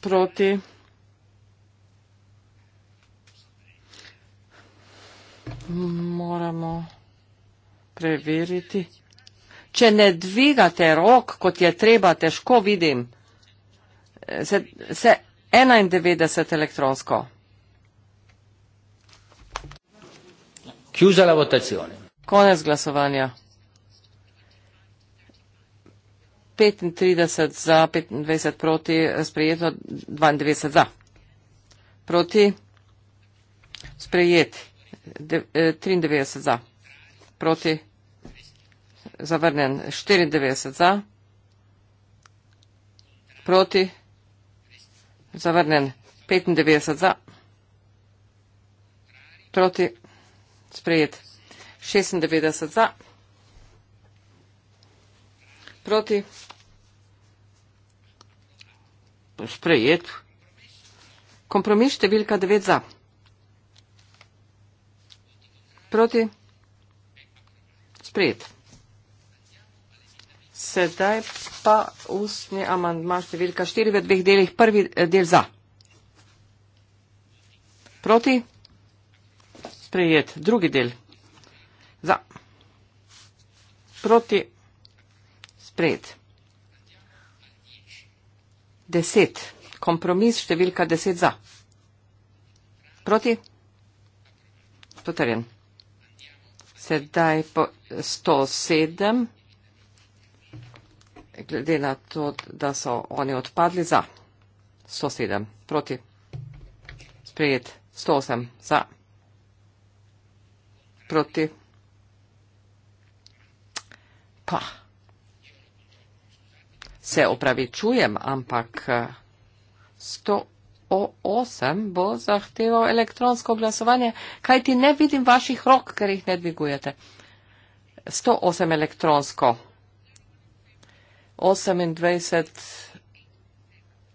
S3: proti, moramo preveriti. Če ne dvigate rok, kot je treba, težko vidim, se, se 91 elektronsko.
S1: Chiusa la votazione.
S3: Konec glasovanja. 35 za, 25 proti, sprejeto 92 za. Proti, sprejeti, e, 93 za. Proti, zavrnjen, 94 za. Proti, zavrnjen, 95 za. Proti. Sprejet. 96 za. Proti. Sprejet. Kompromis številka 9 za. Proti. Sprejet. Sedaj pa ustni amandma številka 4 v dveh delih. Prvi eh, del za. Proti. Sprejet. Drugi del. Za. Proti. Sprejet. Deset. Kompromis številka deset za. Proti. Potrjen. Sedaj po 107. Glede na to, da so oni odpadli za. 107. Proti. Sprejet. 108. Za proti. Pa. Se opravičujem, ampak 108 eh, bo zahteval elektronsko glasovanje, kaj ti ne vidim vaših rok, ker jih ne dvigujete. 108 elektronsko. 28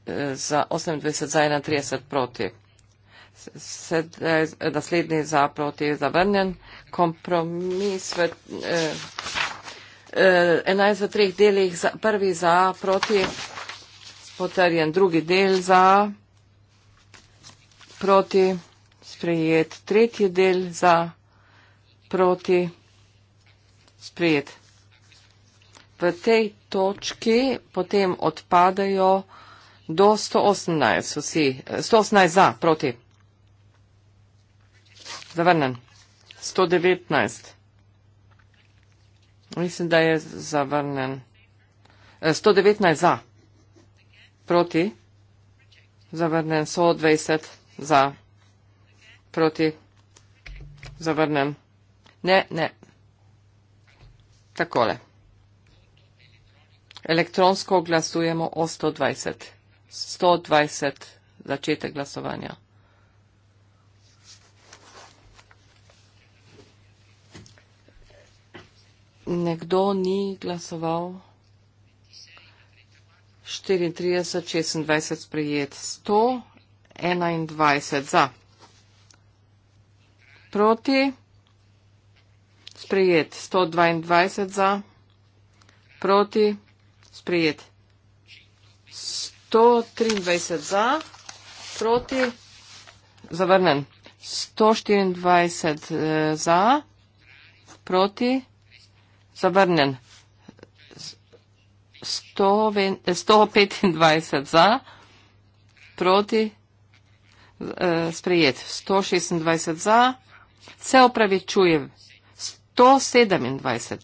S3: eh, za 28 za 31 proti. Sed, eh, naslednji za proti zavrnjen kompromis v eh, eh, 11 za treh delih, za, prvi za, proti, potrjen drugi del za, proti, sprejet tretji del za, proti, sprejet. V tej točki potem odpadajo do 118, vsi, 118 eh, za, proti. Zavrnen. 119. Mislim, da je zavrnen. 119 e, za. Proti. Zavrnen. 120 za. Proti. Zavrnen. Ne, ne. Takole. Elektronsko glasujemo o 120. 120 začetek glasovanja. nekdo ni glasoval. 34, 26 sprejet, 121 za. Proti sprejet, 122 za. Proti sprejet, 123 za. Proti zavrnen, 124 eh, za. Proti zavrnjen. 125 e, ja, za, proti, sprejet. 126 za, se opravičuje. 127.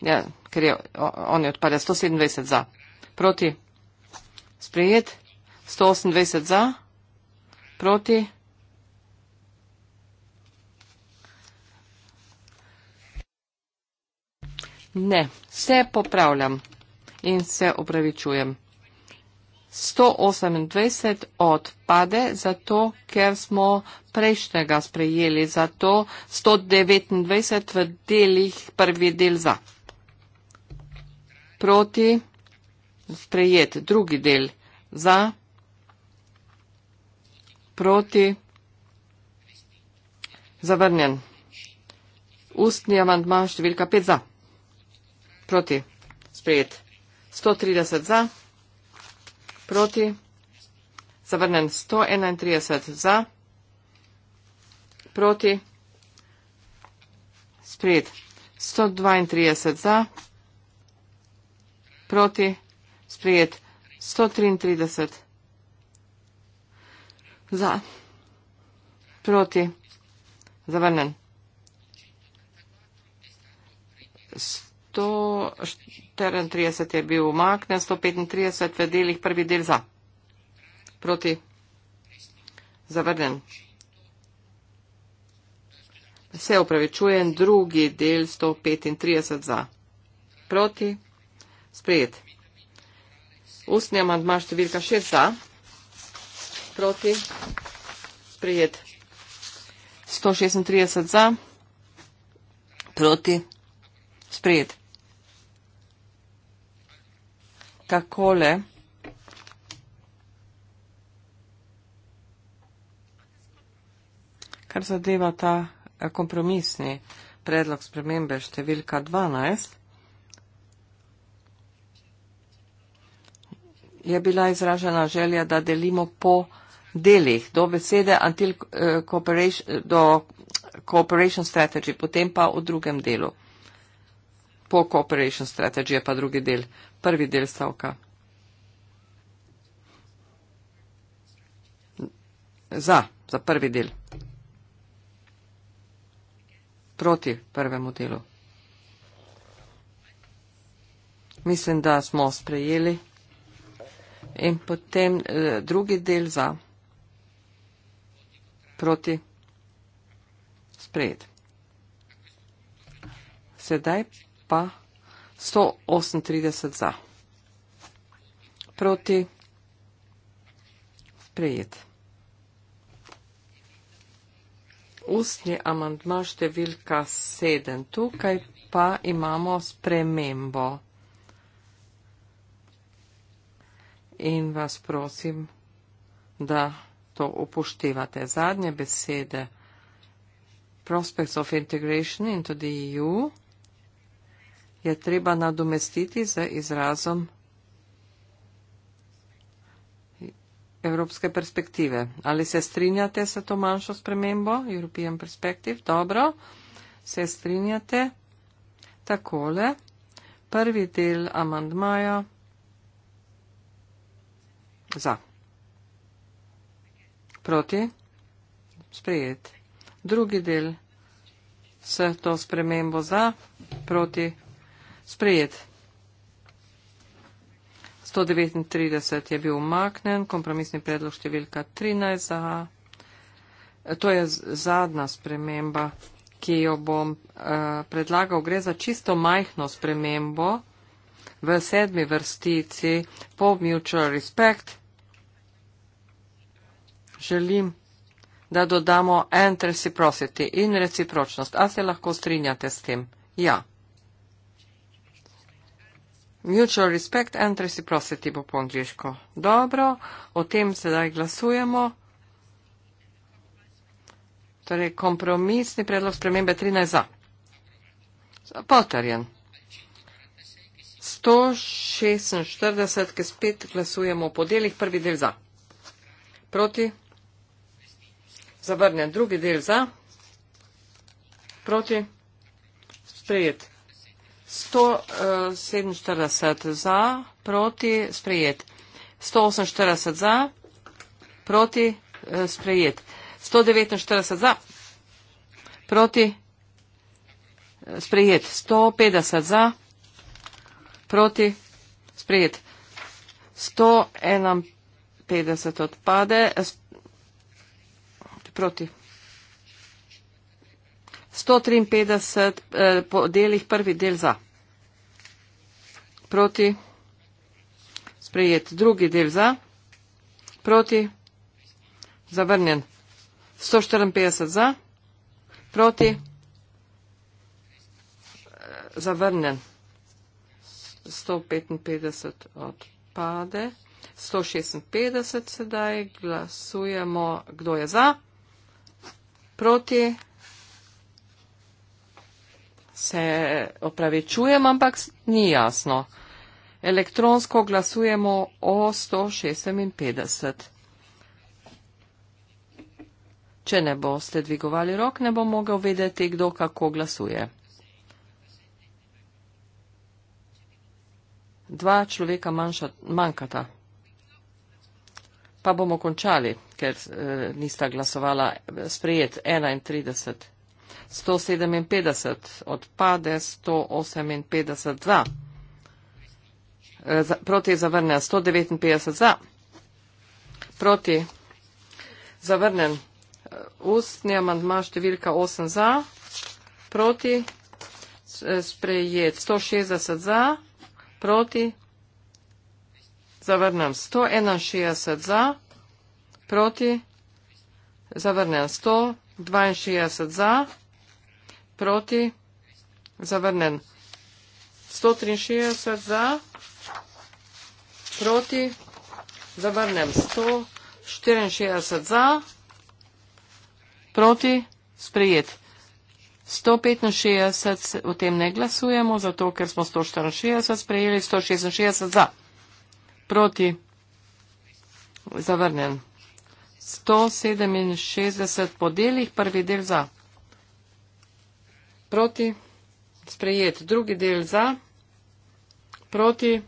S3: Ja, ker je, on je odpadel. 127 za, proti, sprejet. 128 za, proti. Ne, se popravljam in se opravičujem. 128 odpade, zato ker smo prejšnjega sprejeli, zato 129 v delih prvi del za. Proti sprejet drugi del za. Proti zavrnjen. Ustni amandma številka 5 za. Proti. Sprejet. 130 za. Proti. Zavrnen 131 za. Proti. Sprejet. 132 za. Proti. Sprejet. 133 za. Proti. Zavrnen. 134 je bil umaknen, 135 v delih prvi del za. Proti. Zavrnen. Se upravičujem, drugi del 135 za. Proti. Sprejet. Ustni amandma številka 6 za. Proti. Sprejet. 136 za. Proti. Sprejet takole. Kar zadeva ta eh, kompromisni predlog spremembe številka 12, je bila izražena želja, da delimo po delih do besede until eh, cooperation, do cooperation strategy, potem pa v drugem delu po Cooperation Strategy je pa drugi del, prvi del stavka. Za, za prvi del. Proti prvemu delu. Mislim, da smo sprejeli. In potem eh, drugi del za. Proti. Sprejet. Sedaj pa 138 za. Proti sprejet. Ustni amantma številka 7. Tukaj pa imamo spremembo. In vas prosim, da to upoštevate. Zadnje besede. Prospects of integration into the EU je treba nadomestiti z izrazom evropske perspektive. Ali se strinjate s to manjšo spremembo? European perspective. Dobro. Se strinjate? Takole. Prvi del amandmaja. Za. Proti. Sprejet. Drugi del. S to spremembo za. Proti. Sprejet. 139 je bil umaknen, kompromisni predlog številka 13. Za, to je zadnja sprememba, ki jo bom uh, predlagal. Gre za čisto majhno spremembo v sedmi vrstici po mutual respect. Želim, da dodamo and reciprocity in recipročnost. A se lahko strinjate s tem? Ja. Mutual respect and reciprocity bo po angliško. Dobro, o tem sedaj glasujemo. Torej, kompromisni predlog spremembe 13 za. Potrjen. 146, ki spet glasujemo po delih, prvi del za. Proti. Zavrnjen. Drugi del za. Proti. Sprejet. 147 eh, za, proti, sprejet. 148 eh, eh, za, proti, sprejet. 149 za, proti, sprejet. 150 za, proti, sprejet. 151 odpade, proti. 153 eh, po delih, prvi del za. Proti. Sprejet. Drugi del za. Proti. Zavrnjen. 154 za. Proti. Eh, zavrnjen. 155 odpade. 156 sedaj. Glasujemo, kdo je za. Proti se opravičujem, ampak ni jasno. Elektronsko glasujemo o 156. Če ne boste dvigovali rok, ne bo mogel vedeti, kdo kako glasuje. Dva človeka manjša, manjkata. Pa bomo končali, ker e, nista glasovala sprejet 31. 157 odpade, 158 za. Proti zavrne 159 za. Proti zavrnen uh, ustni amandma številka 8 za. Proti sprejet 160 za. Proti zavrnen 161 za. Proti zavrnen 100. 62 za, proti, zavrnen. 163 za, proti, zavrnem. 164 za, proti, sprejet. 165, o tem ne glasujemo, zato ker smo 164 sprejeli, 166 za, proti, zavrnen. 167 podeljih, prvi del za. Proti, sprejet, drugi del za. Proti,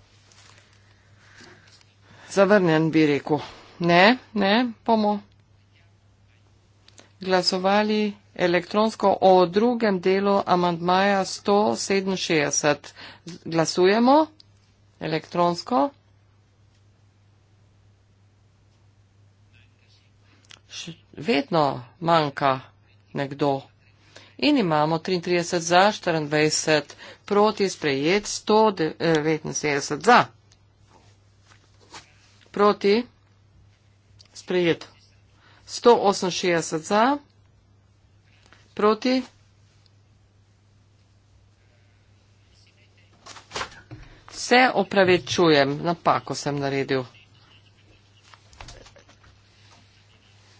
S3: zavrnjen bi rekel. Ne, ne, bomo glasovali elektronsko o drugem delu amantmaja 167. Glasujemo elektronsko. vedno manjka nekdo. In imamo 33 za, 24 proti, sprejet 179 za. Proti, sprejet 168 za, proti. Se opravičujem, napako sem naredil.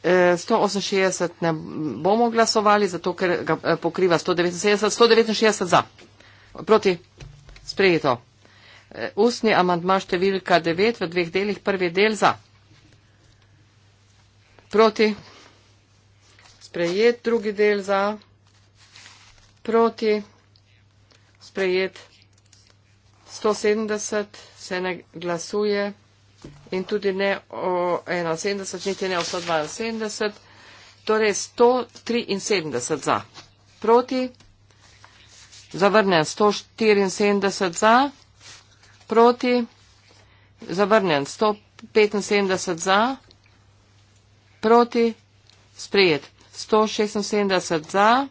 S3: 168 ne bomo glasovali, zato ker ga eh, pokriva 169, 169 za. Proti. Sprejeto. Eh, ustni amandma številka 9 v dveh delih, prvi del za. Proti. Sprejet, drugi del za. Proti. Sprejet. 170 se ne glasuje in tudi ne o 71, niti ne o 172, torej 173 za. Proti, zavrnjen 174 za, proti, zavrnjen 175 za, proti, sprejet 176 za,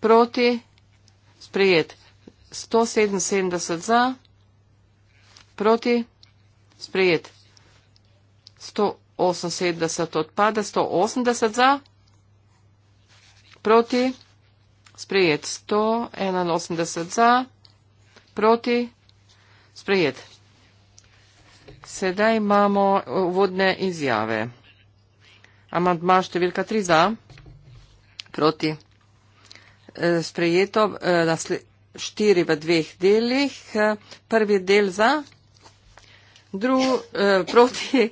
S3: proti, sprejet 177 za, proti, Sprejet. 180 odpada, 180 za. Proti. Sprejet. 181 za. Proti. Sprejet. Sedaj imamo vodne izjave. Amandma številka 3 za. Proti. Eh, sprejeto. 4 eh, v dveh delih. Eh, prvi del za dru, eh, proti,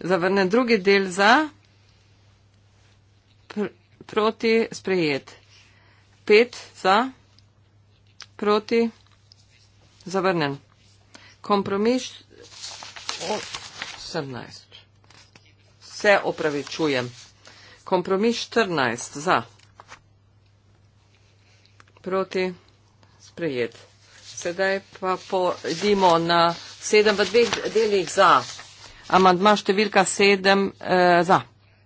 S3: zavrne drugi del za, pr, proti sprejet. Pet za, proti, zavrnen. Kompromis 18. Se opravičujem. Kompromis 14 za, proti, sprejet. Sedaj pa pojdimo na. Sedem v dveh delih za. Amandma številka sedem eh, za.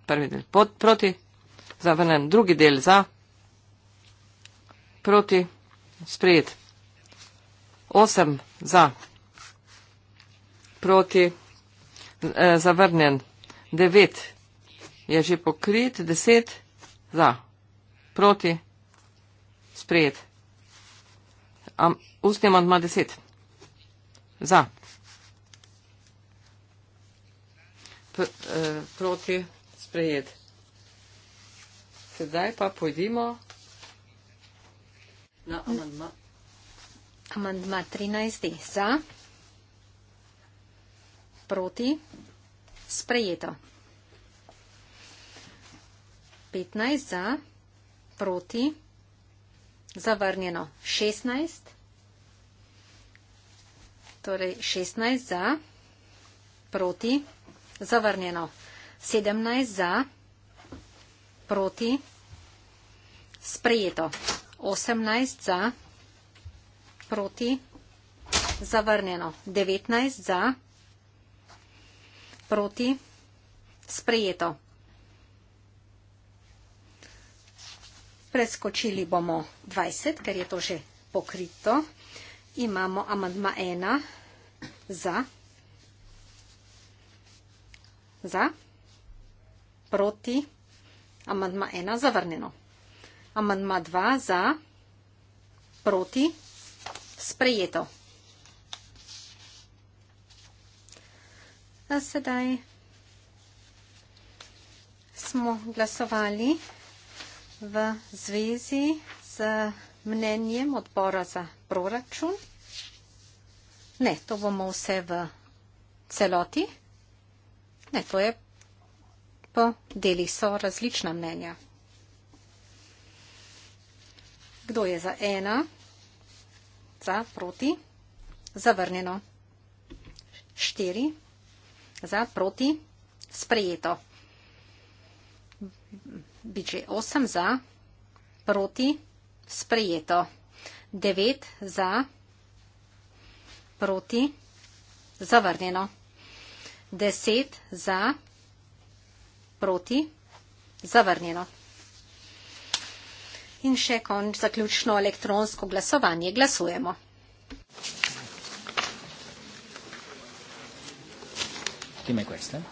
S3: Prvi del Pod, proti. Zavrnen. Drugi del za. Proti. Sprejet. Osem za. Proti. Eh, zavrnen. Devet je že pokrit. Deset za. Proti. Sprejet. Am, ustni amandma deset. Za. Eh, proti sprejeti. Sedaj pa pojdimo
S4: na amandma. Amandma 13. Za. Proti. Sprejeto. 15. Za. Proti. Zavrnjeno. 16. Torej 16 za, proti, zavrnjeno. 17 za, proti, sprejeto. 18 za, proti, zavrnjeno. 19 za, proti, sprejeto. Preskočili bomo 20, ker je to že pokrito. Imamo amadma 1 za, proti, sprejeto za, proti, amandma ena zavrnjeno. Amandma dva za, proti, sprejeto. Sedaj smo glasovali v zvezi z mnenjem odbora za proračun. Ne, to bomo vse v celoti. Ne, to je po delih so različna mnenja. Kdo je za ena? Za proti? Zavrnjeno. Štiri. Za proti? Sprejeto. Bič je osem za proti? Sprejeto. Devet za proti? Zavrnjeno. 10 za, proti, zavrnjeno. In še konč zaključno elektronsko glasovanje. Glasujemo.
S1: Time queste. Eh?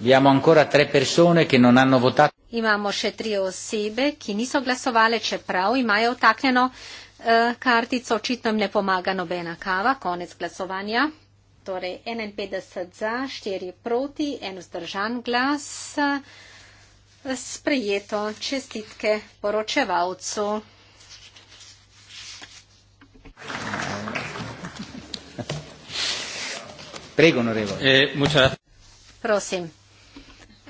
S1: Abbiamo ancora tre persone che non hanno votato.
S4: Imamo še tri osebe, ki niso glasovale, čeprav imajo otakljeno uh, eh, kartico, očitno jim ne pomaga nobena kava, konec glasovanja torej 51 za, 4 proti, en vzdržan glas, sprejeto čestitke poročevalcu.
S1: Prego, eh,
S4: Prosim.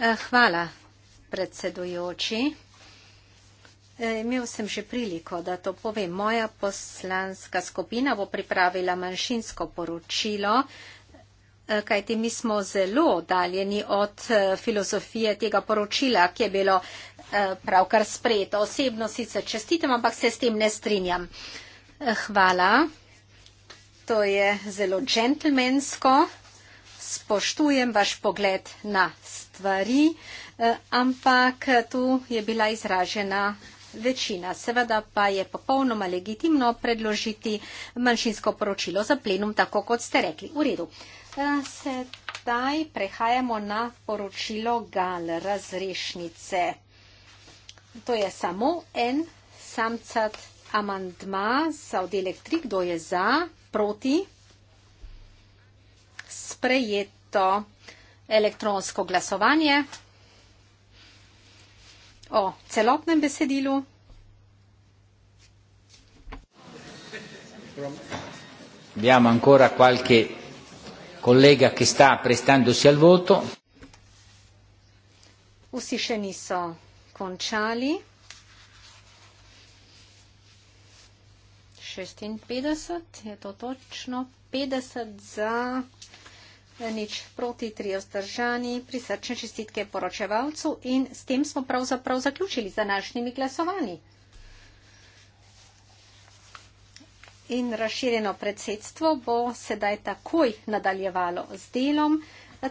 S4: Eh, hvala, predsedujoči. E, imel sem že priliko, da to povem. Moja poslanska skupina bo pripravila manjšinsko poročilo, e, kajti mi smo zelo daljeni od e, filozofije tega poročila, ki je bilo pravkar sprejeto. Osebno sicer čestitam, ampak se s tem ne strinjam. Hvala. To je zelo džentlmensko. Spoštujem vaš pogled na stvari, ampak tu je bila izražena večina. Seveda pa je popolnoma legitimno predložiti manjšinsko poročilo za plenum, tako kot ste rekli. V redu. E, sedaj prehajamo na poročilo gal razrešnice. To je samo en samcat amandma za oddelek 3, kdo je za, proti, sprejeto elektronsko glasovanje o celotnem besedilu.
S1: Abbiamo ancora qualche collega che sta prestandosi al voto.
S4: Vsi še niso končali. 56 je to točno. 50 za nič proti, tri ostržani, prisrčne čestitke poročevalcu in s tem smo pravzaprav zaključili z današnjimi glasovanji. In razširjeno predsedstvo bo sedaj takoj nadaljevalo z delom,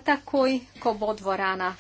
S4: takoj, ko bo dvorana.